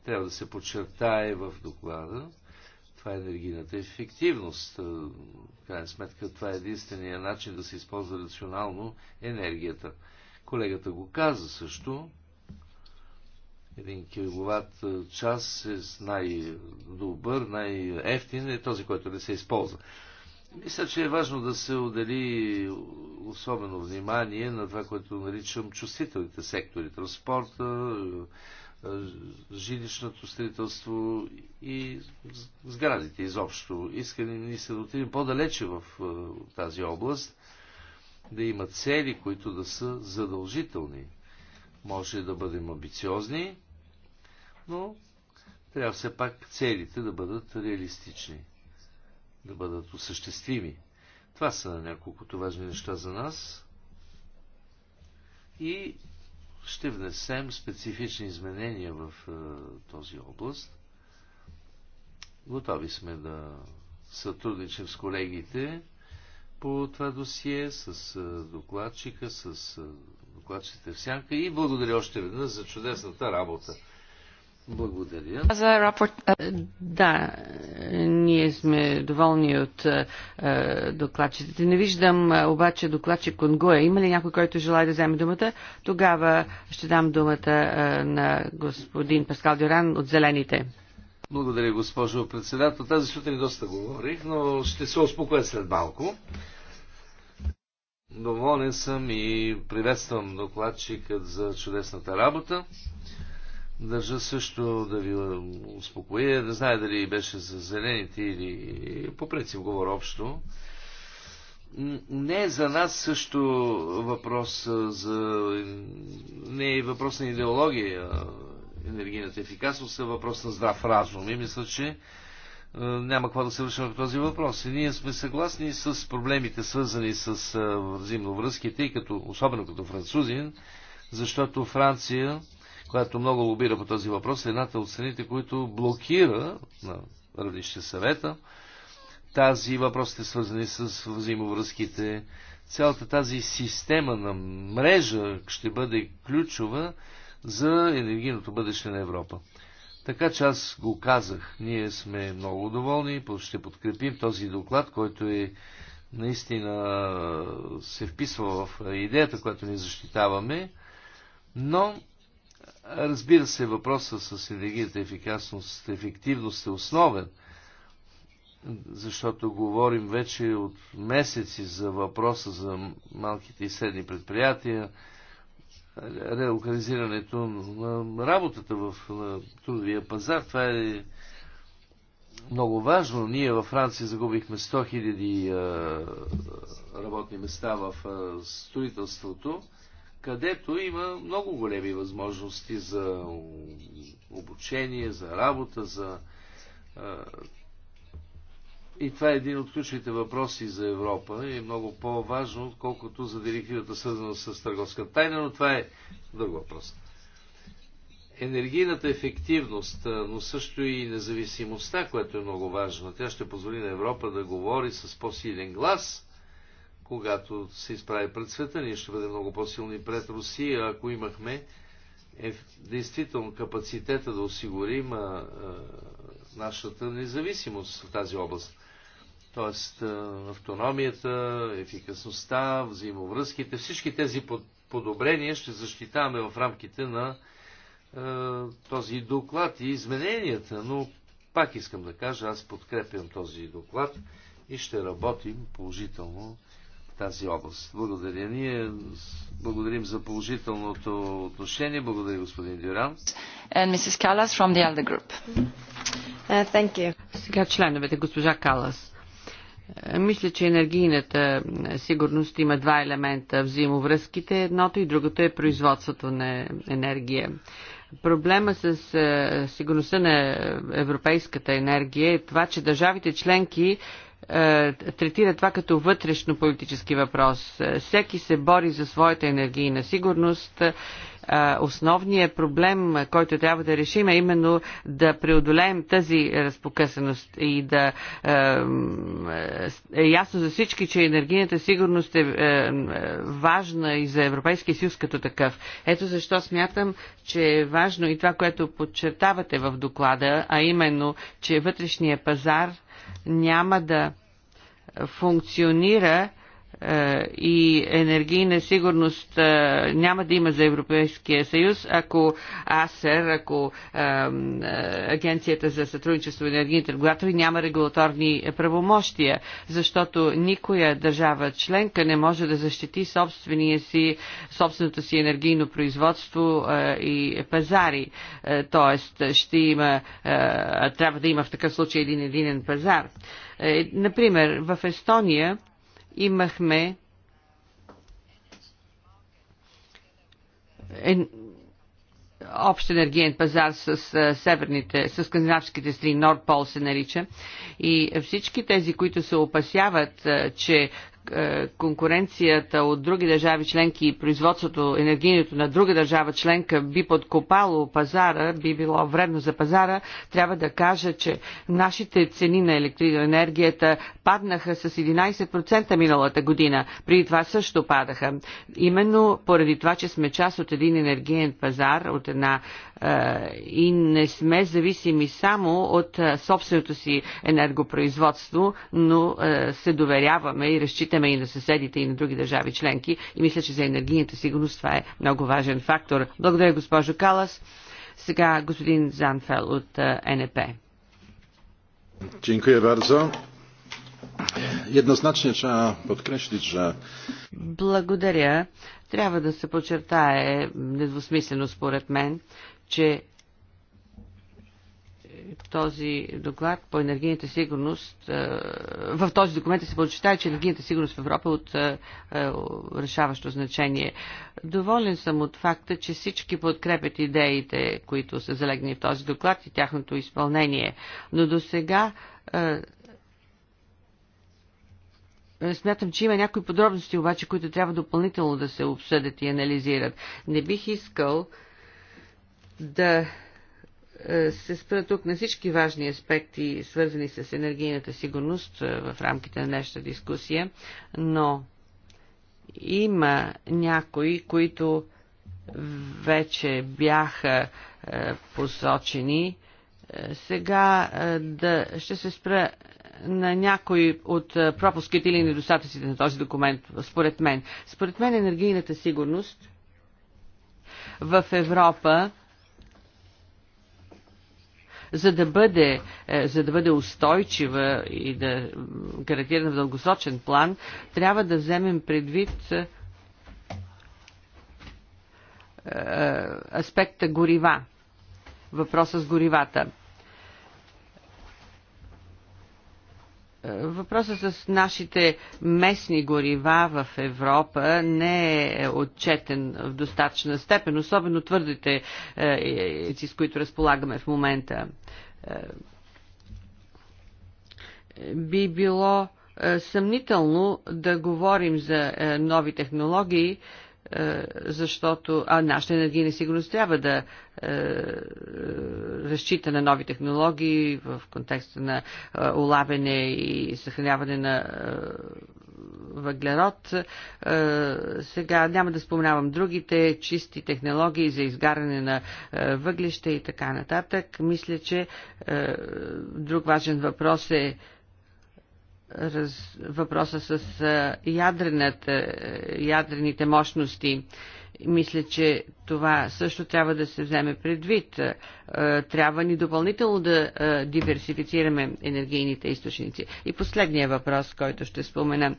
Трябва да се подчертае в доклада. Това е енергийната ефективност. В крайна сметка това е единствения начин да се използва рационално енергията. Колегата го каза също един киловатт е, час е най-добър, най-ефтин е този, който не се използва. Мисля, че е важно да се отдели особено внимание на това, което наричам чувствителните сектори. Транспорта, е, е, жилищното строителство и сградите изобщо. Искаме ни се да отидем по-далече в тази област, да има цели, които да са задължителни може да бъдем амбициозни, но трябва все пак целите да бъдат реалистични, да бъдат осъществими. Това са няколкото важни неща за нас. И ще внесем специфични изменения в е, този област. Готови сме да сътрудничим с колегите по това досие, с е, докладчика, с е, докладчите в сянка и благодаря още веднъж за чудесната работа. Благодаря. За рапорт... Да, ние сме доволни от докладчите. Не виждам обаче докладчик Конгуе. Има ли някой, който желая да вземе думата? Тогава ще дам думата на господин Паскал Дюран от Зелените. Благодаря, госпожо председател. Тази сутрин доста говорих, но ще се успокоя след малко. Доволен съм и приветствам докладчикът за чудесната работа. Държа също да ви успокоя, не знае дали беше за зелените или по принцип говоря общо. Не е за нас също въпрос за... Не е въпрос на идеология енергийната ефикасност, е въпрос на здрав разум. И мисля, че е, няма какво да се вършим в този въпрос. И ние сме съгласни с проблемите, свързани с е, взаимновръзките, и като, особено като французин, защото Франция, която много лобира по този въпрос, е едната от страните, които блокира на Радище съвета тази въпросите, свързани с взаимовръзките. Цялата тази система на мрежа ще бъде ключова за енергийното бъдеще на Европа. Така че аз го казах. Ние сме много доволни, ще подкрепим този доклад, който е наистина се вписва в идеята, която ни защитаваме, но разбира се, въпросът с енергията, ефикасност, ефективност е основен, защото говорим вече от месеци за въпроса за малките и средни предприятия, реорганизирането на работата в на трудовия пазар. Това е много важно. Ние във Франция загубихме 100 000 работни места в строителството, където има много големи възможности за обучение, за работа, за и това е един от ключовите въпроси за Европа и е много по-важно, отколкото за директивата свързана с търговска тайна, но това е друг въпрос. Енергийната ефективност, но също и независимостта, което е много важна, тя ще позволи на Европа да говори с по-силен глас, когато се изправи пред света. Ние ще бъдем много по-силни пред Русия, ако имахме е действително капацитета да осигурим а, а, нашата независимост в тази област. Тоест е, автономията, ефикасността, взаимовръзките, всички тези подобрения ще защитаваме в рамките на е, този доклад и измененията, но пак искам да кажа, аз подкрепям този доклад и ще работим положително в тази област. Благодаря. Ние благодарим за положителното отношение. Благодаря, господин Дюран. And Mrs. Callas from the Elder Group. Uh, thank you. Сега членовете, госпожа Калас. Е, мисля, че енергийната е, сигурност има два елемента взаимовръзките. Едното и другото е производството на енергия. Проблема с е, сигурността на европейската енергия е това, че държавите членки е, третира това като вътрешно политически въпрос. Всеки се бори за своята енергийна сигурност. Е, основният проблем, който трябва да решим е именно да преодолеем тази разпокъсаност и да е, е ясно за всички, че енергийната сигурност е важна и за Европейския съюз като такъв. Ето защо смятам, че е важно и това, което подчертавате в доклада, а именно, че вътрешния пазар няма да функционира е, и енергийна сигурност е, няма да има за Европейския съюз, ако АСЕР, ако е, Агенцията за сътрудничество и енергийните регулатори няма регулаторни правомощия, защото никоя държава членка не може да защити собствения си, собственото си енергийно производство и пазари. Тоест, ще има, трябва да има в такъв случай един единен пазар. Например, в Естония имахме ен... общ енергиен пазар с северните, с скандинавските страни, Нордпол се нарича. И всички тези, които се опасяват, че е, конкуренцията от други държави членки и производството, енергийното на друга държава членка би подкопало пазара, би било вредно за пазара, трябва да кажа, че нашите цени на електроенергията паднаха с 11% миналата година. При това също падаха. Именно поради това, че сме част от един енергиен пазар, от една е, и не сме зависими само от е, собственото си енергопроизводство, но се доверяваме и разчитаме разчитаме и на съседите, и на други държави членки. И мисля, че за енергийната сигурност това е много важен фактор. Благодаря, госпожо Калас. Сега господин Занфел от НП. Dziękuję bardzo. Jednoznacznie trzeba podkreślić, że... Благодаря. Трябва да се подчертае недвусмислено според мен, че този доклад по енергийната сигурност, е, в този документ се подчитава, че енергийната сигурност в Европа е от е, е, решаващо значение. Доволен съм от факта, че всички подкрепят идеите, които са залегнали в този доклад и тяхното изпълнение. Но до сега Смятам, че има някои подробности, обаче, които трябва допълнително да се обсъдят и анализират. Не бих искал да е, се спра тук на всички важни аспекти, свързани с енергийната сигурност е, в рамките на нашата дискусия, но има някои, които вече бяха е, посочени. Сега да, ще се спра на някои от пропуските или недостатъците на този документ, според мен. Според мен енергийната сигурност в Европа за да бъде, е, за да бъде устойчива и да гарантирана в дългосрочен план, трябва да вземем предвид е, е, аспекта горива, въпроса с горивата – Въпросът с нашите местни горива в Европа не е отчетен в достатъчна степен, особено твърдите, е, с които разполагаме в момента. Е, би било е, съмнително да говорим за нови технологии, е, защото а нашата енергийна сигурност трябва да е, е, разчита на нови технологии в контекста на улавяне и съхраняване на въглерод. Сега няма да споменавам другите чисти технологии за изгаране на въглища и така нататък. Мисля, че друг важен въпрос е раз, въпроса с а, ядрената, ядрените мощности. Мисля, че това също трябва да се вземе предвид. Трябва ни допълнително да диверсифицираме енергийните източници. И последния въпрос, който ще спомена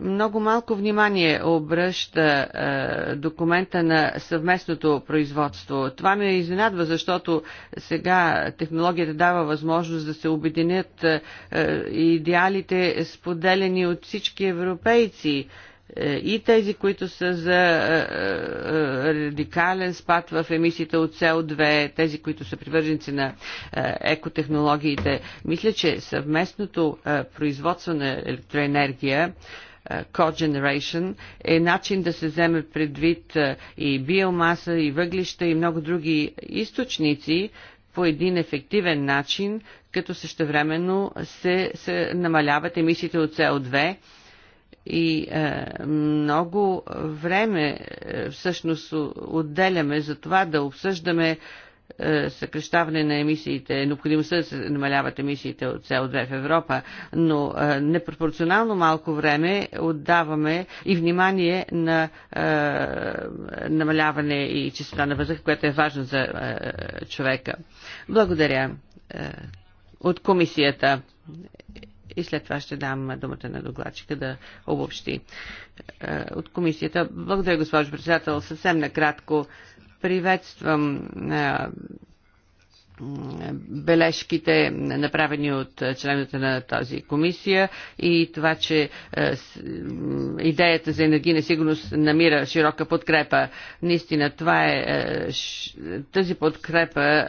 много малко внимание обръща е, документа на съвместното производство. Това ме изненадва, защото сега технологията дава възможност да се обединят е, е идеалите, споделени от всички европейци. Е, и тези, които са за е, е, радикален спад в емисиите от СО2, тези, които са привърженци на е, екотехнологиите. Мисля, че съвместното производство на електроенергия cogeneration е начин да се вземе предвид и биомаса, и въглища, и много други източници по един ефективен начин, като същевременно се, се намаляват емисиите от СО2 и е, много време всъщност отделяме за това да обсъждаме е, съкрещаване на емисиите, необходимостта да се намаляват емисиите от СО2 в Европа, но е, непропорционално малко време отдаваме и внимание на е, намаляване и чистота на въздуха, което е важно за човека. Благодаря от комисията. И след това ще дам думата на докладчика да обобщи. От комисията. Благодаря, госпожо председател. Съвсем накратко Приветствам бележките, направени от членовете на тази комисия и това, че е, идеята за енергийна сигурност намира широка подкрепа. Наистина, това е, е тази подкрепа е,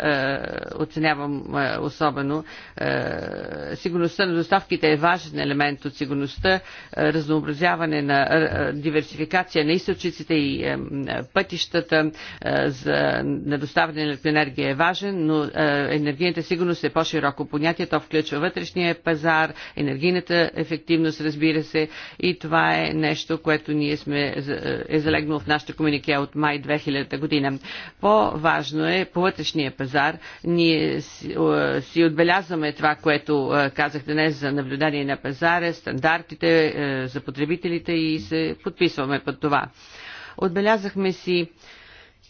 оценявам особено. Сигурността на доставките е важен елемент от сигурността, разнообразяване на диверсификация на източниците и пътищата за недоставане на електроенергия е важен, но е, енергийната сигурност е по-широко понятие, то включва вътрешния пазар, енергийната ефективност, разбира се, и това е нещо, което ние сме, е, е залегнало в нашата комунике от май 2000 година. По-важно е по вътрешния пазар. Ние си, е, отбелязваме това, което казах днес за наблюдание на пазара, стандартите за потребителите и се подписваме под това. Отбелязахме си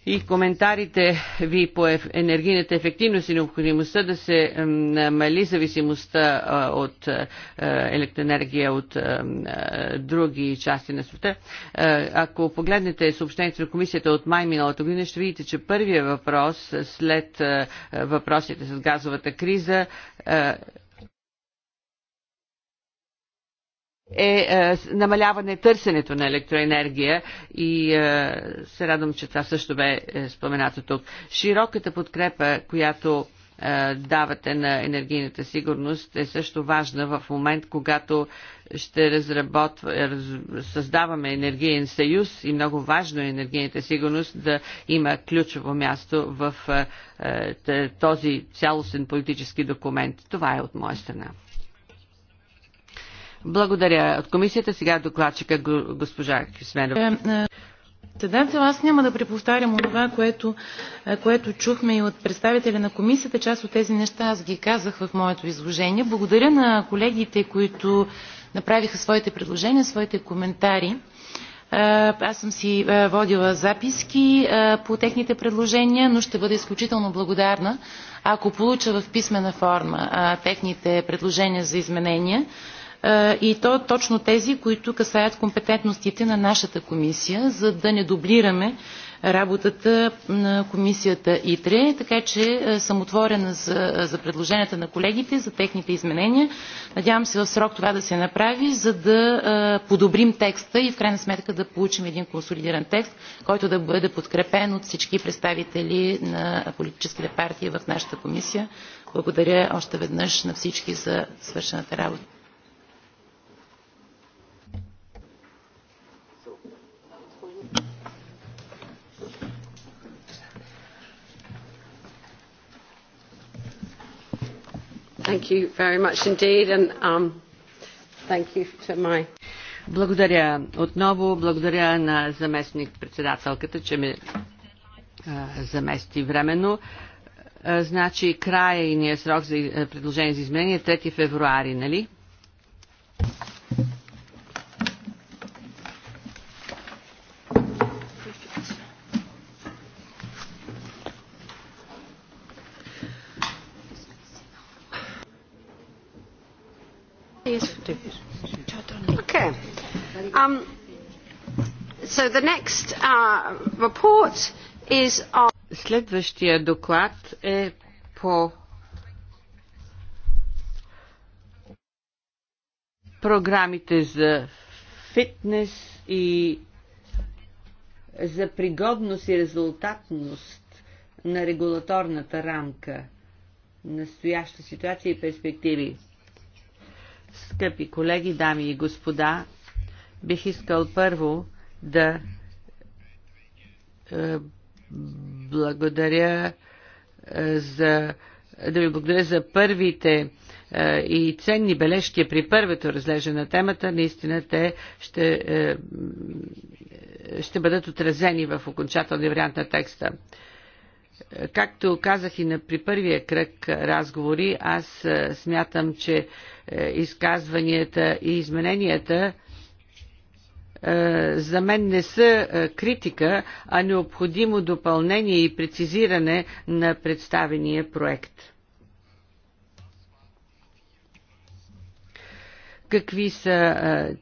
и коментарите ви по енергийната ефективност и необходимостта да се намали зависимостта от електроенергия от други части на света. Ако погледнете съобщението на комисията от май миналата година, ще видите, че първият въпрос след въпросите с газовата криза е, е намаляване търсенето на електроенергия и е, се радвам, че това също бе е, споменато тук. Широката подкрепа, която е, давате на енергийната сигурност е също важна в момент, когато ще разработва, раз, създаваме енергиен съюз и много важно е енергийната сигурност да има ключово място в е, този цялостен политически документ. Това е от моя страна. Благодаря. От комисията сега докладчика госпожа Хисменова. Председател, аз няма да преповтарям онова, което, е, което чухме и от представителя на комисията. Част от тези неща аз ги казах в моето изложение. Благодаря на колегите, които направиха своите предложения, своите коментари. Е, аз съм си е, водила записки по техните предложения, но ще бъда изключително благодарна, ако получа в писмена форма техните предложения за изменения е, и то точно тези, които касаят компетентностите на нашата комисия, за да не дублираме работата на комисията ИТРЕ, така че е, съм отворена за, за предложенията на колегите, за техните изменения. Надявам се в срок това да се направи, за да е, подобрим текста и в крайна сметка да получим един консолидиран текст, който да бъде подкрепен от всички представители на политическите партии в нашата комисия. Благодаря още веднъж на всички за свършената работа. Thank you very much indeed and um, thank you to my... Благодаря отново, благодаря на заместник председателката, че ме замести временно. Значи края и ние срок за предложение за изменение е 3 февруари, нали? Um, uh, Следващия доклад е по програмите за фитнес и за пригодност и резултатност на регулаторната рамка, настояща ситуация и перспективи. Скъпи колеги, дами и господа, Бих искал първо да е, благодаря е, за да ви благодаря за първите е, и ценни бележки при първото разглеждане на темата. Наистина те ще, ще бъдат отразени в окончателния вариант на текста. Както казах и на при първия кръг разговори, аз смятам, че изказванията и измененията е, за мен не са е, критика, а необходимо допълнение и прецизиране на представения проект. Какви са е,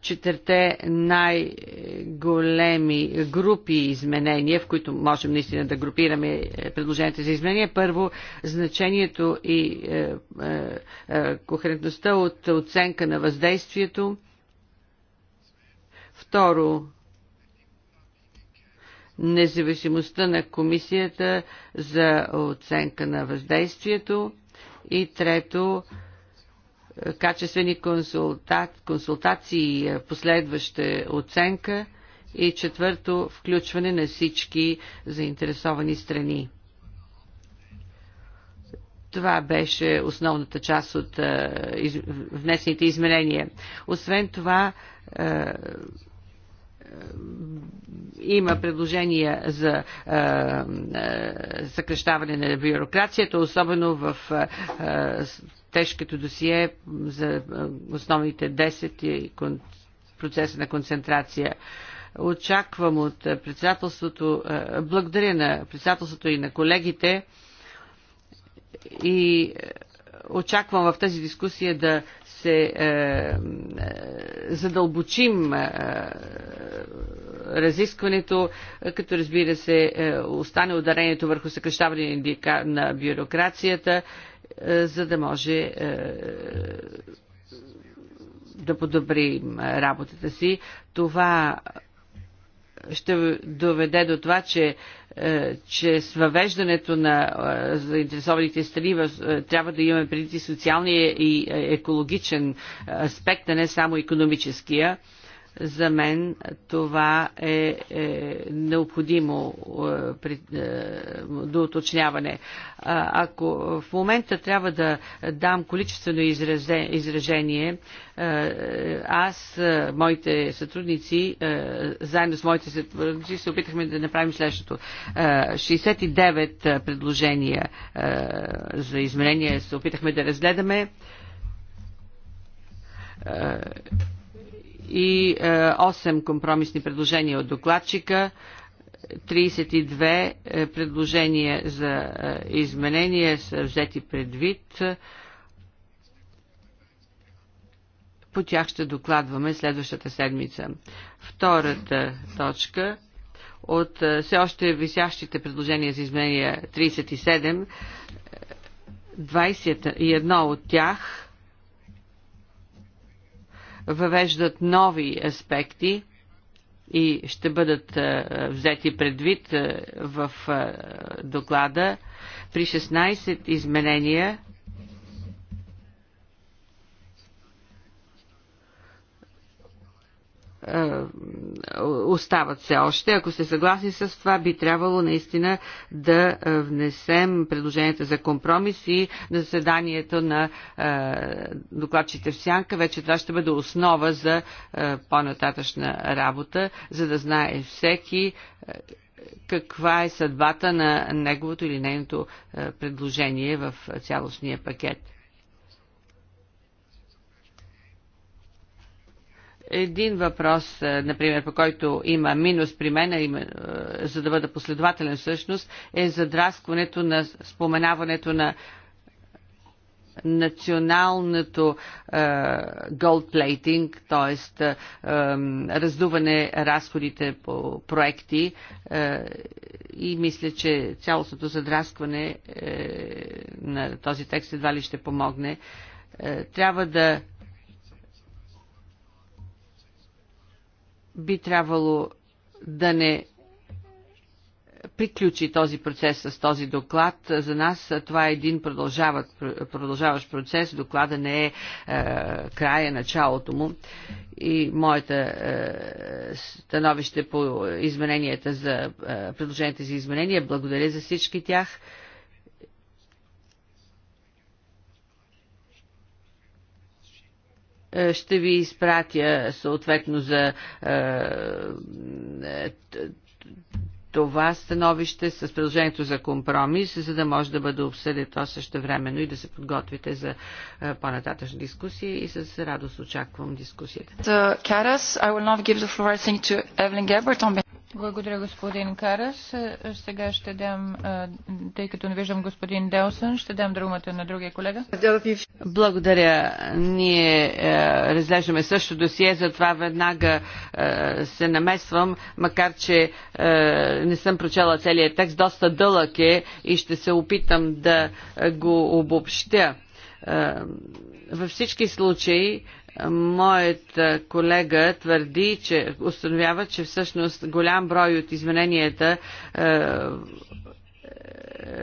четирте най-големи групи изменения, в които можем наистина да групираме предложенията за изменения. Първо, значението и е, е, е, кохерентността от оценка на въздействието. Второ, независимостта на комисията за оценка на въздействието. И трето, качествени консулта... консултации и е, последваща оценка. И четвърто, включване на всички заинтересовани страни. Това беше основната част от а, е, из, внесените изменения. Освен това, е, има предложения за съкрещаване на бюрокрацията, особено в тежкото досие за основните 10 и процеса на концентрация очаквам от председателството, благодаря на председателството и на колегите и очаквам в тази дискусия да се е, е, задълбочим е, разискването, като разбира се е, остане ударението върху съкрещаване на бюрокрацията, е, за да може е, да подобрим работата си. Това ще доведе до това, че, е, че с въвеждането на е, заинтересованите страни е, трябва да имаме преди социалния и екологичен аспект, а не само економическия. За мен това е, е необходимо е, при, е, до уточняване. А, ако в момента трябва да дам количествено изразе, изражение, е, аз, е, моите сътрудници, е, заедно с моите сътрудници, се опитахме да направим следващото. 69 предложения за изменение се опитахме да разгледаме и 8 е, компромисни предложения от докладчика, 32 е, предложения за е, изменения са взети предвид. По тях ще докладваме следващата седмица. Втората точка от все още висящите предложения за изменения 37, 21 от тях въвеждат нови аспекти и ще бъдат е, взети предвид е, в е, доклада. При 16 изменения Е, остават все още. Ако сте съгласни с това, би трябвало наистина да е, внесем предложенията за компромис и на заседанието на е, докладчите в Сянка. Вече това ще бъде основа за по-нататъчна работа, за да знае всеки каква е съдбата на неговото или нейното предложение в цялостния пакет. Един въпрос, е, например, по който има минус при мен, е, за да бъда последователен всъщност, е задраскването на споменаването на националното голдплейтинг, uh, т.е. Uh, раздуване разходите по проекти uh, и мисля, че цялостното задраскване uh, на този текст едва ли ще помогне. Uh, трябва да би трябвало да не приключи този процес с този доклад. За нас това е един продължаващ процес. Доклада не е, е края, началото му. И моята е, становище по измененията за, е, предложенията за изменения, благодаря за всички тях. Е, ще ви изпратя съответно за е, е, това становище с приложението за компромис, за да може да бъде обсъди то също времено и да се подготвите за по-нататъчна дискусия и с радост очаквам дискусията. Благодаря, господин Карас. Сега ще дам, тъй като не виждам господин Делсън, ще дам думата на другия колега. Благодаря. Ние разглеждаме също досие, затова веднага се намесвам, макар че не съм прочела целият текст, доста дълъг е и ще се опитам да го обобщя. Във всички случаи Моят колега твърди, че установява, че всъщност голям брой от измененията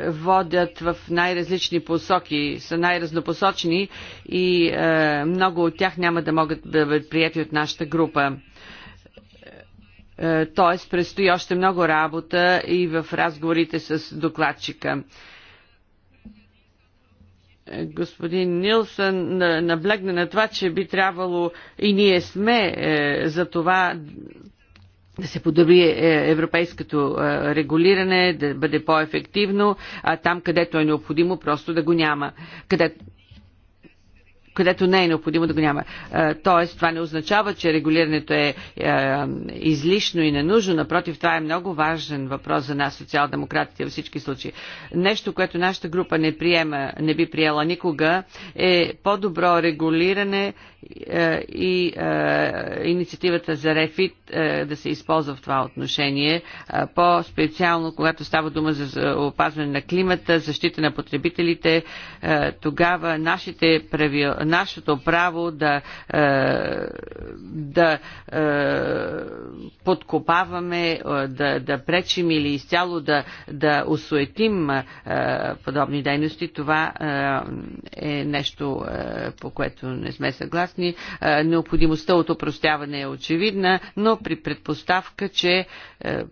водят в най-различни посоки, са най-разнопосочни и е, много от тях няма да могат да бъдат прияти от нашата група. Е, тоест, предстои още много работа и в разговорите с докладчика. Е, господин Нилсън наблегна на това, че би трябвало и ние сме е, за това да се подобри е, европейското регулиране, да бъде по-ефективно, а там, където е необходимо, просто да го няма. Къде, където не е необходимо да го няма. Тоест, това не означава, че регулирането е излишно и ненужно. Напротив, това е много важен въпрос за нас, социал-демократите, във всички случаи. Нещо, което нашата група не, приема, не би приела никога, е по-добро регулиране е, и е, инициативата за Рефит да се използва в това отношение, е, по-специално когато става дума за опазване на климата, защита на потребителите, тогава нашите прави, нашето право да, да подкопаваме, да, да пречим или изцяло да, да осуетим подобни дейности, това е нещо, по което не сме съгласни съгласни, е, необходимостта от опростяване е очевидна, но при предпоставка, че е, е,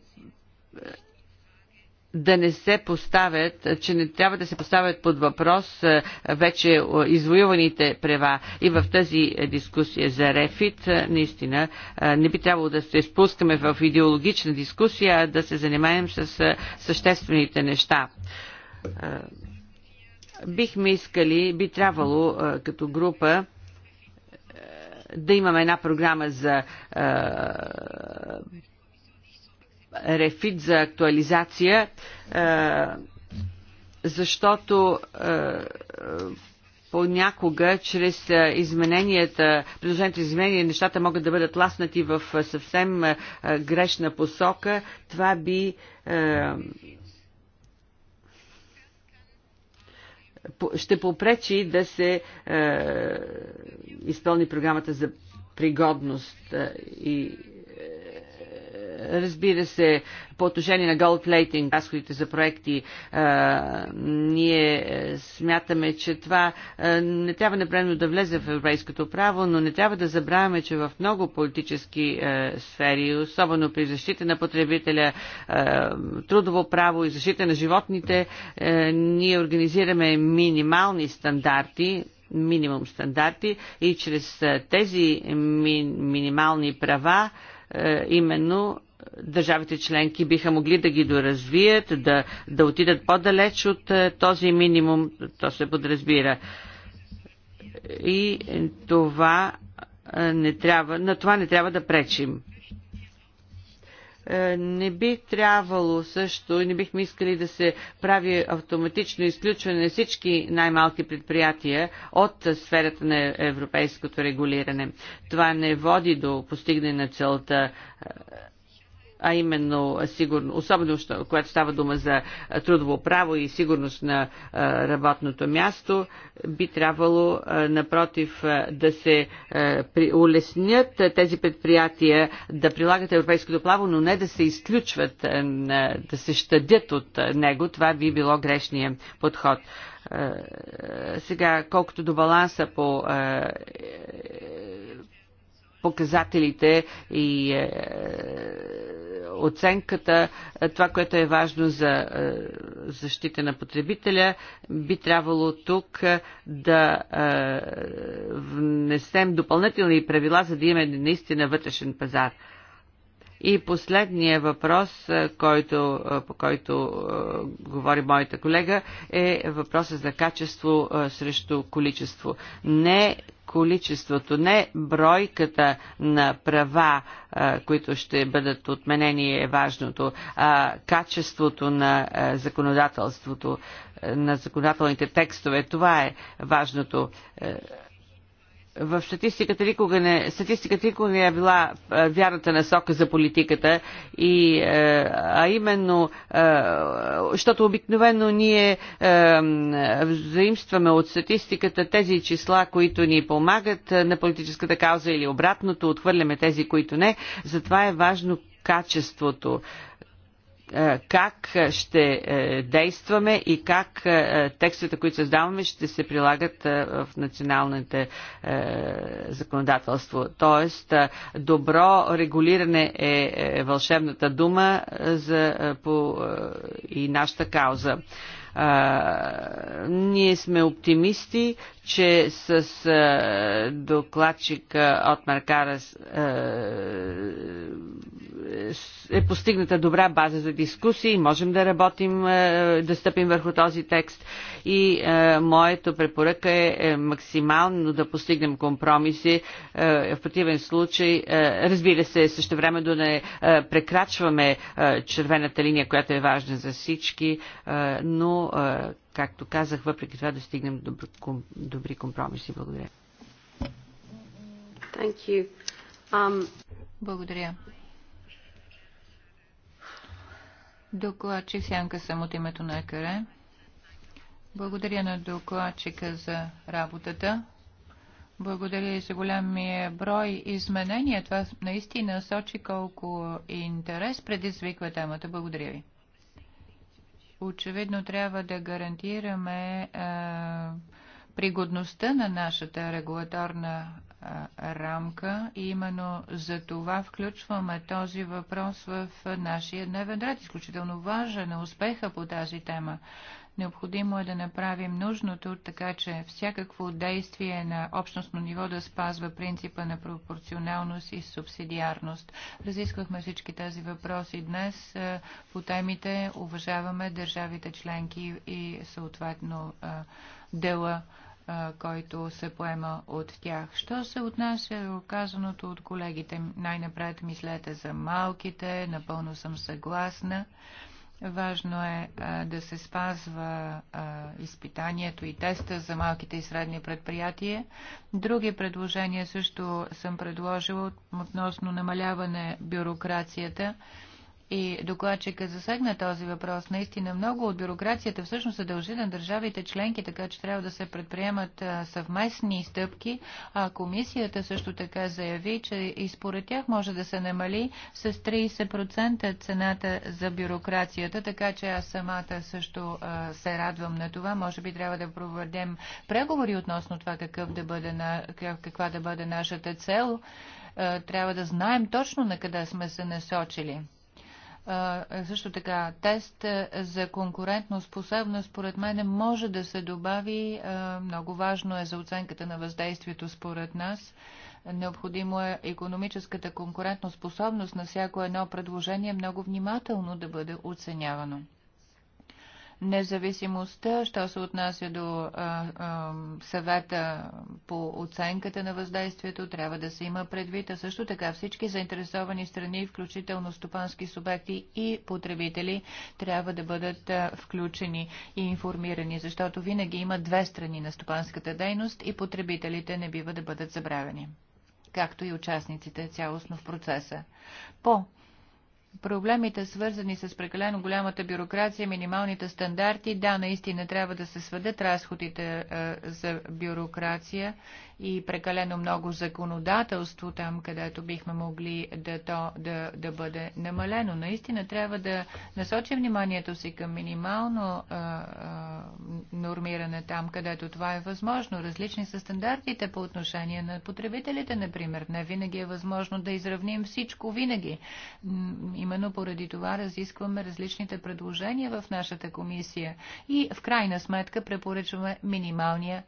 да не се поставят, че не трябва да се поставят под въпрос вече извоюваните права. И в тази дискусия за Рефит, наистина, не би трябвало да се спускаме в идеологична дискусия, а да се занимаем с съществените неща. Бихме искали, би трябвало като група да имаме една програма за е, рефит, за актуализация, е, защото е, понякога чрез измененията, предложените изменения, нещата могат да бъдат ласнати в съвсем грешна посока. Това би ще попречи да се е, изпълни програмата за пригодност е, и Разбира се, по отношение на голдплейтинг, разходите за проекти, ние е, смятаме, че това не трябва непременно да влезе в европейското право, но не трябва да забравяме, че в много политически сфери, особено при защита на потребителя, трудово право и защита на животните, ние организираме минимални стандарти, минимум стандарти и чрез тези ми, минимални права е, именно е, държавите членки биха могли да ги доразвият, да, да отидат по-далеч от е, този минимум, то се подразбира. И това не трябва, на това не трябва да пречим. Е, не би трябвало също, и не бихме искали да се прави автоматично изключване на всички най-малки предприятия от сферата на европейското регулиране. Това не води до постигане на целта е, а именно е, сигурно, особено когато става дума за е, трудово право и сигурност на е, работното място, би трябвало напротив да се улеснят тези предприятия да прилагат европейското право, но не да се изключват, да се щадят от него. Това би било грешния подход сега, колкото до баланса по показателите и е, оценката, това, което е важно за е, защита на потребителя, би трябвало тук е, да е, внесем допълнителни правила, за да имаме наистина вътрешен пазар. И последният въпрос, който, по който говори моята колега, е въпросът за качество срещу количество. Не количеството, не бройката на права, които ще бъдат отменени е важното, а качеството на законодателството, на законодателните текстове. Това е важното. Е, в статистиката никога не, статистиката никога не е била е, вярната насока за политиката, и, е, а именно, е, защото обикновено ние заимстваме от статистиката тези числа, които ни помагат на политическата кауза или обратното, отхвърляме тези, които не. Затова е важно качеството е, как е, ще е, действаме и как текстовете, които създаваме, ще се прилагат в националните законодателство. Тоест, добро регулиране е вълшебната дума за, по, и нашата кауза. А, ние сме оптимисти, че с а, е, докладчика от Маркарас е, е, постигната добра база за дискусии, можем да работим, а, е, да стъпим върху този текст и а, моето препоръка е, е максимално да постигнем компромиси, А, в противен случай, а, разбира се, също време да не а, прекрачваме а, червената линия, която е важна за всички, а, но както казах, въпреки това да стигнем до добри компромиси. Благодаря. Thank you. Um... Благодаря. Докладчик Сянка съм от името на ЕКР. Благодаря на докладчика за работата. Благодаря и за голямия брой изменения. Това наистина сочи колко интерес предизвиква темата. Благодаря ви очевидно трябва да гарантираме а, е, пригодността на нашата регулаторна а, е, рамка и именно за това включваме този въпрос в нашия дневен ред. Изключително важен е успеха по тази тема. Необходимо е да направим нужното, така че всякакво действие на общностно ниво да спазва принципа на пропорционалност и субсидиарност. Разисквахме всички тези въпроси днес. Е, по темите уважаваме държавите членки и съответно е, дела е, който се поема от тях. Що се отнася до казаното от колегите? Най-напред мислете за малките, напълно съм съгласна. Важно е а, да се спазва а, изпитанието и теста за малките и средни предприятия. Други предложения също съм предложила относно намаляване бюрокрацията и докладчика засегна този въпрос. Наистина много от бюрокрацията всъщност се дължи на държавите членки, така че трябва да се предприемат съвместни стъпки, а комисията също така заяви, че и според тях може да се намали с 30% цената за бюрокрацията, така че аз самата също се радвам на това. Може би трябва да проведем преговори относно това какъв да бъде на, каква да бъде нашата цел. Трябва да знаем точно на къде сме се насочили също така тест за конкурентно способност, според мен, може да се добави. Много важно е за оценката на въздействието, според нас. Необходимо е економическата способност на всяко едно предложение много внимателно да бъде оценявано независимостта, що се отнася до а, а, съвета по оценката на въздействието, трябва да се има предвид, а също така всички заинтересовани страни, включително стопански субекти и потребители, трябва да бъдат включени и информирани, защото винаги има две страни на стопанската дейност и потребителите не бива да бъдат забравени както и участниците цялостно в процеса. По проблемите свързани с прекалено голямата бюрокрация, минималните стандарти, да, наистина трябва да се сведат разходите за бюрокрация и прекалено много законодателство там, където бихме могли да то да, да бъде намалено. Наистина трябва да насочим вниманието си към минимално а, а, нормиране там, където това е възможно. Различни са стандартите по отношение на потребителите, например. Не винаги е възможно да изравним всичко винаги. Именно поради това разискваме различните предложения в нашата комисия и в крайна сметка препоръчваме минималния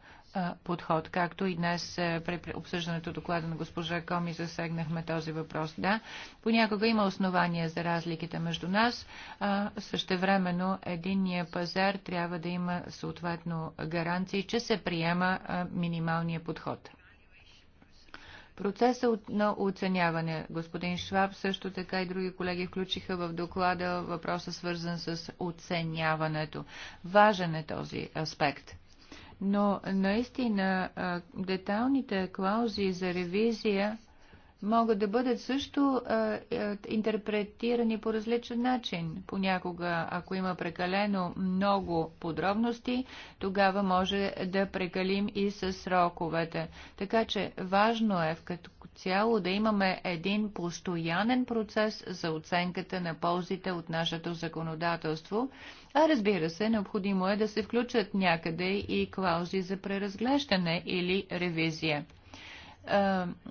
подход, както и днес при обсъждането доклада на госпожа Коми засегнахме този въпрос. Да, понякога има основания за разликите между нас, а същевременно единния пазар трябва да има съответно гаранции, че се приема минималния подход. Процеса на оценяване. Господин Шваб, също така и други колеги включиха в доклада въпроса свързан с оценяването. Важен е този аспект но наистина деталните клаузи за ревизия могат да бъдат също а, а, интерпретирани по различен начин. Понякога, ако има прекалено много подробности, тогава може да прекалим и с сроковете. Така че важно е в като цяло да имаме един постоянен процес за оценката на ползите от нашето законодателство, а разбира се, необходимо е да се включат някъде и клаузи за преразглеждане или ревизия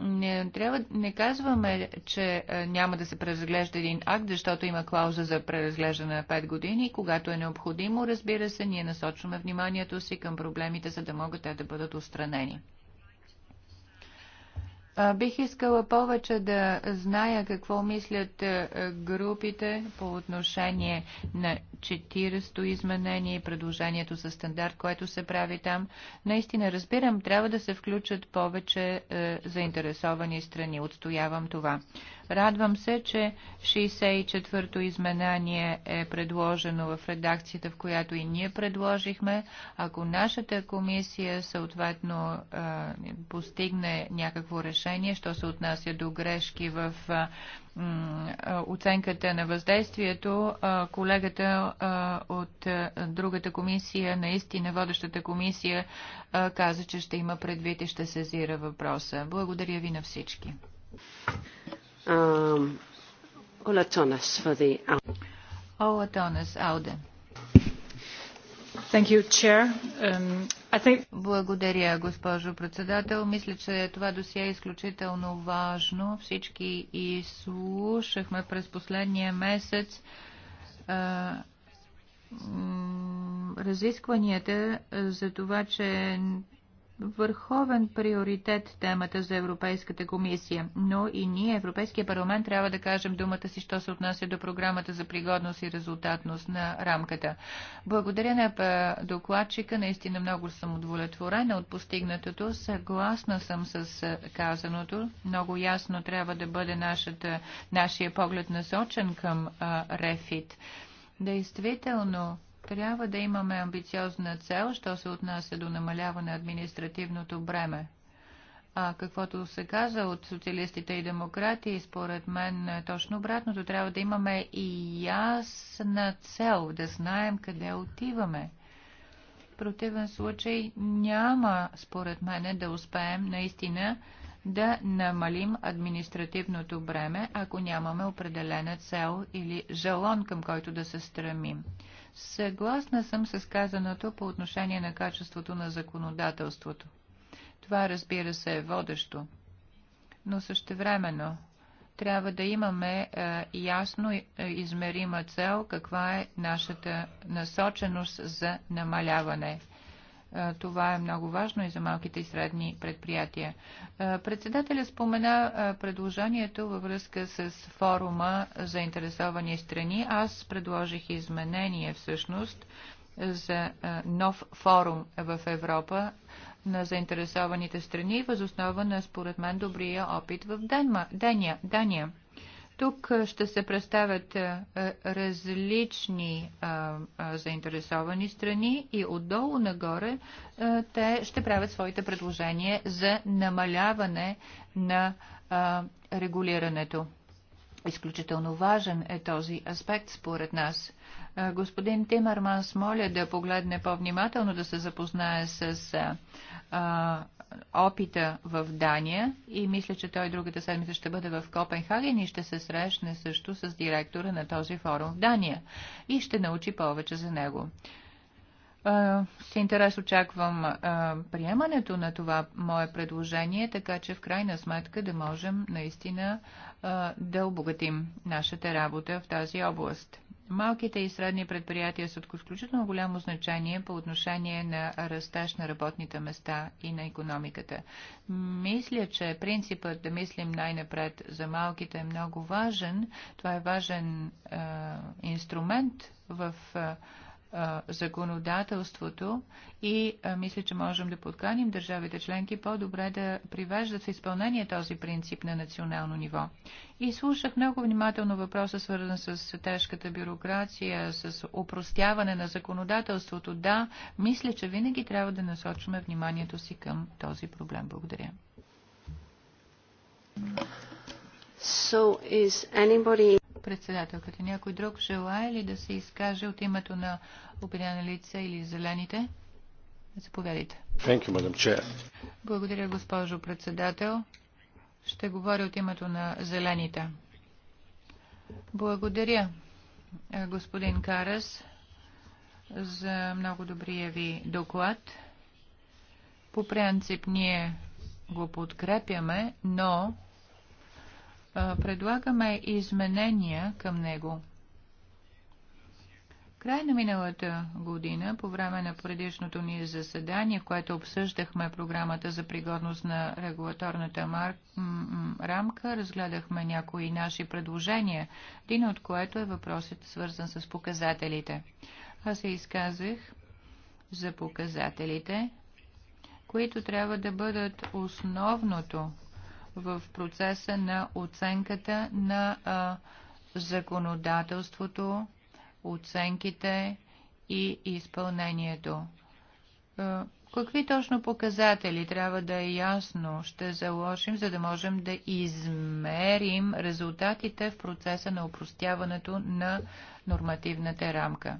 не, трябва, не казваме, че няма да се преразглежда един акт, защото има клауза за преразглеждане на 5 години. Когато е необходимо, разбира се, ние насочваме вниманието си към проблемите, за да могат те да бъдат устранени. Бих искала повече да зная какво мислят групите по отношение на 40-то изменение и предложението за стандарт, което се прави там. Наистина разбирам, трябва да се включат повече заинтересовани страни. Отстоявам това. Радвам се, че 64-то изменение е предложено в редакцията, в която и ние предложихме. Ако нашата комисия съответно постигне някакво решение, що се отнася до грешки в оценката на въздействието, колегата от другата комисия, наистина водещата комисия, каза, че ще има предвид и ще сезира въпроса. Благодаря ви на всички. Um, Ola Tonas for the Ola Tonas, Ауде. Thank you, Chair. Um, I think... Благодаря, госпожо председател. Мисля, че това досие е изключително важно. Всички и слушахме през последния месец а, разискванията за това, че върховен приоритет темата за Европейската комисия, но и ние, Европейския парламент, трябва да кажем думата си, що се отнася до програмата за пригодност и резултатност на рамката. Благодаря на докладчика, наистина много съм удовлетворена от постигнатото, съгласна съм с казаното, много ясно трябва да бъде нашата, нашия поглед насочен към а, Рефит. Действително, трябва да имаме амбициозна цел, що се отнася до намаляване на административното бреме. А каквото се каза от социалистите и демократи, според мен е точно обратното, трябва да имаме и ясна цел, да знаем къде отиваме. В противен случай няма, според мен, да успеем наистина да намалим административното бреме, ако нямаме определена цел или жалон, към който да се стремим. Съгласна съм с казаното по отношение на качеството на законодателството. Това, разбира се, е водещо. Но същевременно трябва да имаме е, ясно е, измерима цел каква е нашата насоченост за намаляване. Е, това е много важно и за малките и средни предприятия. Е, председателя спомена е, предложението във връзка с форума за интересовани страни. Аз предложих изменение всъщност за нов форум в Европа на заинтересованите страни, възоснова на според мен добрия опит в Дания. Тук ще се представят различни заинтересовани страни и отдолу нагоре те ще правят своите предложения за намаляване на регулирането. Изключително важен е този аспект според нас. Господин Тимърманс моля да погледне по-внимателно, да се запознае с а, опита в Дания и мисля, че той другата седмица ще бъде в Копенхаген и ще се срещне също с директора на този форум в Дания и ще научи повече за него. С интерес очаквам приемането на това мое предложение, така че в крайна сметка да можем наистина да обогатим нашата работа в тази област. Малките и средни предприятия са от изключително голямо значение по отношение на растеж на работните места и на економиката. Мисля, че принципът да мислим най-напред за малките е много важен. Това е важен е, инструмент в е, законодателството и а, мисля, че можем да подканим държавите членки по-добре да привеждат в изпълнение този принцип на национално ниво. И слушах много внимателно въпроса, свързан с тежката бюрокрация, с упростяване на законодателството. Да, мисля, че винаги трябва да насочваме вниманието си към този проблем. Благодаря. So is anybody председателката. Някой друг желая ли да се изкаже от името на Обедена лица или Зелените? Заповядайте. You, Благодаря, госпожо председател. Ще говоря от името на Зелените. Благодаря, е, господин Карас, за много добрия ви доклад. По принцип ние го подкрепяме, но предлагаме изменения към него. Край на миналата година, по време на предишното ни заседание, в което обсъждахме програмата за пригодност на регулаторната мар... рамка, разгледахме някои наши предложения, един от което е въпросът свързан с показателите. Аз се изказах за показателите, които трябва да бъдат основното в процеса на оценката на а, законодателството, оценките и изпълнението. А, какви точно показатели трябва да е ясно ще заложим, за да можем да измерим резултатите в процеса на опростяването на нормативната рамка?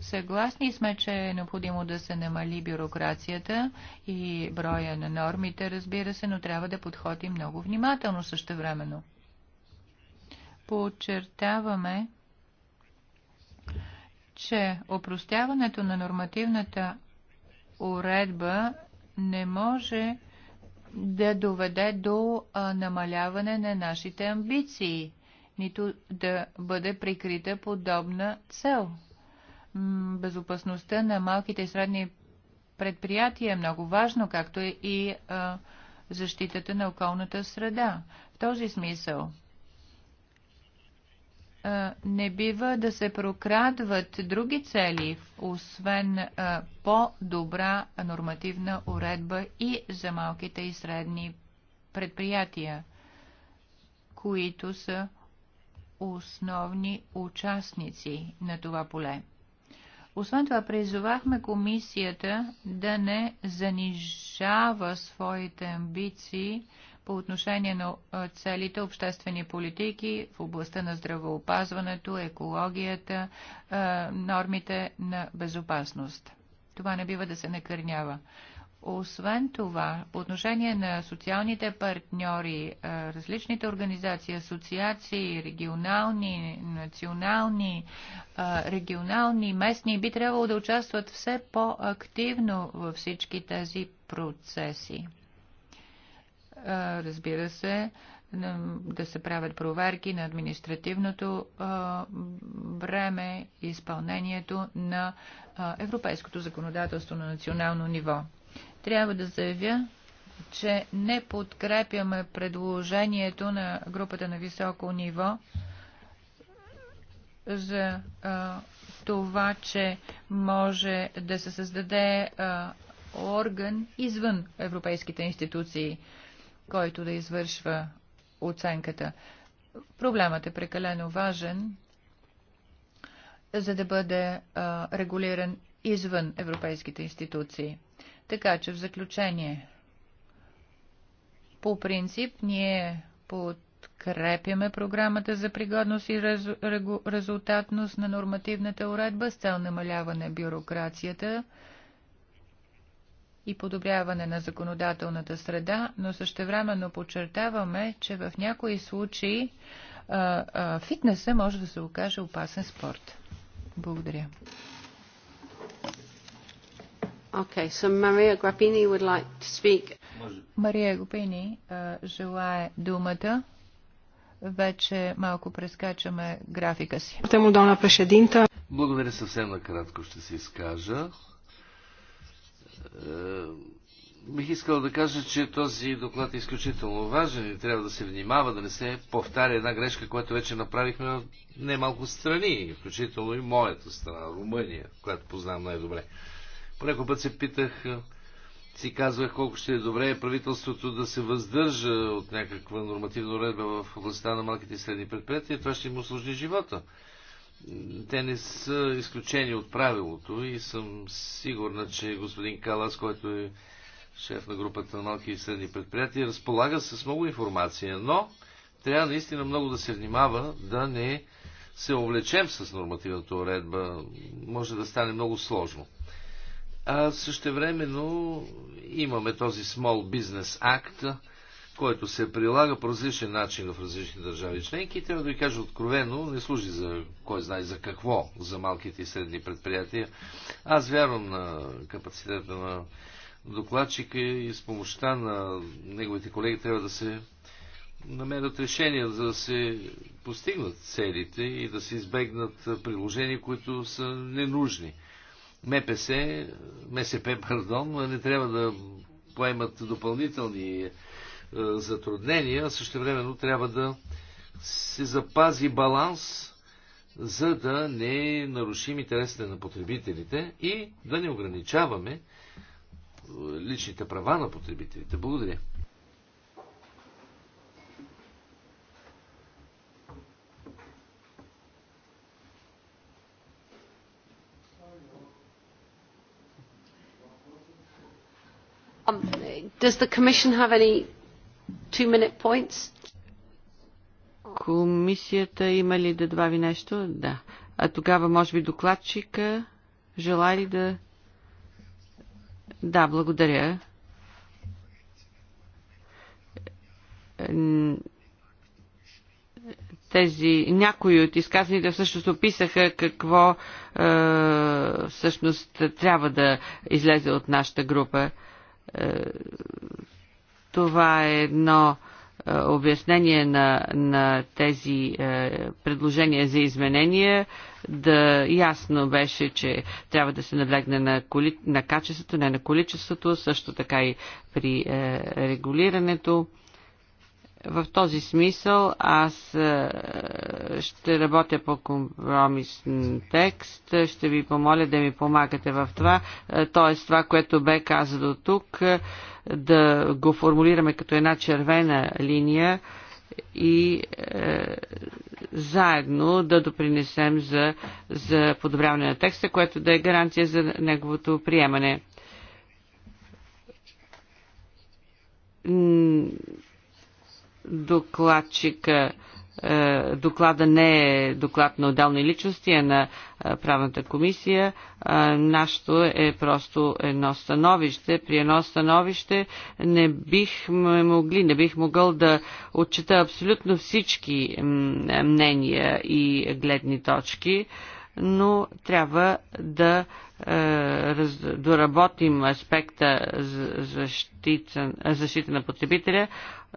Съгласни сме, че е необходимо да се намали бюрокрацията и броя на нормите, разбира се, но трябва да подходим много внимателно също времено. Подчертаваме, че опростяването на нормативната уредба не може да доведе до намаляване на нашите амбиции, нито да бъде прикрита подобна цел – безопасността на малките и средни предприятия е много важно, както и а, защитата на околната среда. В този смисъл а, не бива да се прокрадват други цели, освен по-добра нормативна уредба и за малките и средни предприятия, които са основни участници на това поле. Освен това, призовахме комисията да не занижава своите амбиции по отношение на целите обществени политики в областта на здравеопазването, екологията, нормите на безопасност. Това не бива да се накърнява. Освен това, по отношение на социалните партньори, е, различните организации, асоциации, регионални, национални, е, регионални, местни, би трябвало да участват все по-активно във всички тези процеси. Е, разбира се, да се правят проверки на административното време и изпълнението на европейското законодателство на национално ниво. Трябва да заявя, че не подкрепяме предложението на групата на високо ниво за а, това, че може да се създаде а, орган извън европейските институции, който да извършва оценката. Проблемът е прекалено важен, за да бъде а, регулиран извън европейските институции. Така че в заключение, по принцип ние подкрепяме програмата за пригодност и резу, регу, резултатност на нормативната уредба с цел намаляване бюрокрацията и подобряване на законодателната среда, но същевременно подчертаваме, че в някои случаи а, а, фитнеса може да се окаже опасен спорт. Благодаря. Okay, so Maria Grappini would like to speak. Мария Гопини желая думата. Вече малко прескачаме графика си. Благодаря съвсем накратко ще се изкажа. Е, бих искал да кажа, че този доклад е изключително важен и трябва да се внимава, да не се повтаря една грешка, която вече направихме на немалко страни, включително и моята страна, Румъния, която познавам най-добре. По път се питах, си казвах колко ще е добре правителството да се въздържа от някаква нормативна уредба в областта на малките и средни предприятия. Това ще им осложни живота. Те не са изключени от правилото и съм сигурна, че господин Калас, който е шеф на групата на малки и средни предприятия, разполага с много информация, но трябва наистина много да се внимава да не се увлечем с нормативната уредба. Може да стане много сложно. А същевременно имаме този Small Business Act, който се прилага по различен начин в различни държави членки. Трябва да ви кажа откровено, не служи за кой знае за какво, за малките и средни предприятия. Аз вярвам на капацитета на докладчика и с помощта на неговите колеги трябва да се намерят решения, за да се постигнат целите и да се избегнат приложения, които са ненужни. МПС, МСП, пардон, не трябва да поемат допълнителни е, затруднения, а също времено трябва да се запази баланс, за да не нарушим интересите на потребителите и да не ограничаваме е, личните права на потребителите. Благодаря. Um, does the Commission have any two-minute points? Комисията има ли да добави нещо? Да. А тогава, може би, докладчика желая ли да... Да, благодаря. Тези някои от изказаните всъщност описаха какво е, всъщност трябва да излезе от нашата група. Е, е, това е едно е, обяснение на, на тези е, предложения за изменения, да ясно беше, че трябва да се наблегне на, коли, на качеството, не на количеството, също така и при е, регулирането. В този смисъл аз е, ще работя по компромисен текст, ще ви помоля да ми помагате в това, т.е. това, което бе казано тук, е, да го формулираме като една червена линия и е, заедно да допринесем за, за подобряване на текста, което да е гаранция за неговото приемане докладчика е, доклада не е доклад на отделни личности, а на е, правната комисия. Е, нашето е просто едно становище. При едно становище не бих могли, не бих могъл да отчита абсолютно всички мнения и гледни точки но трябва да е, доработим аспекта защита, защита на потребителя,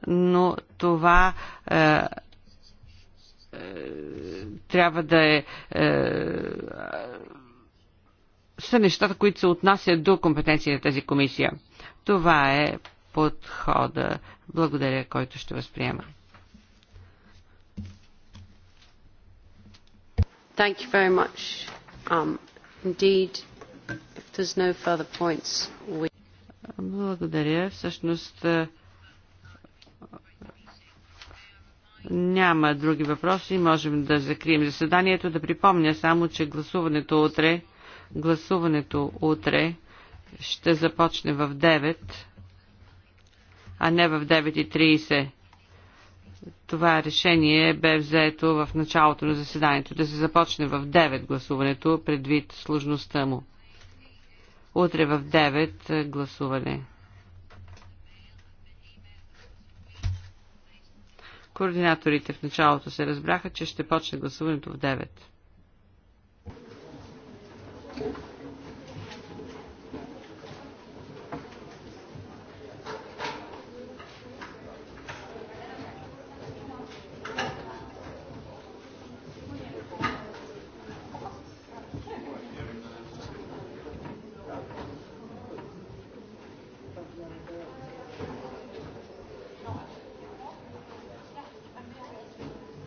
но това е, е, трябва да е, са нещата, които се отнасят до компетенции на тази комисия. Това е подхода, благодаря, който ще възприема. Thank you very much. Um, indeed, if there's no further points, we... Благодаря. Всъщност е, няма други въпроси. Можем да закрием заседанието. Да припомня само, че гласуването утре, гласуването утре ще започне в 9, а не в 9.30 това решение бе взето в началото на заседанието да се започне в 9 гласуването, предвид сложността му. Утре в 9 е, гласуване. Координаторите в началото се разбраха, че ще почне гласуването в 9.